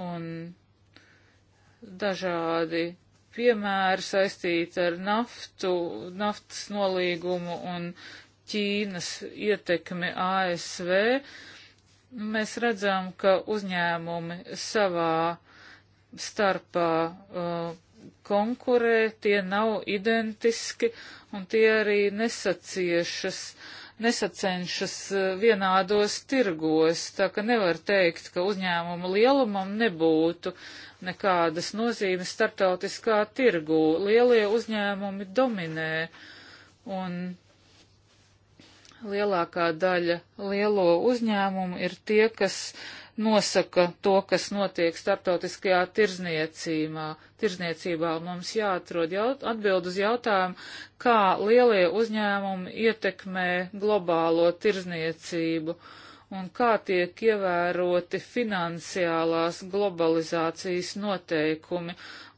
un dažādi piemēri saistīti ar naftu, naftas nolīgumu un Ķīnas ietekmi ASV, mēs redzam, ka uzņēmumi savā starpā uh, konkurē, tie nav identiski un tie arī nesaciešas. Uh, nesacenšas eh, vienādos tirgos, tā ka nevar teikt, ka uzņēmumu lielumam nebūtu nekādas nozīmes starptautiskā tirgū. Lielie uzņēmumi dominē un lielākā daļa lielo uzņēmumu ir tie, kas nosaka to, kas notiek starptautiskajā tirzniecībā. Tirzniecībā mums jāatrod jaut, atbild uz jautājumu, kā lielie uzņēmumi ietekmē globālo tirzniecību. Uh, un kā tiek ievēroti finansiālās globalizācijas noteikumi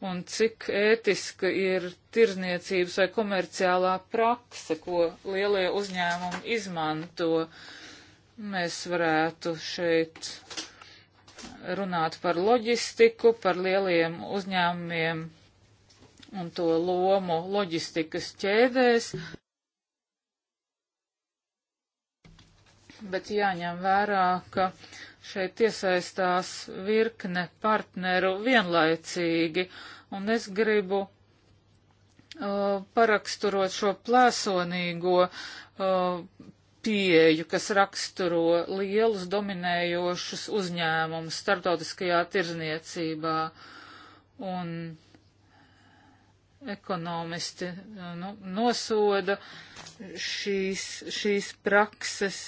un cik ētiska ir tirzniecības vai komerciālā prakse, ko lielie uzņēmumi izmanto. Mēs varētu šeit runāt par loģistiku, par lieliem uzņēmumiem un to lomu loģistikas ķēdēs. bet jāņem vērā, ka šeit iesaistās virkne partneru vienlaicīgi, un es gribu uh, paraksturot šo plēsonīgo uh, pieeju, kas raksturo lielus dominējošus uzņēmumus starptautiskajā tirzniecībā. Un ekonomisti uh, nu, nosoda šīs, šīs prakses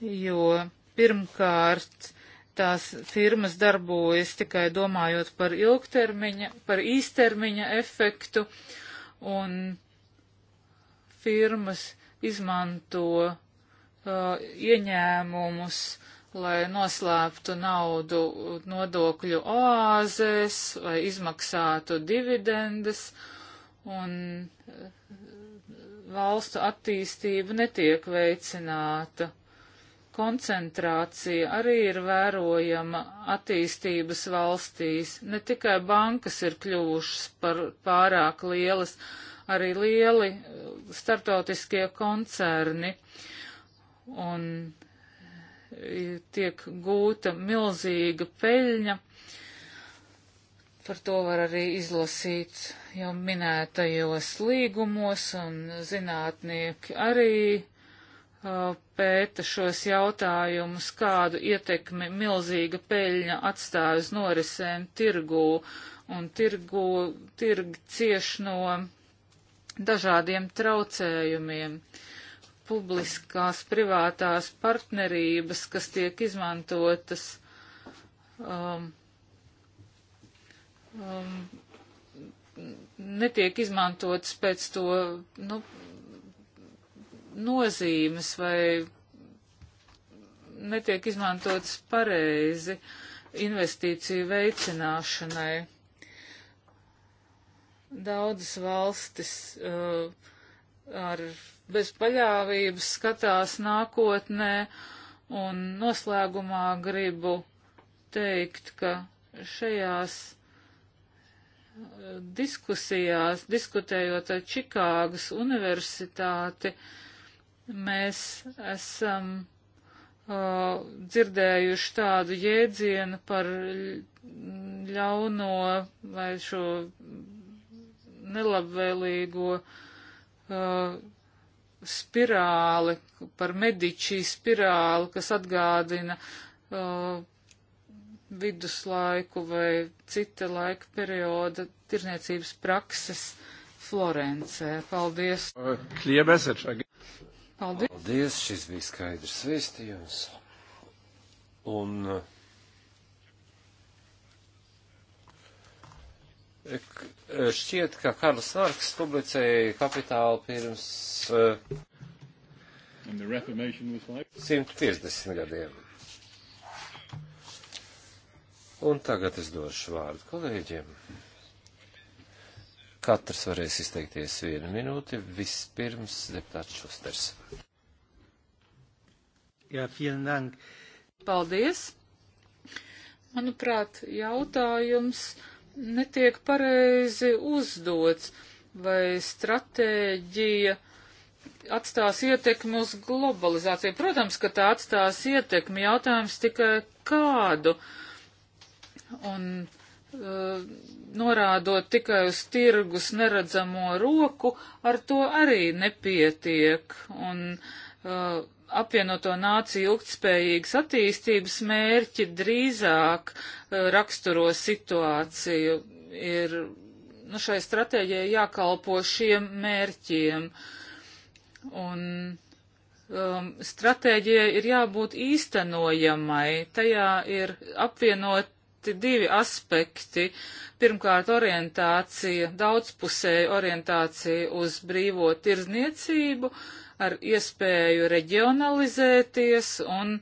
jo pirmkārt tās firmas darbojas tikai domājot par ilgtermiņa, par īstermiņa efektu, un firmas izmanto uh, ieņēmumus, lai noslēptu naudu nodokļu oāzēs vai izmaksātu dividendes, un uh, valstu attīstība netiek veicināta koncentrācija arī ir vērojama attīstības valstīs. Ne tikai bankas ir kļuvušas par pārāk lielas, arī lieli uh, startautiskie koncerni un uh, tiek gūta milzīga peļņa. Par to var arī izlasīt jau minētajos līgumos, un zinātnieki arī uh, Uh, pēta šos jautājumus, kādu ietekmi milzīga peļņa atstāj uz norisēm tirgū, un tirgu, tirgi cieš no dažādiem traucējumiem. Publiskās privātās partnerības, kas tiek izmantotas um, um, netiek izmantotas pēc to, nu, nozīmes vai netiek izmantotas pareizi investīciju veicināšanai. Daudzas valstis uh, ar bezpaļāvības skatās nākotnē un noslēgumā gribu teikt, ka šajās uh, diskusijās, diskutējot ar Čikāgas universitāti, uh, Mēs esam uh, dzirdējuši tādu jēdzienu par ļauno vai šo nelabvēlīgo uh, spirāli, par medičī spirāli, kas atgādina uh, viduslaiku vai cita laika perioda tirniecības prakses Florencē. Paldies! Uh, Paldies! Paldies, šis bija skaidrs vēstījums. Un šķiet, ka Karls Marks publicēja kapitālu pirms uh, eh, 150 gadiem. Un tagad es došu vārdu kolēģiem. Katrs varēs izteikties vienu minūti. Vispirms deputāts Šusters. Jā, vielen dank. Paldies. Manuprāt, jautājums netiek pareizi uzdots, vai stratēģija atstās ietekmi uz globalizāciju. Protams, ka tā atstās ietekmi, jautājums tikai kādu. Un norādot tikai uz tirgus neredzamo roku, ar to arī nepietiek. Un uh, apvienoto nāciju ilgtspējīgas attīstības mērķi drīzāk uh, raksturo situāciju. Ir, nu, šai stratēģijai jākalpo šiem mērķiem. Un, um, stratēģijai ir jābūt īstenojamai, tajā ir apvienot skaisti divi aspekti. Pirmkārt, orientācija, daudzpusēja orientācija uz brīvo tirzniecību ar iespēju reģionalizēties un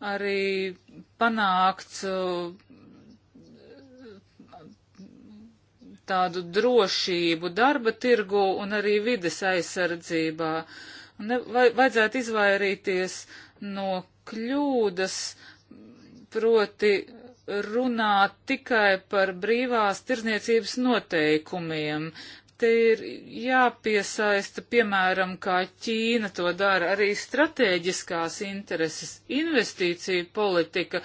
arī panākt uh, tādu drošību darba tirgu un arī vides aizsardzībā. Ne, vai, vajadzētu izvairīties no kļūdas, proti runāt tikai par brīvās tirzniecības noteikumiem. Te ir jāpiesaista, piemēram, kā Ķīna to dara, arī strateģiskās intereses, investīcija politika,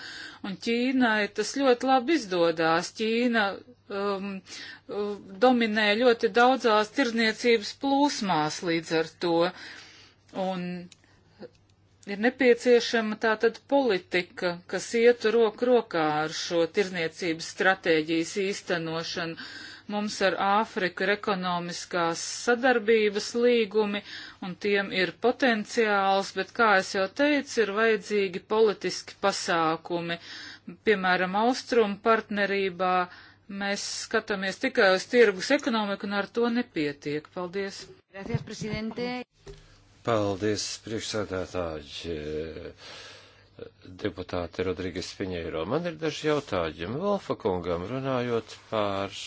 un Ķīnai tas ļoti labi izdodās. Ķīna um, uh, dominē ļoti daudzās tirzniecības plūsmās līdz ar to. Un Ir nepieciešama tātad politika, kas ietu roku rokā ar šo tirniecības stratēģijas īstenošanu. Mums ar Āfriku ir ekonomiskās sadarbības līgumi, un tiem ir potenciāls, bet, kā es jau teicu, ir vajadzīgi politiski pasākumi. Piemēram, austrumu partnerībā mēs skatāmies tikai uz tirgus ekonomiku, un ar to nepietiek. Paldies! Gracias, Paldies, priekšsēdētāji, eh, deputāte Rodrīgas Piņēro. Man ir daži jautājumi Volfa kungam, runājot par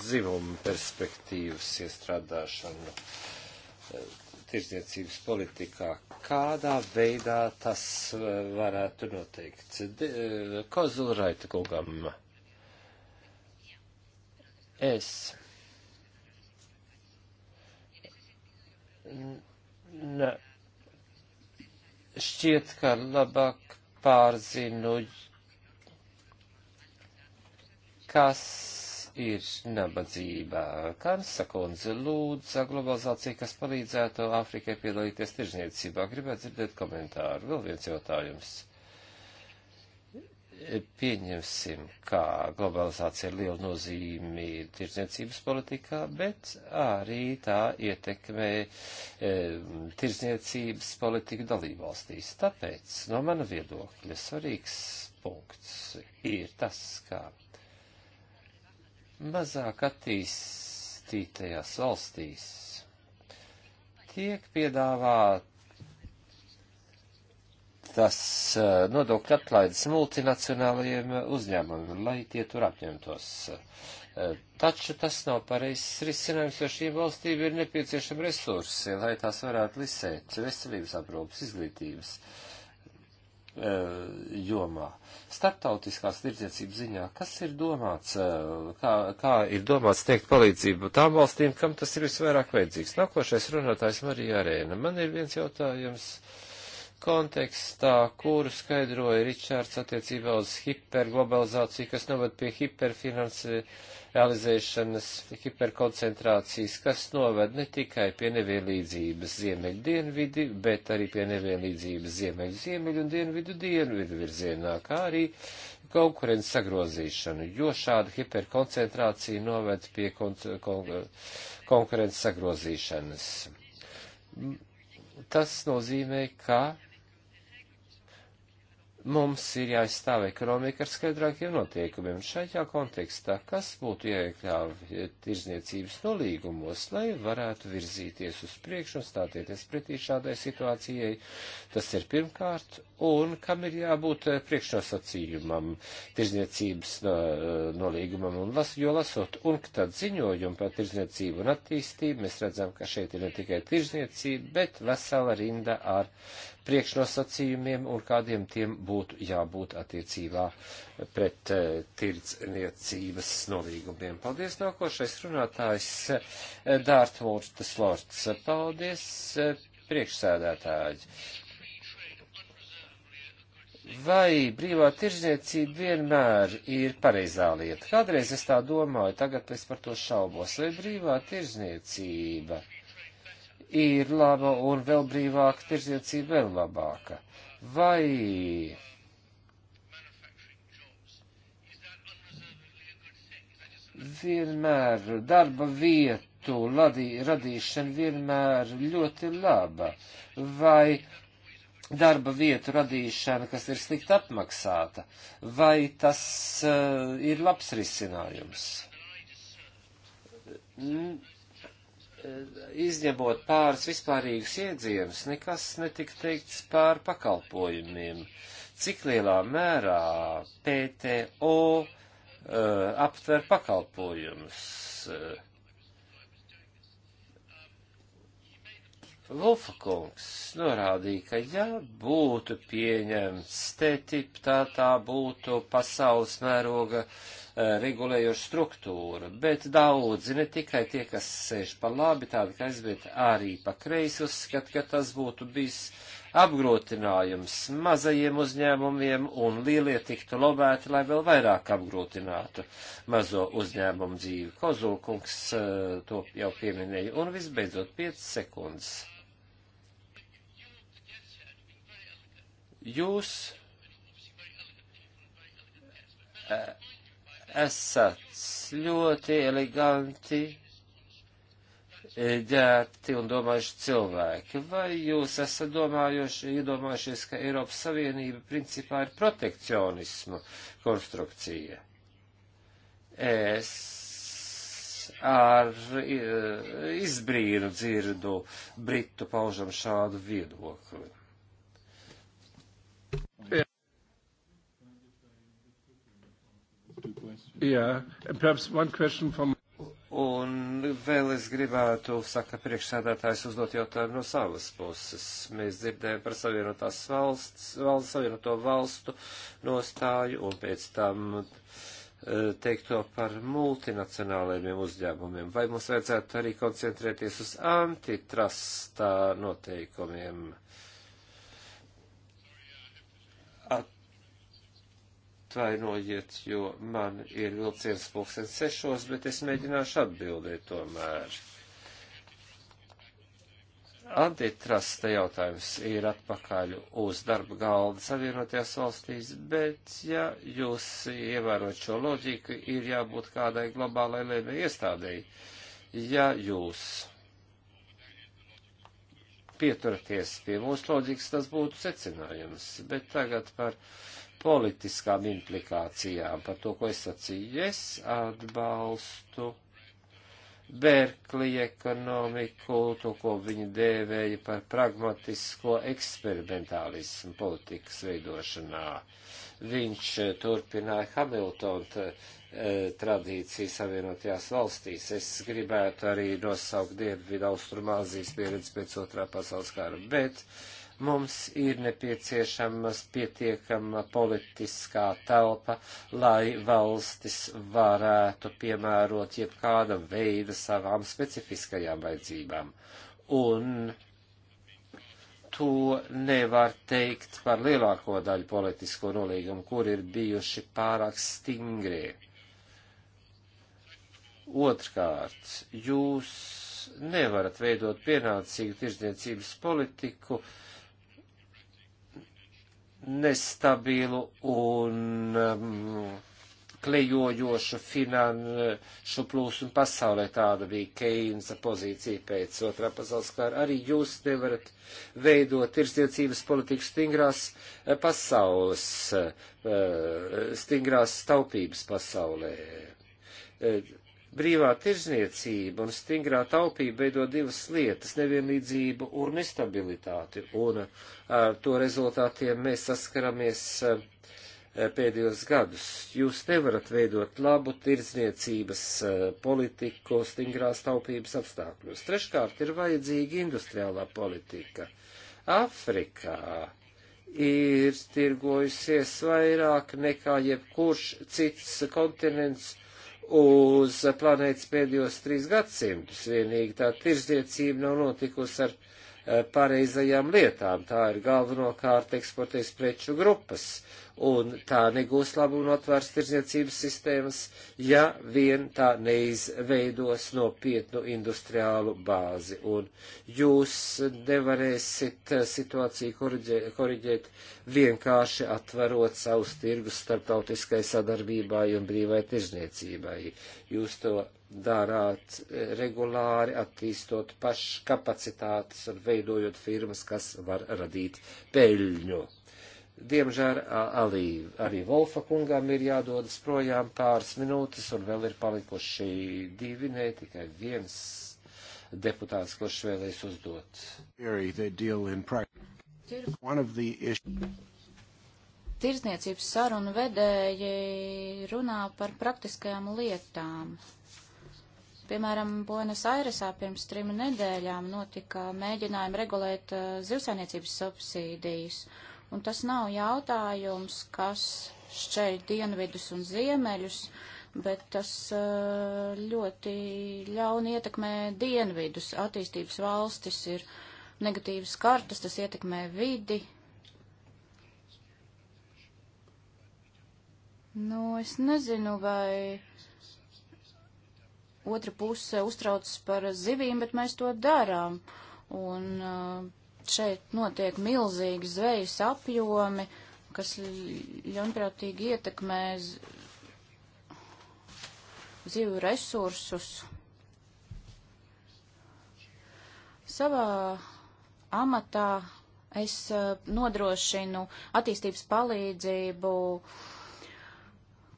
dzimumu perspektīvas iestrādāšanu eh, tirdzniecības politikā, kādā veidā tas eh, varētu noteikt? Kozulraita kungam. Es. Un šķiet, ka labāk pārzinu, kas ir nabadzībā. Kansa kundze lūdza globalizāciju, kas palīdzētu Āfrikai piedalīties tirzniecībā. Gribētu dzirdēt komentāru. Vēl viens jautājums pieņemsim, kā globalizācija ir liela nozīme tirdzniecības politikā, bet arī tā ietekmē e, tirdzniecības politiku dalībvalstīs. Tāpēc no mana viedokļa svarīgs punkts ir tas, kā mazāk attīstītajās valstīs tiek piedāvāt noteiktas eh, nodokļu atlaides multinacionālajiem uzņēmumiem, lai tie tur apņemtos. Eh, taču tas nav pareizs risinājums, jo šīm valstīm ir nepieciešami resursi, lai tās varētu lisēt veselības aprūpas izglītības eh, jomā. Startautiskās tirdzniecības ziņā, kas ir domāts, kā, kā ir domāts sniegt palīdzību tām valstīm, kam tas ir visvairāk vajadzīgs? Nākošais runātājs Marija Arēna. Man ir viens jautājums. Uh, kontekstā, kuru skaidroja Ričārds attiecībā uz hiperglobalizāciju, kas noved pie hiperfinansēšanas, hiperkoncentrācijas, kas noved ne tikai pie nevienlīdzības ziemeļu dienvidi, bet arī pie nevienlīdzības ziemeļu ziemeļu un dienvidu dienvidu virzienā, kā arī konkurences sagrozīšanu, jo šāda hiperkoncentrācija noved pie kon kon konkurences sagrozīšanas tas nozīmē, ka mums ir jāizstāv ekonomika ar skaidrākiem noteikumiem. Šajā kontekstā, kas būtu jāiekļāv tirzniecības nolīgumos, lai varētu virzīties uz priekšu un stāties pretī šādai situācijai, tas ir pirmkārt un kam ir jābūt eh, priekšnosacījumam, tirzniecības eh, nolīgumam, un las, jo lasot un tad ziņojumu par tirzniecību un attīstību, mēs redzam, ka šeit ir ne tikai tirzniecība, bet vesela rinda ar priekšnosacījumiem un kādiem tiem būtu jābūt attiecībā pret eh, tirdzniecības nolīgumiem. Paldies, nākošais runātājs Dārtmūrtas Lords. Paldies, priekšsēdētāji vai brīvā tirzniecība vienmēr ir pareizā lieta. Kādreiz es tā domāju, tagad es par to šaubos, vai brīvā tirzniecība ir laba un vēl brīvāka tirzniecība vēl labāka. Vai vienmēr darba vietu ladī, radīšana vienmēr ļoti laba, vai darba vietu radīšana, kas ir slikti apmaksāta, vai tas uh, ir labs risinājums? N eh, izņemot pāris vispārīgus iedzīmes, nekas netika teikts pār pakalpojumiem. Cik lielā mērā PTO uh, eh, aptver pakalpojumus? Uh, Lufa kungs norādīja, ka ja būtu pieņemts TTIP, tā tā būtu pasaules mēroga eh, regulējoša struktūra, bet daudzi, ne tikai tie, kas sēž pa labi, tādi kā es, bet arī pa kreisi uzskat, ka tas būtu bijis apgrūtinājums mazajiem uzņēmumiem un lielie tiktu lobēti, lai vēl vairāk apgrūtinātu mazo uzņēmumu dzīvi. Kozulkungs eh, to jau pieminēja. Un visbeidzot, 5 sekundes. Jūs e, esat ļoti eleganti ģērbti un domājuši cilvēki. Vai jūs esat domājuši, iedomājušies, ka Eiropas Savienība principā ir protekcionismu konstrukcija? Es ar e, izbrīnu dzirdu Britu paužam šādu viedokli. Yeah. From... Un vēl es gribētu, saka priekšsēdētājs, uzdot jautājumu no savas puses. Mēs dzirdējam par savienotās valsts, valsts savienoto valstu nostāju un pēc tam eh, teikto par multinacionālajiem uzņēmumiem. Vai mums vajadzētu arī koncentrēties uz antitrasta noteikumiem? Uh, atvainojiet, jo man ir vilciens pulksten sešos, bet es mēģināšu atbildēt tomēr. Antitrusta jautājums ir atpakaļ uz darba galda savienotajās valstīs, bet, ja jūs ievērot šo loģiku, ir jābūt kādai globālai lēmē iestādēji. Ja jūs pieturaties pie mūsu loģikas, tas būtu secinājums, bet tagad par. Uh, politiskām implikācijām par to, ko es sacīju. Es atbalstu Berklija ekonomiku, to, ko viņi dēvēja par pragmatisko eksperimentālismu politikas veidošanā. Viņš eh, turpināja Hamiltona eh, tradīciju savienotajās valstīs. Es gribētu arī nosaukt Dienvidu Austrumāzijas pieredzi pēc otrā pasaules kara, bet uh, Mums ir nepieciešamas pietiekama politiskā telpa, lai valstis varētu piemērot jebkāda veida savām specifiskajām vajadzībām. Un to nevar teikt par lielāko daļu politisko nolīgumu, kur ir bijuši pārāk stingri. Otrkārt, jūs nevarat veidot pienācīgu tirdzniecības politiku, uh, nestabilu un um, klejojošu finanšu plūsmu pasaulē. Tāda bija Keinsa pozīcija pēc otrā pasaules kara. Arī jūs nevarat veidot tirsniecības politiku stingrās eh, pasaules, eh, stingrās taupības pasaulē. Eh, Brīvā tirzniecība un stingrā taupība veido divas lietas - nevienlīdzību un nestabilitāti, un eh, ar to rezultātiem mēs saskaramies eh, pēdējos gadus. Jūs nevarat veidot labu tirdzniecības eh, politiku stingrās taupības apstākļos. Treškārt ir vajadzīga industriālā politika. Afrikā ir tirgojusies vairāk nekā jebkurš cits kontinents uz planētas pēdējos trīs gadsimtus. Vienīgi tā tirzniecība nav notikusi ar eh, pareizajām lietām. Tā ir galvenokārt eksportējas preču grupas un tā negūs labumu no atvērts tirdzniecības sistēmas, ja vien tā neizveidos nopietnu industriālu bāzi. Un jūs nevarēsiet eh, situāciju koriģē, koriģēt vienkārši atverot savus tirgus starptautiskai sadarbībai un brīvai tirdzniecībai. Jūs to darāt eh, regulāri, attīstot paškapacitātes un veidojot firmas, kas var radīt peļņu Diemžēl arī, arī Volfa kungam ir jādodas projām pāris minūtes, un vēl ir palikuši divi, ne tikai viens deputāts, kurš vēlēs uzdot. Tirzniecības sarunu vedēji runā par praktiskajām lietām. Piemēram, Buenos Airesā pirms trim nedēļām notika mēģinājumi regulēt uh, zivsainiecības subsīdijas. Uh, Un tas nav jautājums, kas šķeļ dienvidus un ziemeļus, bet tas eh, ļoti ļauni ietekmē dienvidus. Attīstības valstis ir negatīvas kartas, tas ietekmē vidi. Nu, es nezinu, vai otra puse uztraucas par zivīm, bet mēs to darām. Un uh, šeit notiek milzīgi zvejas apjomi, kas ļaunprātīgi ietekmē zivju resursus. Savā amatā es eh, nodrošinu attīstības palīdzību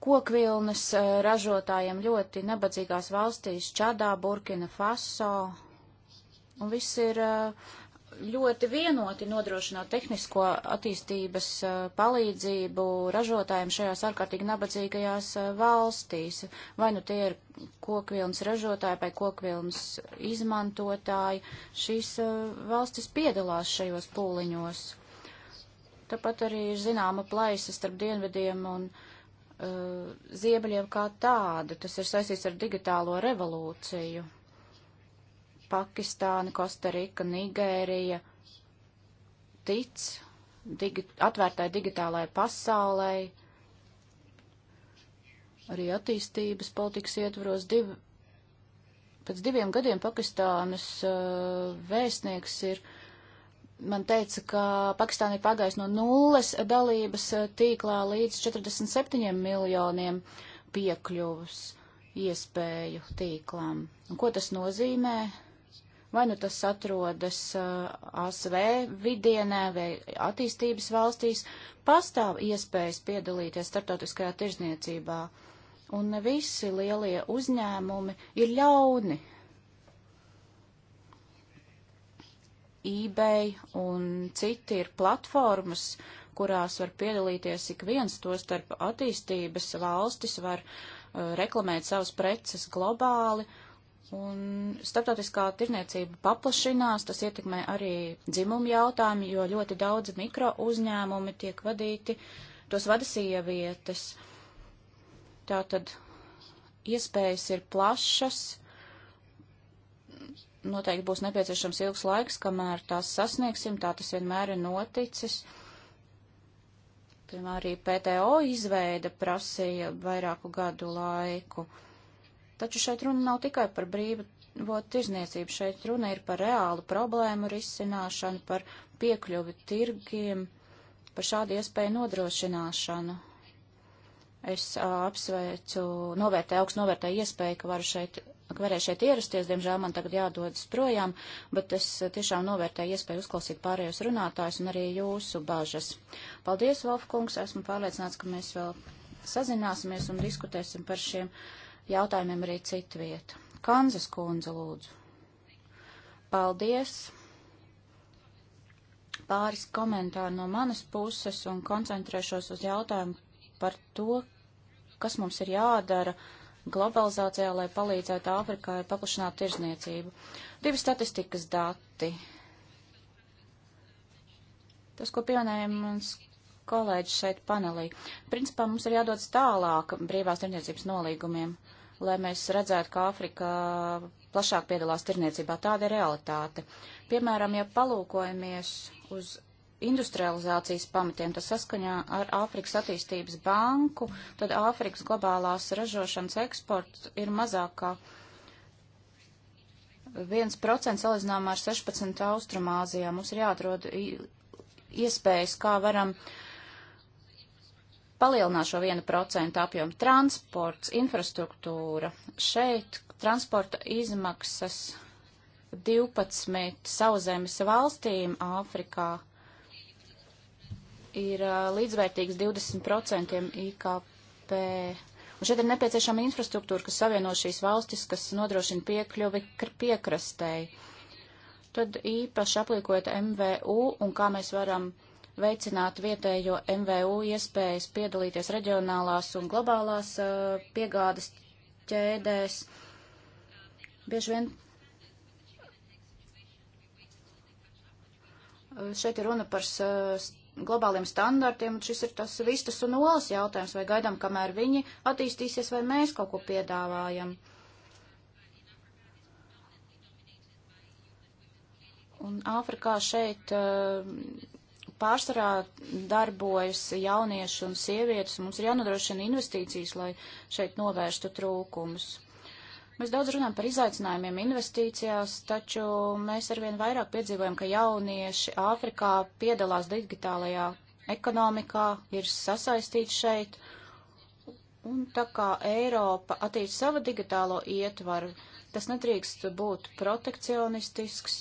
kokvilnas eh, ražotājiem ļoti nabadzīgās valstīs Čadā, Burkina Faso. Un viss ir uh, ļoti vienoti nodrošināt tehnisko attīstības eh, palīdzību ražotājiem šajās ārkārtīgi nabadzīgajās eh, valstīs. Vai nu tie ir kokvilnas ražotāji vai kokvilnas izmantotāji, šīs eh, valstis piedalās šajos pūliņos. Tāpat arī ir zināma plaisa starp dienvediem un uh, ziemeļiem kā tāda. Tas ir saistīts ar digitālo revolūciju. Pakistāna, Kostarika, Nigērija tic digi atvērtai digitālajai pasaulē, arī attīstības politikas ietvaros. Div, pēc diviem gadiem Pakistānas uh, vēstnieks ir man teica, ka Pakistāna ir pagājusi no nulles dalības uh, tīklā līdz 47 miljoniem piekļuvus iespēju tīklām. Un ko tas nozīmē? Vai nu tas atrodas uh, ASV vidienē vai attīstības valstīs, pastāv iespējas piedalīties starptautiskajā tirzniecībā. Un ne visi lielie uzņēmumi ir ļauni. eBay un citi ir platformas, kurās var piedalīties ik viens to starp attīstības valstis, var uh, reklamēt savas preces globāli, Un starptautiskā tirniecība paplašinās, tas ietekmē arī dzimumu jautājumu, jo ļoti daudzi mikro uzņēmumi tiek vadīti, tos vada sievietes. Tātad iespējas ir plašas, noteikti būs nepieciešams ilgs laiks, kamēr tās sasniegsim, tā tas vienmēr ir noticis. Piemēram, arī PTO izveida prasīja vairāku gadu laiku. Taču šeit runa nav tikai par brīvo tirzniecību, šeit runa ir par reālu problēmu risināšanu, par piekļuvi tirgiem, par šādu iespēju nodrošināšanu. Es a, apsveicu, novērtēju, augstu novērtēju iespēju, ka varu šeit ka varēju šeit ierasties, diemžēl man tagad jādodas projām, bet es tiešām novērtēju iespēju uzklausīt pārējos runātājus un arī jūsu bāžas. Paldies, Valfkungs, esmu pārliecināts, ka mēs vēl sazināsimies un diskutēsim par šiem jautājumiem arī citu vietu. Kanzas kundze, lūdzu. Paldies! Pāris komentāri no manas puses un koncentrēšos uz jautājumu par to, kas mums ir jādara globalizācijā, lai palīdzētu Āfrikai paplašināt tirzniecību. Divi statistikas dati. Tas, ko pieminēja mans kolēģi šeit panelī. Principā mums ir jādodas tālāk brīvās tirniecības nolīgumiem, lai mēs redzētu, ka Āfrika plašāk piedalās tirniecībā. Tāda ir realitāte. Piemēram, ja palūkojamies uz industrializācijas pamatiem, tas saskaņā ar Āfrikas attīstības banku, tad Āfrikas globālās ražošanas eksports ir mazāk kā 1% salīdzinājumā ar 16 Austrumāzijā. Mums ir jāatrod iespējas, kā varam uh, palielināt šo 1% apjomu. Transports, infrastruktūra. Šeit transporta izmaksas 12 sauzemes valstīm Āfrikā ir līdzvērtīgs 20% IKP. Un šeit ir nepieciešama infrastruktūra, kas savieno šīs valstis, kas nodrošina piekļuvi piekrastei. Tad īpaši aplīkojot MVU un kā mēs varam uh, veicināt vietējo MVU iespējas piedalīties reģionālās un globālās uh, piegādes ķēdēs. Bieži vien šeit ir runa par globāliem standartiem, un šis ir tas vistas un olas jautājums, vai gaidām, kamēr viņi attīstīsies, vai mēs kaut ko piedāvājam. Un Āfrikā šeit uh, pārsvarā darbojas jaunieši un sievietes, un mums ir jānodrošina investīcijas, lai šeit novērstu trūkumus. Mēs daudz runājam par izaicinājumiem investīcijās, taču mēs arvien vairāk piedzīvojam, ka jaunieši Āfrikā piedalās digitālajā ekonomikā, ir sasaistīti šeit, un tā kā Eiropa attīst savu digitālo ietvaru, tas nedrīkst būt protekcionistisks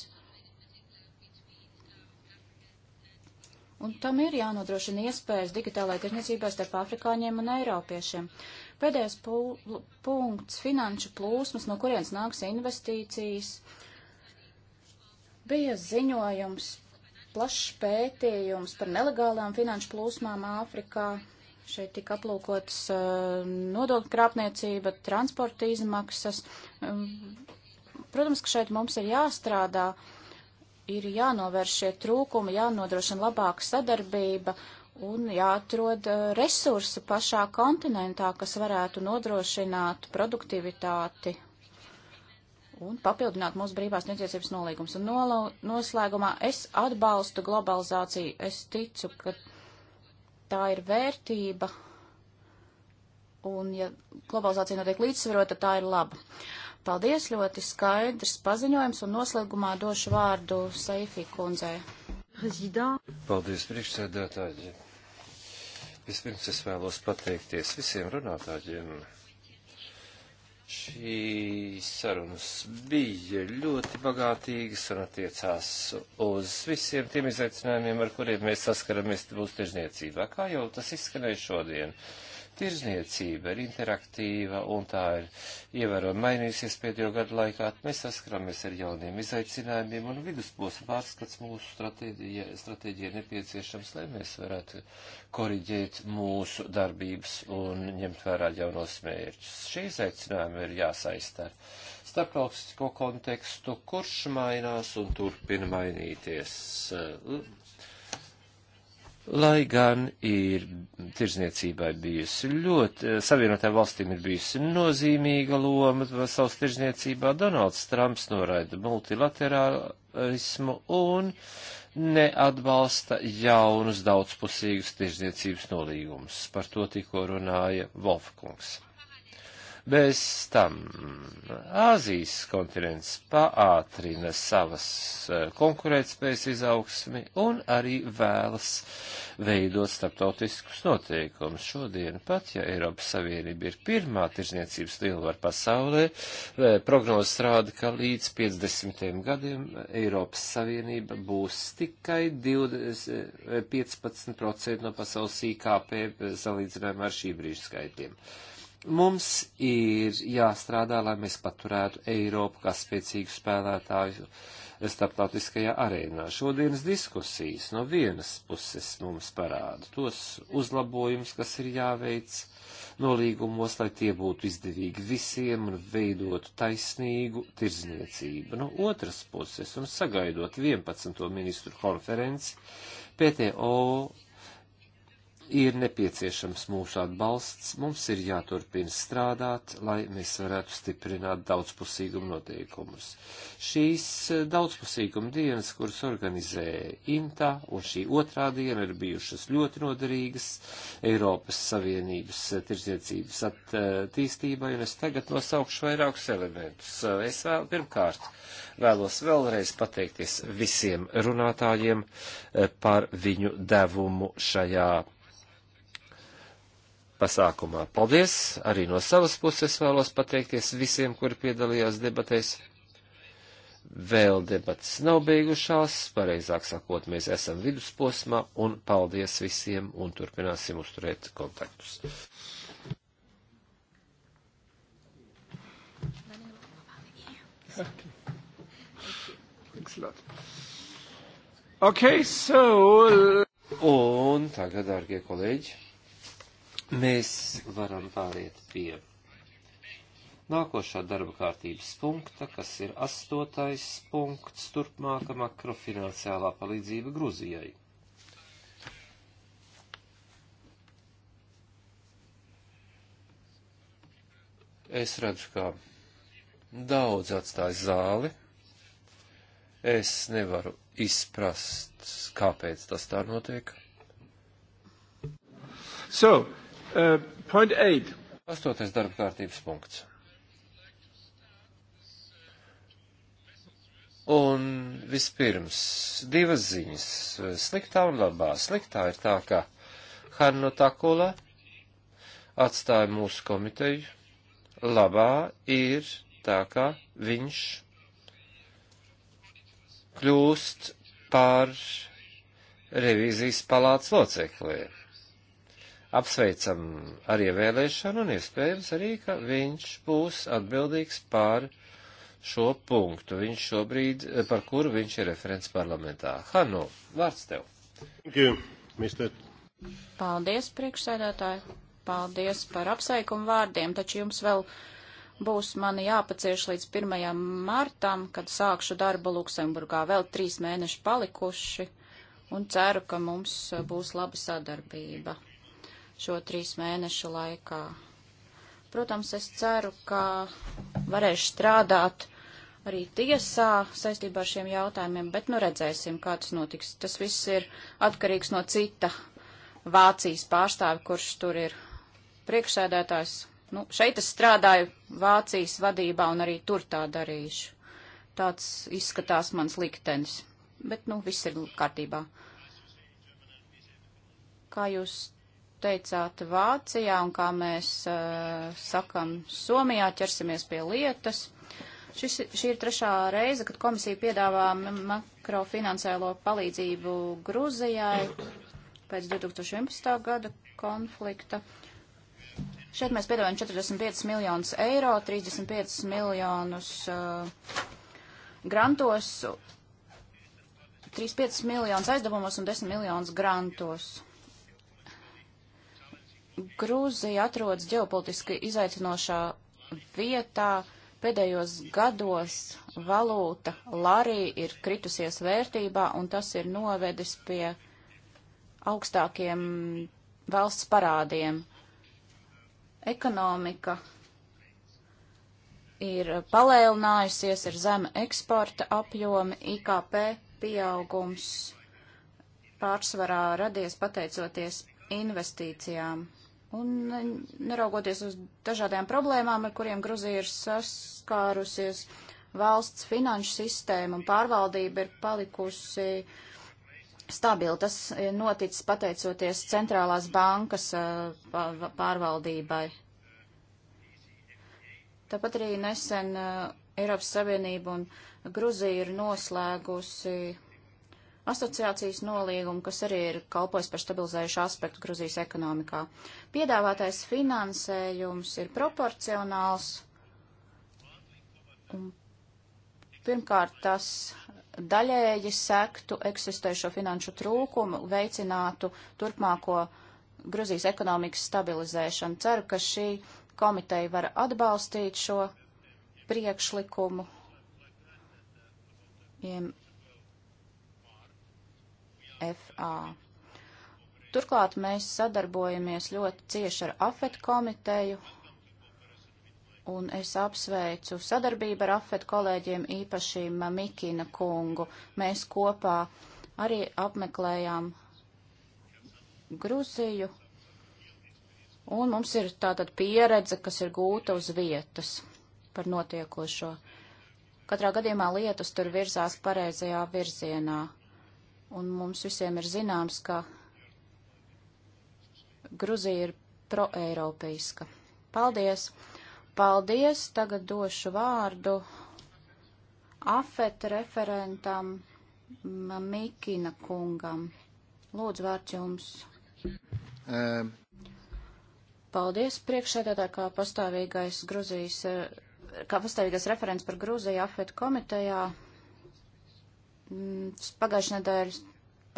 un tam ir jānodrošina iespējas digitālajai tirniecībai starp afrikāņiem un eiropiešiem. Pēdējais pu punkts - finanšu plūsmas, no kurienes nāks investīcijas. Bija ziņojums, plašs pētījums par nelegālām finanšu plūsmām Āfrikā. Šeit tika aplūkotas uh, nodokļu krāpniecība, transporta izmaksas. Um, protams, ka šeit mums ir jāstrādā uh, ir jānovērš šie trūkumi, jānodrošina labāka sadarbība un jāatrod uh, resursi pašā kontinentā, kas varētu nodrošināt produktivitāti un papildināt mūsu brīvās netiesības nolīgums. Un nolau, noslēgumā es atbalstu globalizāciju. Es ticu, ka tā ir vērtība. Un ja globalizācija notiek līdzsvarota, tā ir laba. Uh, Paldies, ļoti skaidrs paziņojums un noslēgumā došu vārdu Saifī kundzei. Paldies, priekšsēdētāji. Vispirms es vēlos pateikties visiem runātājiem. Šīs sarunas bija ļoti bagātīgas un attiecās uz visiem tiem izaicinājumiem, ar kuriem mēs saskaramies mūsu tiežniecībā, kā jau tas izskanēja šodien. Uh, Tirzniecība ir interaktīva un tā ir ievērojami mainījusies pēdējo gadu laikā. Mēs saskaramies ar jauniem izaicinājumiem un vidusposma pārskats mūsu stratēģijai stratēģija nepieciešams, lai mēs varētu koriģēt mūsu darbības un ņemt vērā jaunos mērķus. Šie izaicinājumi ir jāsaista ar starptautisko kontekstu, kurš mainās un turpina mainīties lai gan ir tirzniecībai bijusi ļoti, eh, savienotā valstīm ir bijusi nozīmīga loma savas tirzniecībā, Donalds Trumps noraida multilaterālismu un neatbalsta jaunus daudzpusīgus tirzniecības nolīgumus. Par to tikko runāja Volfkungs. Bez tam Āzijas kontinents paātrina savas e, konkurētspējas izaugsmi un arī vēlas veidot starptautiskus noteikumus. Šodien pat, ja Eiropas Savienība ir pirmā tirzniecības lielvara pasaulē, e, prognozes rāda, ka līdz 50. gadiem Eiropas Savienība būs tikai 20, 15% e, no pasaules IKP salīdzinājumā ar šī brīža skaitļiem. Mums ir jāstrādā, lai mēs paturētu Eiropu kā spēcīgu spēlētāju starptautiskajā arēnā. Šodienas diskusijas no vienas puses mums parāda tos uzlabojumus, kas ir jāveic nolīgumos, lai tie būtu izdevīgi visiem un veidotu taisnīgu tirzniecību. No otras puses, un sagaidot 11. ministru konferenci, PTO ir nepieciešams mūsu atbalsts, mums ir jāturpina strādāt, lai mēs varētu stiprināt daudzpusīgumu noteikumus. Šīs eh, daudzpusīguma dienas, kuras organizēja INTA, un šī otrā diena ir bijušas ļoti noderīgas Eiropas Savienības eh, tirdzniecības eh, attīstībai, un es tagad nosaukšu vairākus elementus. Es vēl, pirmkārt vēlos vēlreiz pateikties visiem runātājiem par viņu devumu šajā pasākumā. Paldies! Arī no savas puses vēlos pateikties visiem, kuri piedalījās debatēs. Vēl debatas nav beigušās, pareizāk sakot, mēs esam vidusposmā, un paldies visiem, un turpināsim uzturēt kontaktus. Okay. Thanks a lot. Okay, so... Uh, un tagad, dārgie kolēģi. Mēs varam pāriet pie nākošā darba kārtības punkta, kas ir astotais punkts turpmāka makrofinanciālā palīdzība Gruzijai. Es redzu, kā daudz atstāja zāli. Es nevaru izprast, kāpēc tas tā notiek. So, Uh, point 8. Astotais darba kārtības punkts. Un vispirms divas ziņas - sliktā un labā. Sliktā ir tā, ka Hanno Takula atstāja mūsu komiteju. Labā ir tā, ka viņš kļūst par revīzijas palāts locekliem apsveicam ar ievēlēšanu un iespējams arī, ka viņš būs atbildīgs par šo punktu, viņš šobrīd, eh, par kuru viņš ir referents parlamentā. Hanu, vārds tev. You, Paldies, priekšsēdētāji. Paldies par apsveikumu vārdiem, taču jums vēl būs mani jāpacieš līdz 1. martam, kad sākšu darbu Luksemburgā. Vēl trīs mēneši palikuši un ceru, ka mums būs laba sadarbība šo trīs mēnešu laikā. Protams, es ceru, ka varēšu strādāt arī tiesā saistībā ar šiem jautājumiem, bet nu redzēsim, kā tas notiks. Tas viss ir atkarīgs no cita Vācijas pārstāvi, kurš tur ir priekšsēdētājs. Nu, šeit es strādāju Vācijas vadībā un arī tur tā darīšu. Tāds izskatās mans liktenis. Bet, nu, viss ir kārtībā. Kā jūs teicāt Vācijā un kā mēs uh, sakam Somijā, ķersimies pie lietas. Šis, šī ir trešā reize, kad komisija piedāvā makrofinansēlo palīdzību Gruzijai pēc 2011. gada konflikta. Šeit mēs piedāvājam 45 miljonus eiro, 35 miljonus uh, grantos, 35 miljonus aizdevumos un 10 miljonus grantos. Grūzija atrodas ģeopolitiski izaicinošā vietā. Pēdējos gados valūta Larī ir kritusies vērtībā, un tas ir novedis pie augstākiem valsts parādiem. Ekonomika ir palielinājusies, ir zema eksporta apjomi, IKP pieaugums pārsvarā radies pateicoties investīcijām. Un eh, neraugoties uz dažādām problēmām, ar kuriem Gruzija ir saskārusies, valsts finanšu sistēma un pārvaldība ir palikusi stabila. Tas eh, noticis pateicoties centrālās bankas eh, pārvaldībai. Tāpat arī nesen Eiropas Savienība un Gruzija ir noslēgusi asociācijas nolīgumu, kas arī ir kalpojis par stabilizējušu aspektu Gruzijas ekonomikā. Piedāvātais finansējums ir proporcionāls. Un pirmkārt, tas daļēji sektu eksistējošo finanšu trūkumu, veicinātu turpmāko Gruzijas ekonomikas stabilizēšanu. Ceru, ka šī komiteja var atbalstīt šo priekšlikumu. FA. Turklāt mēs sadarbojamies ļoti cieši ar AFET komiteju, un es apsveicu sadarbību ar AFET kolēģiem, īpaši Mamikina kungu. Mēs kopā arī apmeklējām Gruziju, un mums ir tātad pieredze, kas ir gūta uz vietas par notiekošo. Katrā gadījumā lietas tur virzās pareizajā virzienā. Un mums visiem ir zināms, ka Gruzija ir proeiropeiska. Paldies! Paldies! Tagad došu vārdu afet referentam Mikina kungam. Lūdzu, vārds jums. Um. Paldies priekšsēdētāji, kā pastāvīgais Gruzijas, eh, kā pastāvīgais referents par Gruziju afet komitejā. Mm, pagājušajā nedēļā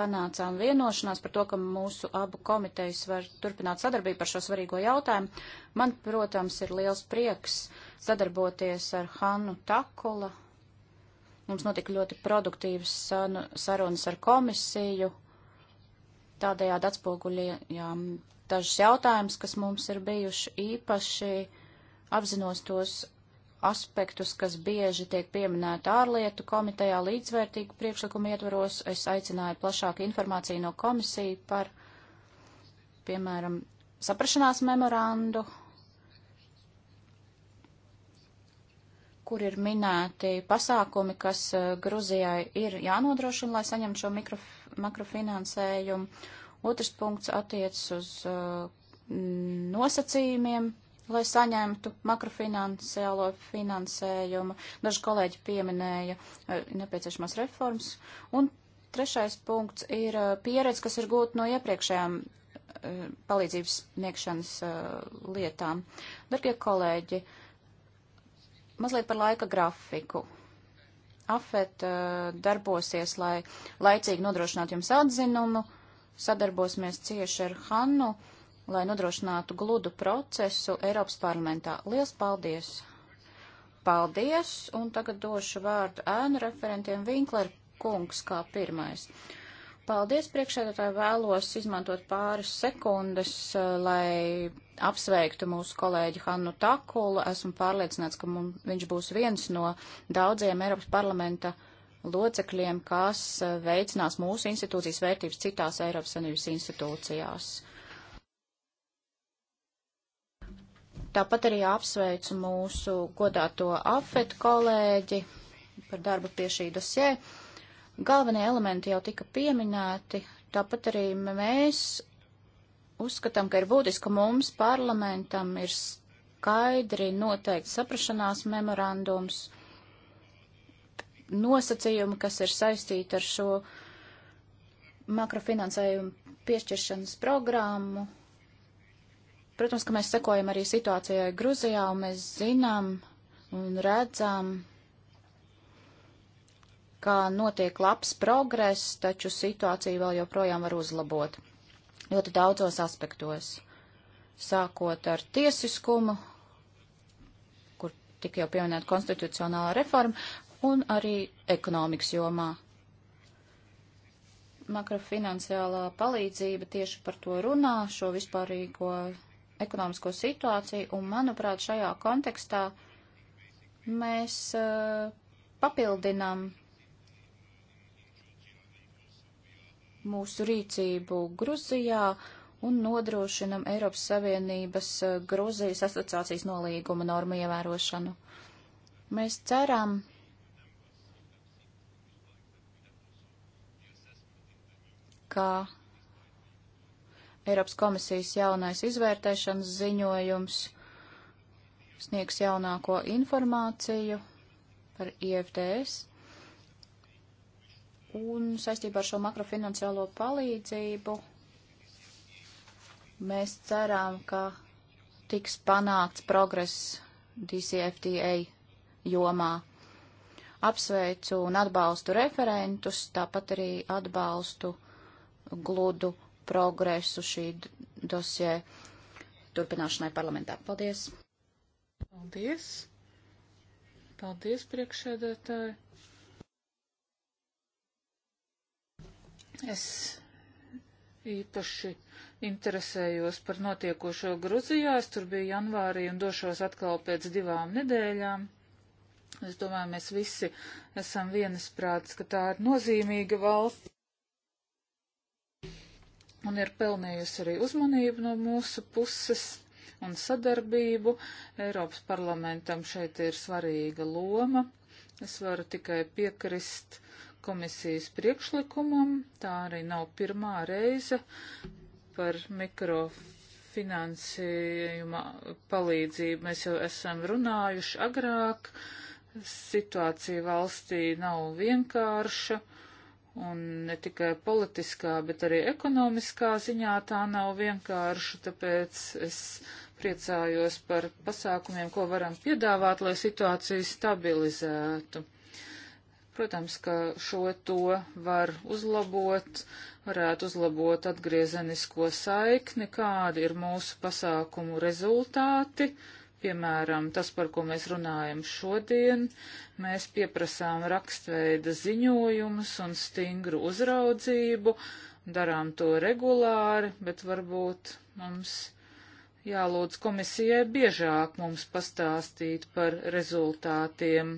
panācām vienošanās par to, ka mūsu abu komitejas var turpināt sadarbību par šo svarīgo jautājumu. Man, protams, ir liels prieks sadarboties ar Hannu Takula. Mums notika ļoti produktīvas sarunas ar komisiju. Tādējādi atspoguļojām dažus jautājumus, kas mums ir bijuši īpaši apzinos tos aspektus, kas bieži tiek pieminēti ārlietu komitejā līdzvērtīgu priekšlikumu ietvaros. Es aicināju plašāku informāciju no komisiju par, piemēram, saprašanās memorandu, kur ir minēti pasākumi, kas eh, Gruzijai ir jānodrošina, lai saņemtu šo mikrof, makrofinansējumu. Otrs punkts attiecas uz uh, nosacījumiem, lai saņemtu makrofinansiālo finansējumu. Daži kolēģi pieminēja e, nepieciešamās reformas. Un trešais punkts ir e, pieredze, kas ir gūta no iepriekšējām e, palīdzības sniegšanas lietām. Darbie kolēģi, mazliet par laika grafiku. AFET darbosies, lai laicīgi nodrošinātu jums atzinumu, sadarbosimies cieši ar Hannu. Uh, lai nodrošinātu gludu procesu Eiropas parlamentā. Liels paldies! Paldies! Un tagad došu vārdu ēnu referentiem Vinkler kungs kā pirmais. Paldies priekšēdētāji vēlos izmantot pāris sekundes, eh, lai apsveiktu mūsu kolēģi Hannu Takulu. Esmu pārliecināts, ka mums, viņš būs viens no daudziem Eiropas parlamenta locekļiem, kas eh, veicinās mūsu institūcijas vērtības citās Eiropas Savienības institūcijās. Tāpat arī apsveicu mūsu godāto afet kolēģi par darbu pie šī dosē. Galvenie elementi jau tika pieminēti, tāpat arī mēs uzskatām, ka ir būtiski, ka mums parlamentam ir skaidri noteikti saprašanās memorandums, nosacījumi, kas ir saistīti ar šo makrofinansējumu piešķiršanas programmu, Protams, ka mēs sekojam arī situācijai Gruzijā, un mēs zinām un redzam, ka notiek labs progress, taču situācija vēl joprojām var uzlabot ļoti daudzos aspektos, sākot ar tiesiskumu, kur tik jau pieminēta konstitucionālā reforma, un arī ekonomikas jomā. Makrofinansiālā palīdzība tieši par to runā, šo vispārīgo ekonomisko situāciju, un, manuprāt, šajā kontekstā mēs uh, eh, papildinām mūsu rīcību Gruzijā un nodrošinam Eiropas Savienības eh, Gruzijas asociācijas nolīguma normu ievērošanu. Mēs ceram, ka Eiropas komisijas jaunais izvērtēšanas ziņojums sniegs jaunāko informāciju par IFDS. Un saistībā ar šo makrofinanciālo palīdzību mēs ceram, ka tiks panākts progress DCFTA jomā. Apsveicu un atbalstu referentus, tāpat arī atbalstu gludu progresu šī dosie turpināšanai parlamentā. Paldies! Paldies! Paldies, priekšsēdētāji! Es īpaši interesējos par notiekošo Gruzijā. Es tur biju janvārī un došos atkal pēc divām nedēļām. Es domāju, mēs visi esam vienas prātas, ka tā ir nozīmīga valsts un ir pelnījusi arī uzmanību no mūsu puses un sadarbību. Eiropas parlamentam šeit ir svarīga loma. Es varu tikai piekrist komisijas priekšlikumam. Tā arī nav pirmā reize par mikrofinansējuma palīdzību. Mēs jau esam runājuši agrāk. Situācija valstī nav vienkārša. Uh, un ne tikai politiskā, bet arī ekonomiskā ziņā tā nav vienkārši, tāpēc es priecājos par pasākumiem, ko varam piedāvāt, lai situāciju stabilizētu. Protams, ka šo to var uzlabot, varētu uzlabot atgriezenisko saikni, kādi ir mūsu pasākumu rezultāti. Uh, Piemēram, tas, par ko mēs runājam šodien, mēs pieprasām rakstveida ziņojumus un stingru uzraudzību, darām to regulāri, bet varbūt mums jālūdz komisijai biežāk mums pastāstīt par rezultātiem,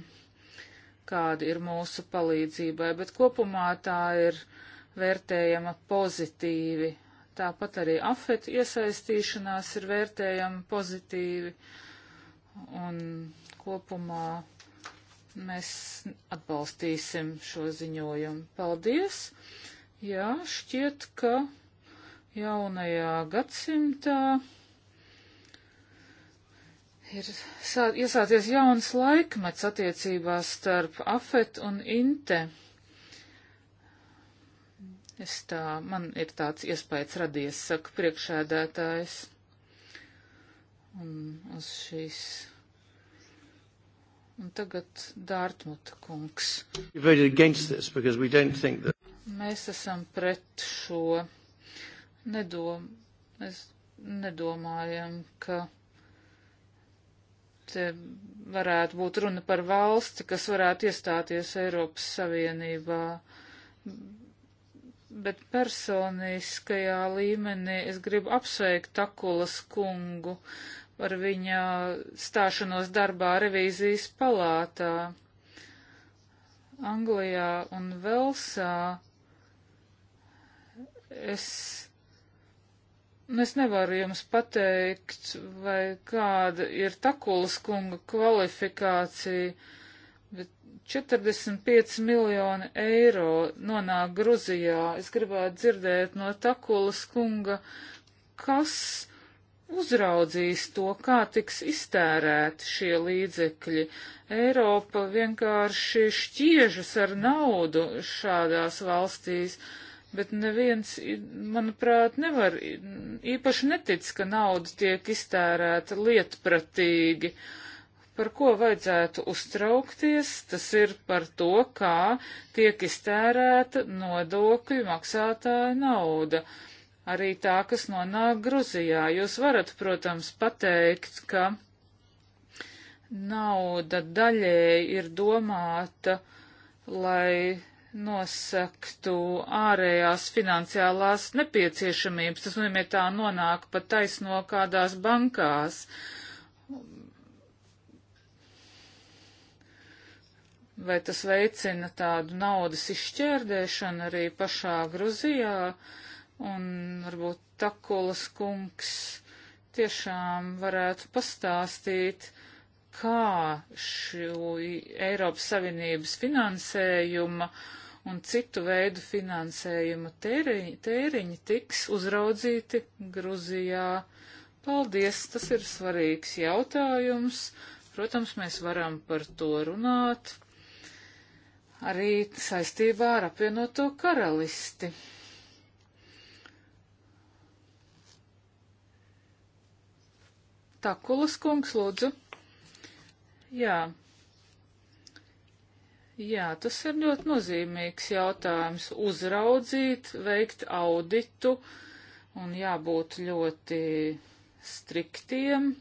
kāda ir mūsu palīdzībai, bet kopumā tā ir vērtējama pozitīvi. Tāpat arī afet iesaistīšanās ir vērtējama pozitīvi. Uh, un kopumā mēs atbalstīsim šo ziņojumu. Paldies! Jā, šķiet, ka jaunajā gadsimtā ir iesācies jauns laikmets attiecībās starp afet un inte. Es tā, man ir tāds iespējas radies, saka priekšēdētājs un uz šīs. Un tagad Dārtmuta kungs. That... Mēs esam pret šo. Nedom, mēs nedomājam, ka te varētu būt runa par valsti, kas varētu iestāties Eiropas Savienībā. Bet personiskajā līmenī es gribu apsveikt Takulas kungu. Uh, ar viņa stāšanos darbā revīzijas palātā. Anglijā un Velsā es, nu, es nevaru jums pateikt, vai kāda ir Takulas kunga kvalifikācija, bet 45 miljoni eiro nonāk Gruzijā. Es gribētu dzirdēt no Takulas kunga, kas uzraudzīs to, kā tiks iztērēti šie līdzekļi. Eiropa vienkārši šķiežas ar naudu šādās valstīs, bet neviens, manuprāt, nevar īpaši netic, ka nauda tiek iztērēta lietpratīgi. Par ko vajadzētu uztraukties, tas ir par to, kā tiek iztērēta nodokļu maksātāja nauda. Uh, arī tā, kas nonāk Gruzijā. Jūs varat, protams, pateikt, ka nauda daļēji ir domāta, lai nosektu ārējās finansiālās nepieciešamības. Tas nozīmē, tā nonāk pat taisno kādās bankās. Vai tas veicina tādu naudas izšķērdēšanu arī pašā Gruzijā? Uh, un varbūt Takulas kungs tiešām varētu pastāstīt, kā šo Eiropas Savienības finansējuma un citu veidu finansējuma tēriņi, tēriņi tiks uzraudzīti Gruzijā. Paldies, tas ir svarīgs jautājums. Protams, mēs varam par to runāt arī saistībā ar apvienoto karalisti. Takulas kungs, lūdzu. Jā. Jā, tas ir ļoti nozīmīgs jautājums. Uzraudzīt, veikt auditu un jābūt ļoti striktiem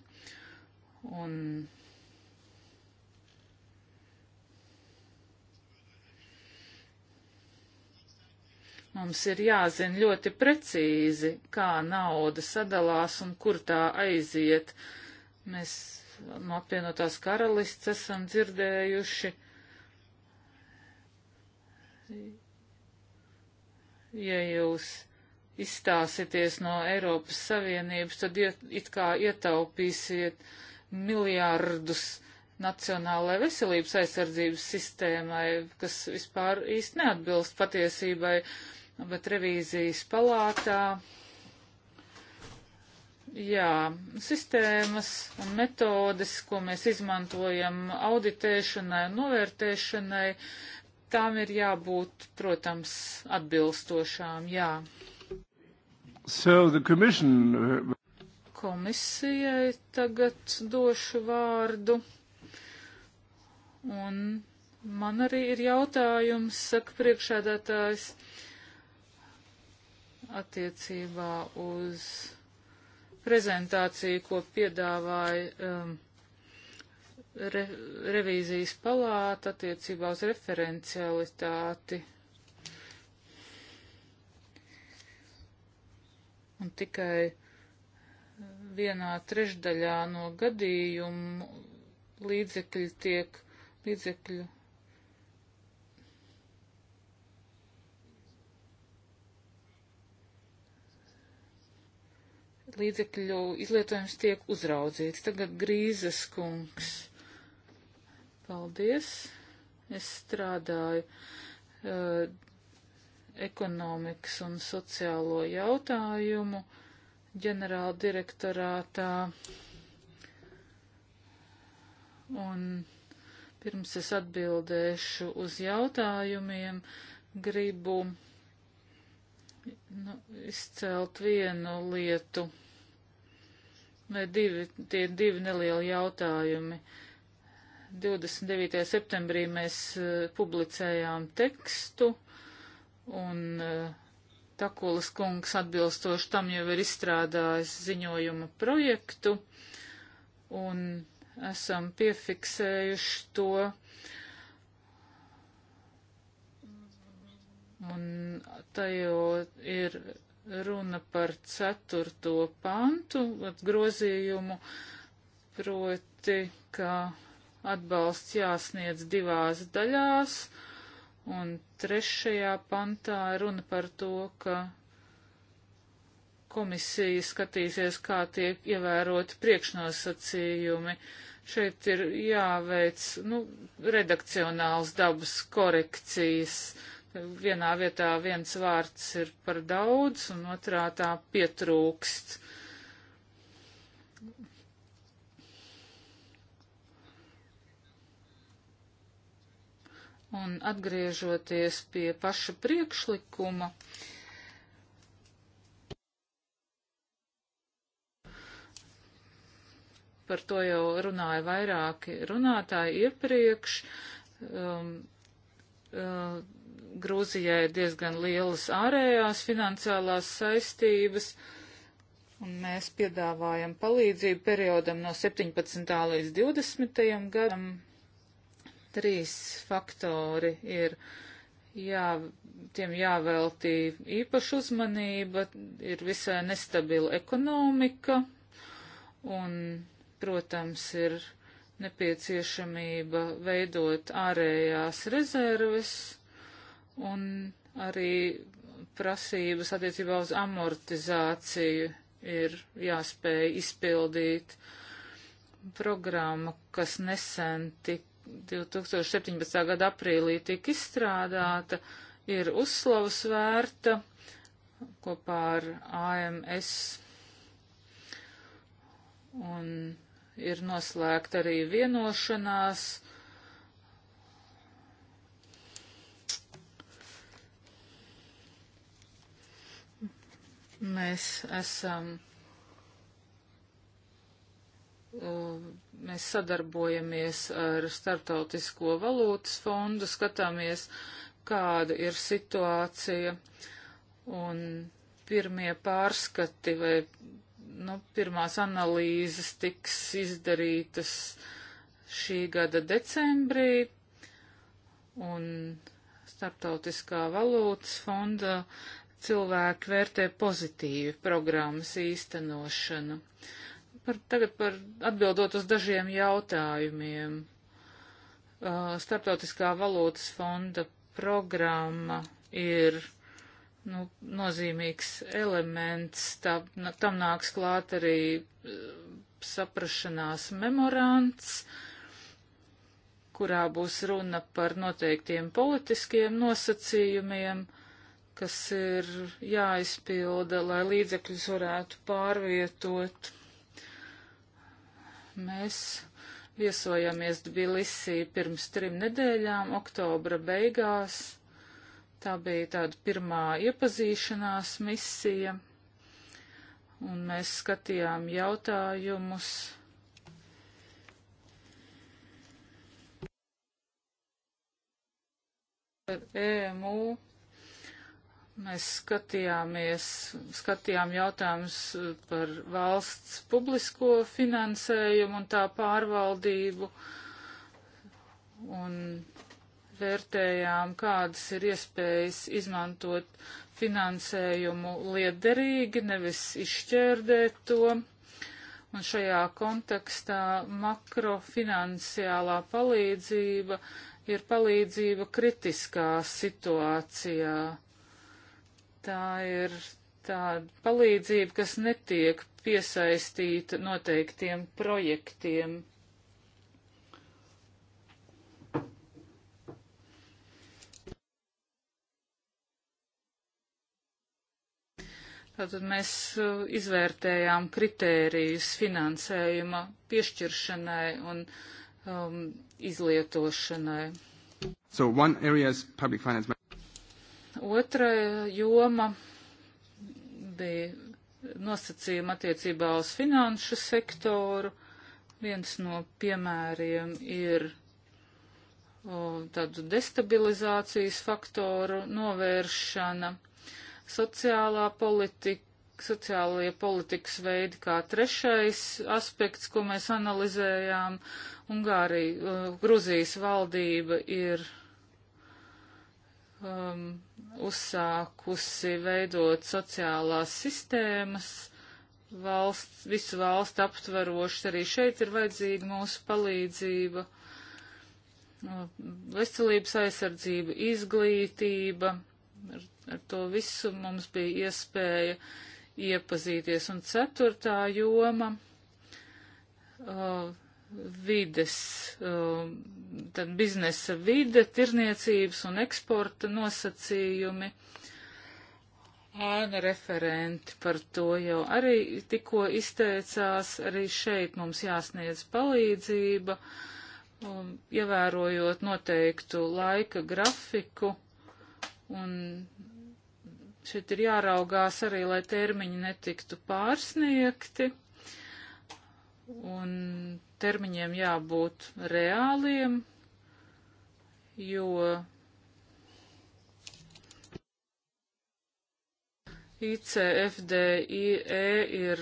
un Mums ir jāzina ļoti precīzi, kā nauda sadalās un kur tā aiziet. Mēs no apvienotās karalists esam dzirdējuši, ja jūs izstāsieties no Eiropas Savienības, tad iet, it kā ietaupīsiet miljārdus nacionālajai veselības aizsardzības sistēmai, kas vispār īsti neatbilst patiesībai. Uh, bet revīzijas palātā. Jā, sistēmas un metodes, ko mēs izmantojam auditēšanai un novērtēšanai, tām ir jābūt, protams, atbilstošām, jā. So the commission... Uh, Komisijai tagad došu vārdu. Un man arī ir jautājums, saka priekšēdētājs. Uh, attiecībā uz prezentāciju, ko piedāvāja um, re, revīzijas palāta attiecībā uz referencialitāti. Un tikai vienā trešdaļā no gadījumu līdzekļu tiek līdzekļu līdzekļu izlietojums tiek uzraudzīts. Tagad Grīzes kungs. Paldies. Es strādāju uh, ekonomikas un sociālo jautājumu ģenerāla direktorātā. Un pirms es atbildēšu uz jautājumiem, gribu nu, izcelt vienu lietu, vai divi, tie divi nelieli jautājumi. 29. septembrī mēs uh, publicējām tekstu, un uh, Takulas kungs atbilstoši tam jau ir izstrādājis ziņojuma projektu, un esam piefiksējuši to Un tajā ir runa par ceturto pantu grozījumu, proti, ka atbalsts jāsniedz divās daļās, un trešajā pantā runa par to, ka komisija skatīsies, kā tiek ievēroti priekšnosacījumi. Šeit ir jāveic, nu, redakcionāls dabas korekcijas, vienā vietā viens vārds ir par daudz un otrā tā pietrūkst. Un atgriežoties pie paša priekšlikuma, par to jau runāja vairāki runātāji iepriekš, um, uh, um, Grūzijai ir diezgan lielas ārējās finansiālās saistības, un mēs piedāvājam palīdzību periodam no 17. līdz 20. gadam. Trīs faktori ir jā, tiem jāveltī īpaša uzmanība, ir visai nestabila ekonomika un, protams, ir nepieciešamība veidot ārējās rezerves un arī prasības attiecībā uz amortizāciju ir jāspēj izpildīt programma, kas nesen tik 2017. gada aprīlī tika izstrādāta, ir uzslavas vērta kopā ar AMS un ir noslēgta arī vienošanās Mēs esam. Mēs sadarbojamies ar Startautisko valūtas fondu, skatāmies, kāda ir situācija un pirmie pārskati vai nu, pirmās analīzes tiks izdarītas šī gada decembrī, un Startautiskā valūtas fonda cilvēki vērtē pozitīvi programmas īstenošanu. Par, tagad par atbildot uz dažiem jautājumiem. Uh, Startautiskā valūtas fonda programma ir nu, nozīmīgs elements, tā, tam nāks klāt arī uh, saprašanās memorants, kurā būs runa par noteiktiem politiskiem nosacījumiem. Uh, kas ir jāizpilda, lai līdzekļus varētu pārvietot. Mēs viesojamies Tbilisī pirms trim nedēļām, oktobra beigās. Tā bija tāda pirmā iepazīšanās misija, un mēs skatījām jautājumus. EMU Mēs skatījāmies, skatījām jautājumus par valsts publisko finansējumu un tā pārvaldību un vērtējām, kādas ir iespējas izmantot finansējumu liederīgi, nevis izšķērdēt to. Un šajā kontekstā makrofinansiālā palīdzība ir palīdzība kritiskā situācijā. Tā ir tāda palīdzība, kas netiek piesaistīta noteiktiem projektiem. Tātad mēs uh, izvērtējām kritērijus finansējuma piešķiršanai un um, izlietošanai. So one area is public finance. Otra joma bija nosacījuma attiecībā uz finanšu sektoru. Viens no piemēriem ir o, tādu destabilizācijas faktoru novēršana, sociālā politika, sociālajie politikas veidi kā trešais aspekts, ko mēs analizējām. Ungārija, Gruzijas valdība ir um, uzsākusi veidot sociālās sistēmas, valsts, visu valstu aptverošas. Arī šeit ir vajadzīga mūsu palīdzība, veselības aizsardzība, izglītība. Ar, ar to visu mums bija iespēja iepazīties. Un ceturtā joma. Uh, vides, um, tad biznesa vide, tirniecības un eksporta nosacījumi. Ēna referenti par to jau arī tikko izteicās, arī šeit mums jāsniedz palīdzība, um, ievērojot noteiktu laika grafiku, un šeit ir jāraugās arī, lai termiņi netiktu pārsniegti un termiņiem jābūt reāliem, jo ICFDIE ir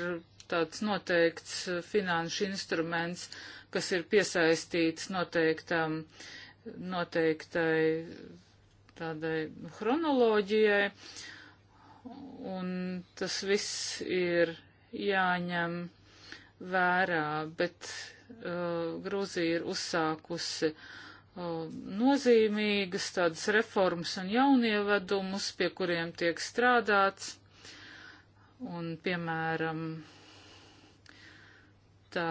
tāds noteikts finanšu instruments, kas ir piesaistīts noteiktam, noteiktai tādai chronoloģijai, un tas viss ir jāņem vērā, bet uh, Grūzija ir uzsākusi uh, nozīmīgas tādas reformas un jaunievedumus, pie kuriem tiek strādāts. Un, piemēram, tā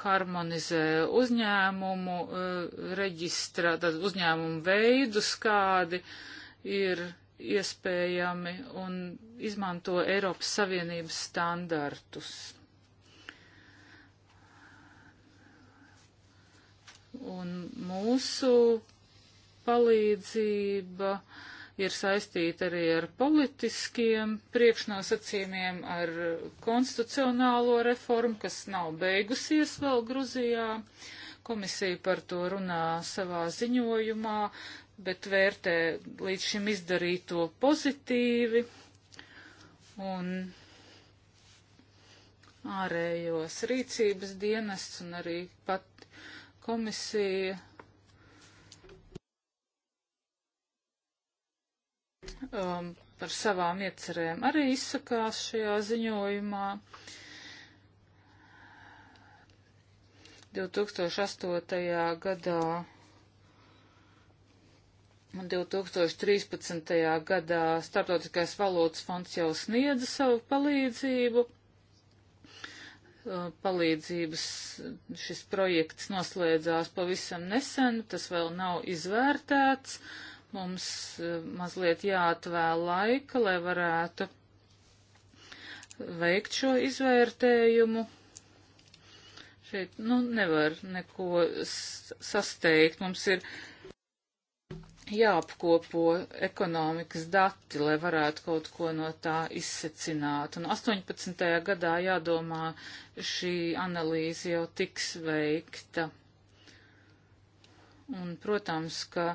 harmonizē uzņēmumu uh, reģistrā, tad uzņēmumu veidus, kādi ir iespējami, un izmanto Eiropas Savienības standartus. Un mūsu palīdzība ir saistīta arī ar politiskiem priekšnosacījumiem, ar konstitucionālo reformu, kas nav beigusies vēl Gruzijā. Komisija par to runā savā ziņojumā, bet vērtē līdz šim izdarīto pozitīvi un ārējos rīcības dienests un arī pat komisija um, par savām iecerēm arī izsakās šajā ziņojumā. 2008. gadā un 2013. gadā Startautiskais valūtas fonds jau sniedza savu palīdzību Uh, palīdzības šis projekts noslēdzās pavisam nesen, tas vēl nav izvērtēts. Mums uh, mazliet jāatvēl laika, lai varētu veikt šo izvērtējumu. Šeit, nu, nevar neko sasteigt. Mums ir jāapkopo ekonomikas dati, lai varētu kaut ko no tā izsecināt. Un 18. gadā jādomā šī analīze jau tiks veikta. Un, protams, ka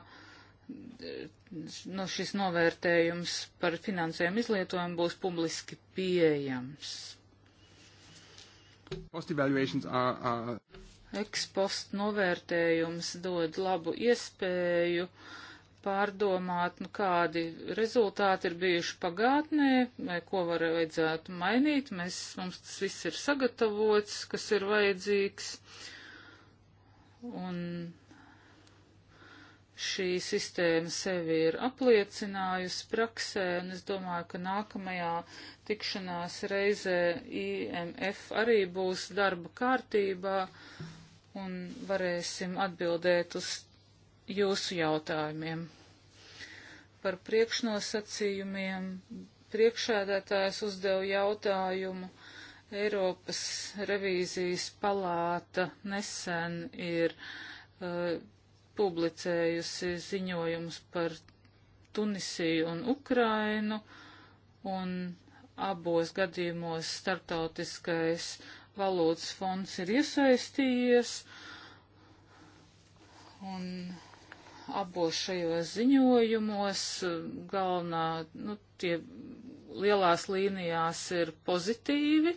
nu, šis novērtējums par finansējumu izlietojumu būs publiski pieejams. Are, are... Ekspost novērtējums dod labu iespēju uh, pārdomāt, nu, kādi rezultāti ir bijuši pagātnē, vai ko var vajadzētu mainīt. Mēs, mums tas viss ir sagatavots, kas ir vajadzīgs. Un šī sistēma sevi ir apliecinājusi praksē, un es domāju, ka nākamajā tikšanās reizē IMF arī būs darba kārtībā, un varēsim atbildēt uz jūsu jautājumiem. Par priekšnosacījumiem priekšēdētājs uzdeva jautājumu. Eiropas revīzijas palāta nesen ir uh, publicējusi ziņojumus par Tunisiju un Ukrainu, un abos gadījumos startautiskais valūtas fonds ir iesaistījies. Un abos šajos ziņojumos galvenā, nu, tie lielās līnijās ir pozitīvi.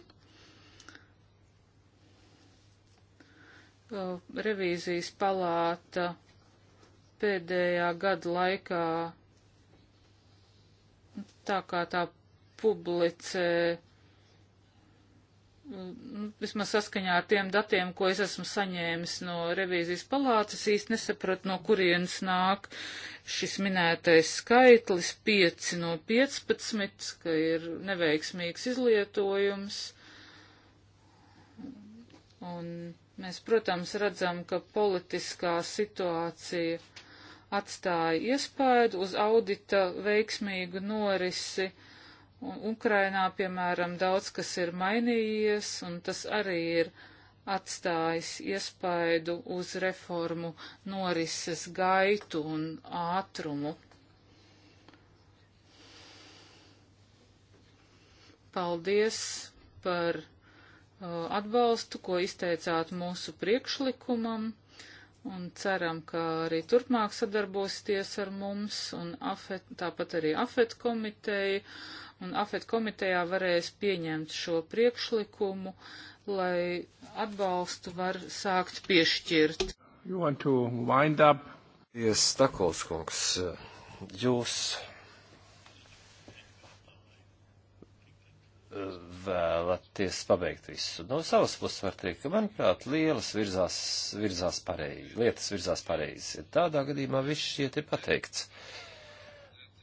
Revīzijas palāta pēdējā gada laikā tā kā tā publicē Nu, vismaz saskaņā ar tiem datiem, ko es esmu saņēmis no revīzijas palātas, īsti nesapratu, no kurienes nāk šis minētais skaitlis 5 no 15, ka ir neveiksmīgs izlietojums. Un mēs, protams, redzam, ka politiskā situācija atstāja iespēju uz audita veiksmīgu norisi Un Ukrainā, piemēram, daudz kas ir mainījies, un tas arī ir atstājis iespaidu uz reformu norises gaitu un ātrumu. Paldies par uh, atbalstu, ko izteicāt mūsu priekšlikumam, un ceram, ka arī turpmāk sadarbosieties ar mums un afet, tāpat arī afet komiteju un AFET komitejā varēs pieņemt šo priekšlikumu, lai atbalstu var sākt piešķirt. Ies Stakolskungs, jūs eh, vēlaties pabeigt visu. No savas puses var teikt, ka, manuprāt, lielas virzās, virzās pareizi, lietas virzās pareizi. Tādā gadījumā viss šiet ir pateikts. Uh,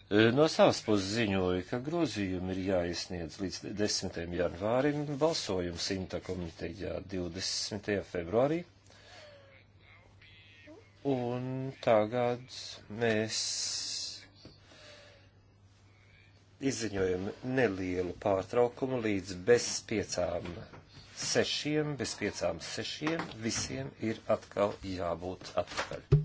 E, no savas puses ziņoja, ka grozījumi ir jāiesniedz līdz 10. janvārim, balsojums Inta komitejā 20. februārī. Un tagad mēs izziņojam nelielu pārtraukumu līdz bez piecām sešiem, bez piecām sešiem visiem ir atkal jābūt atpakaļ.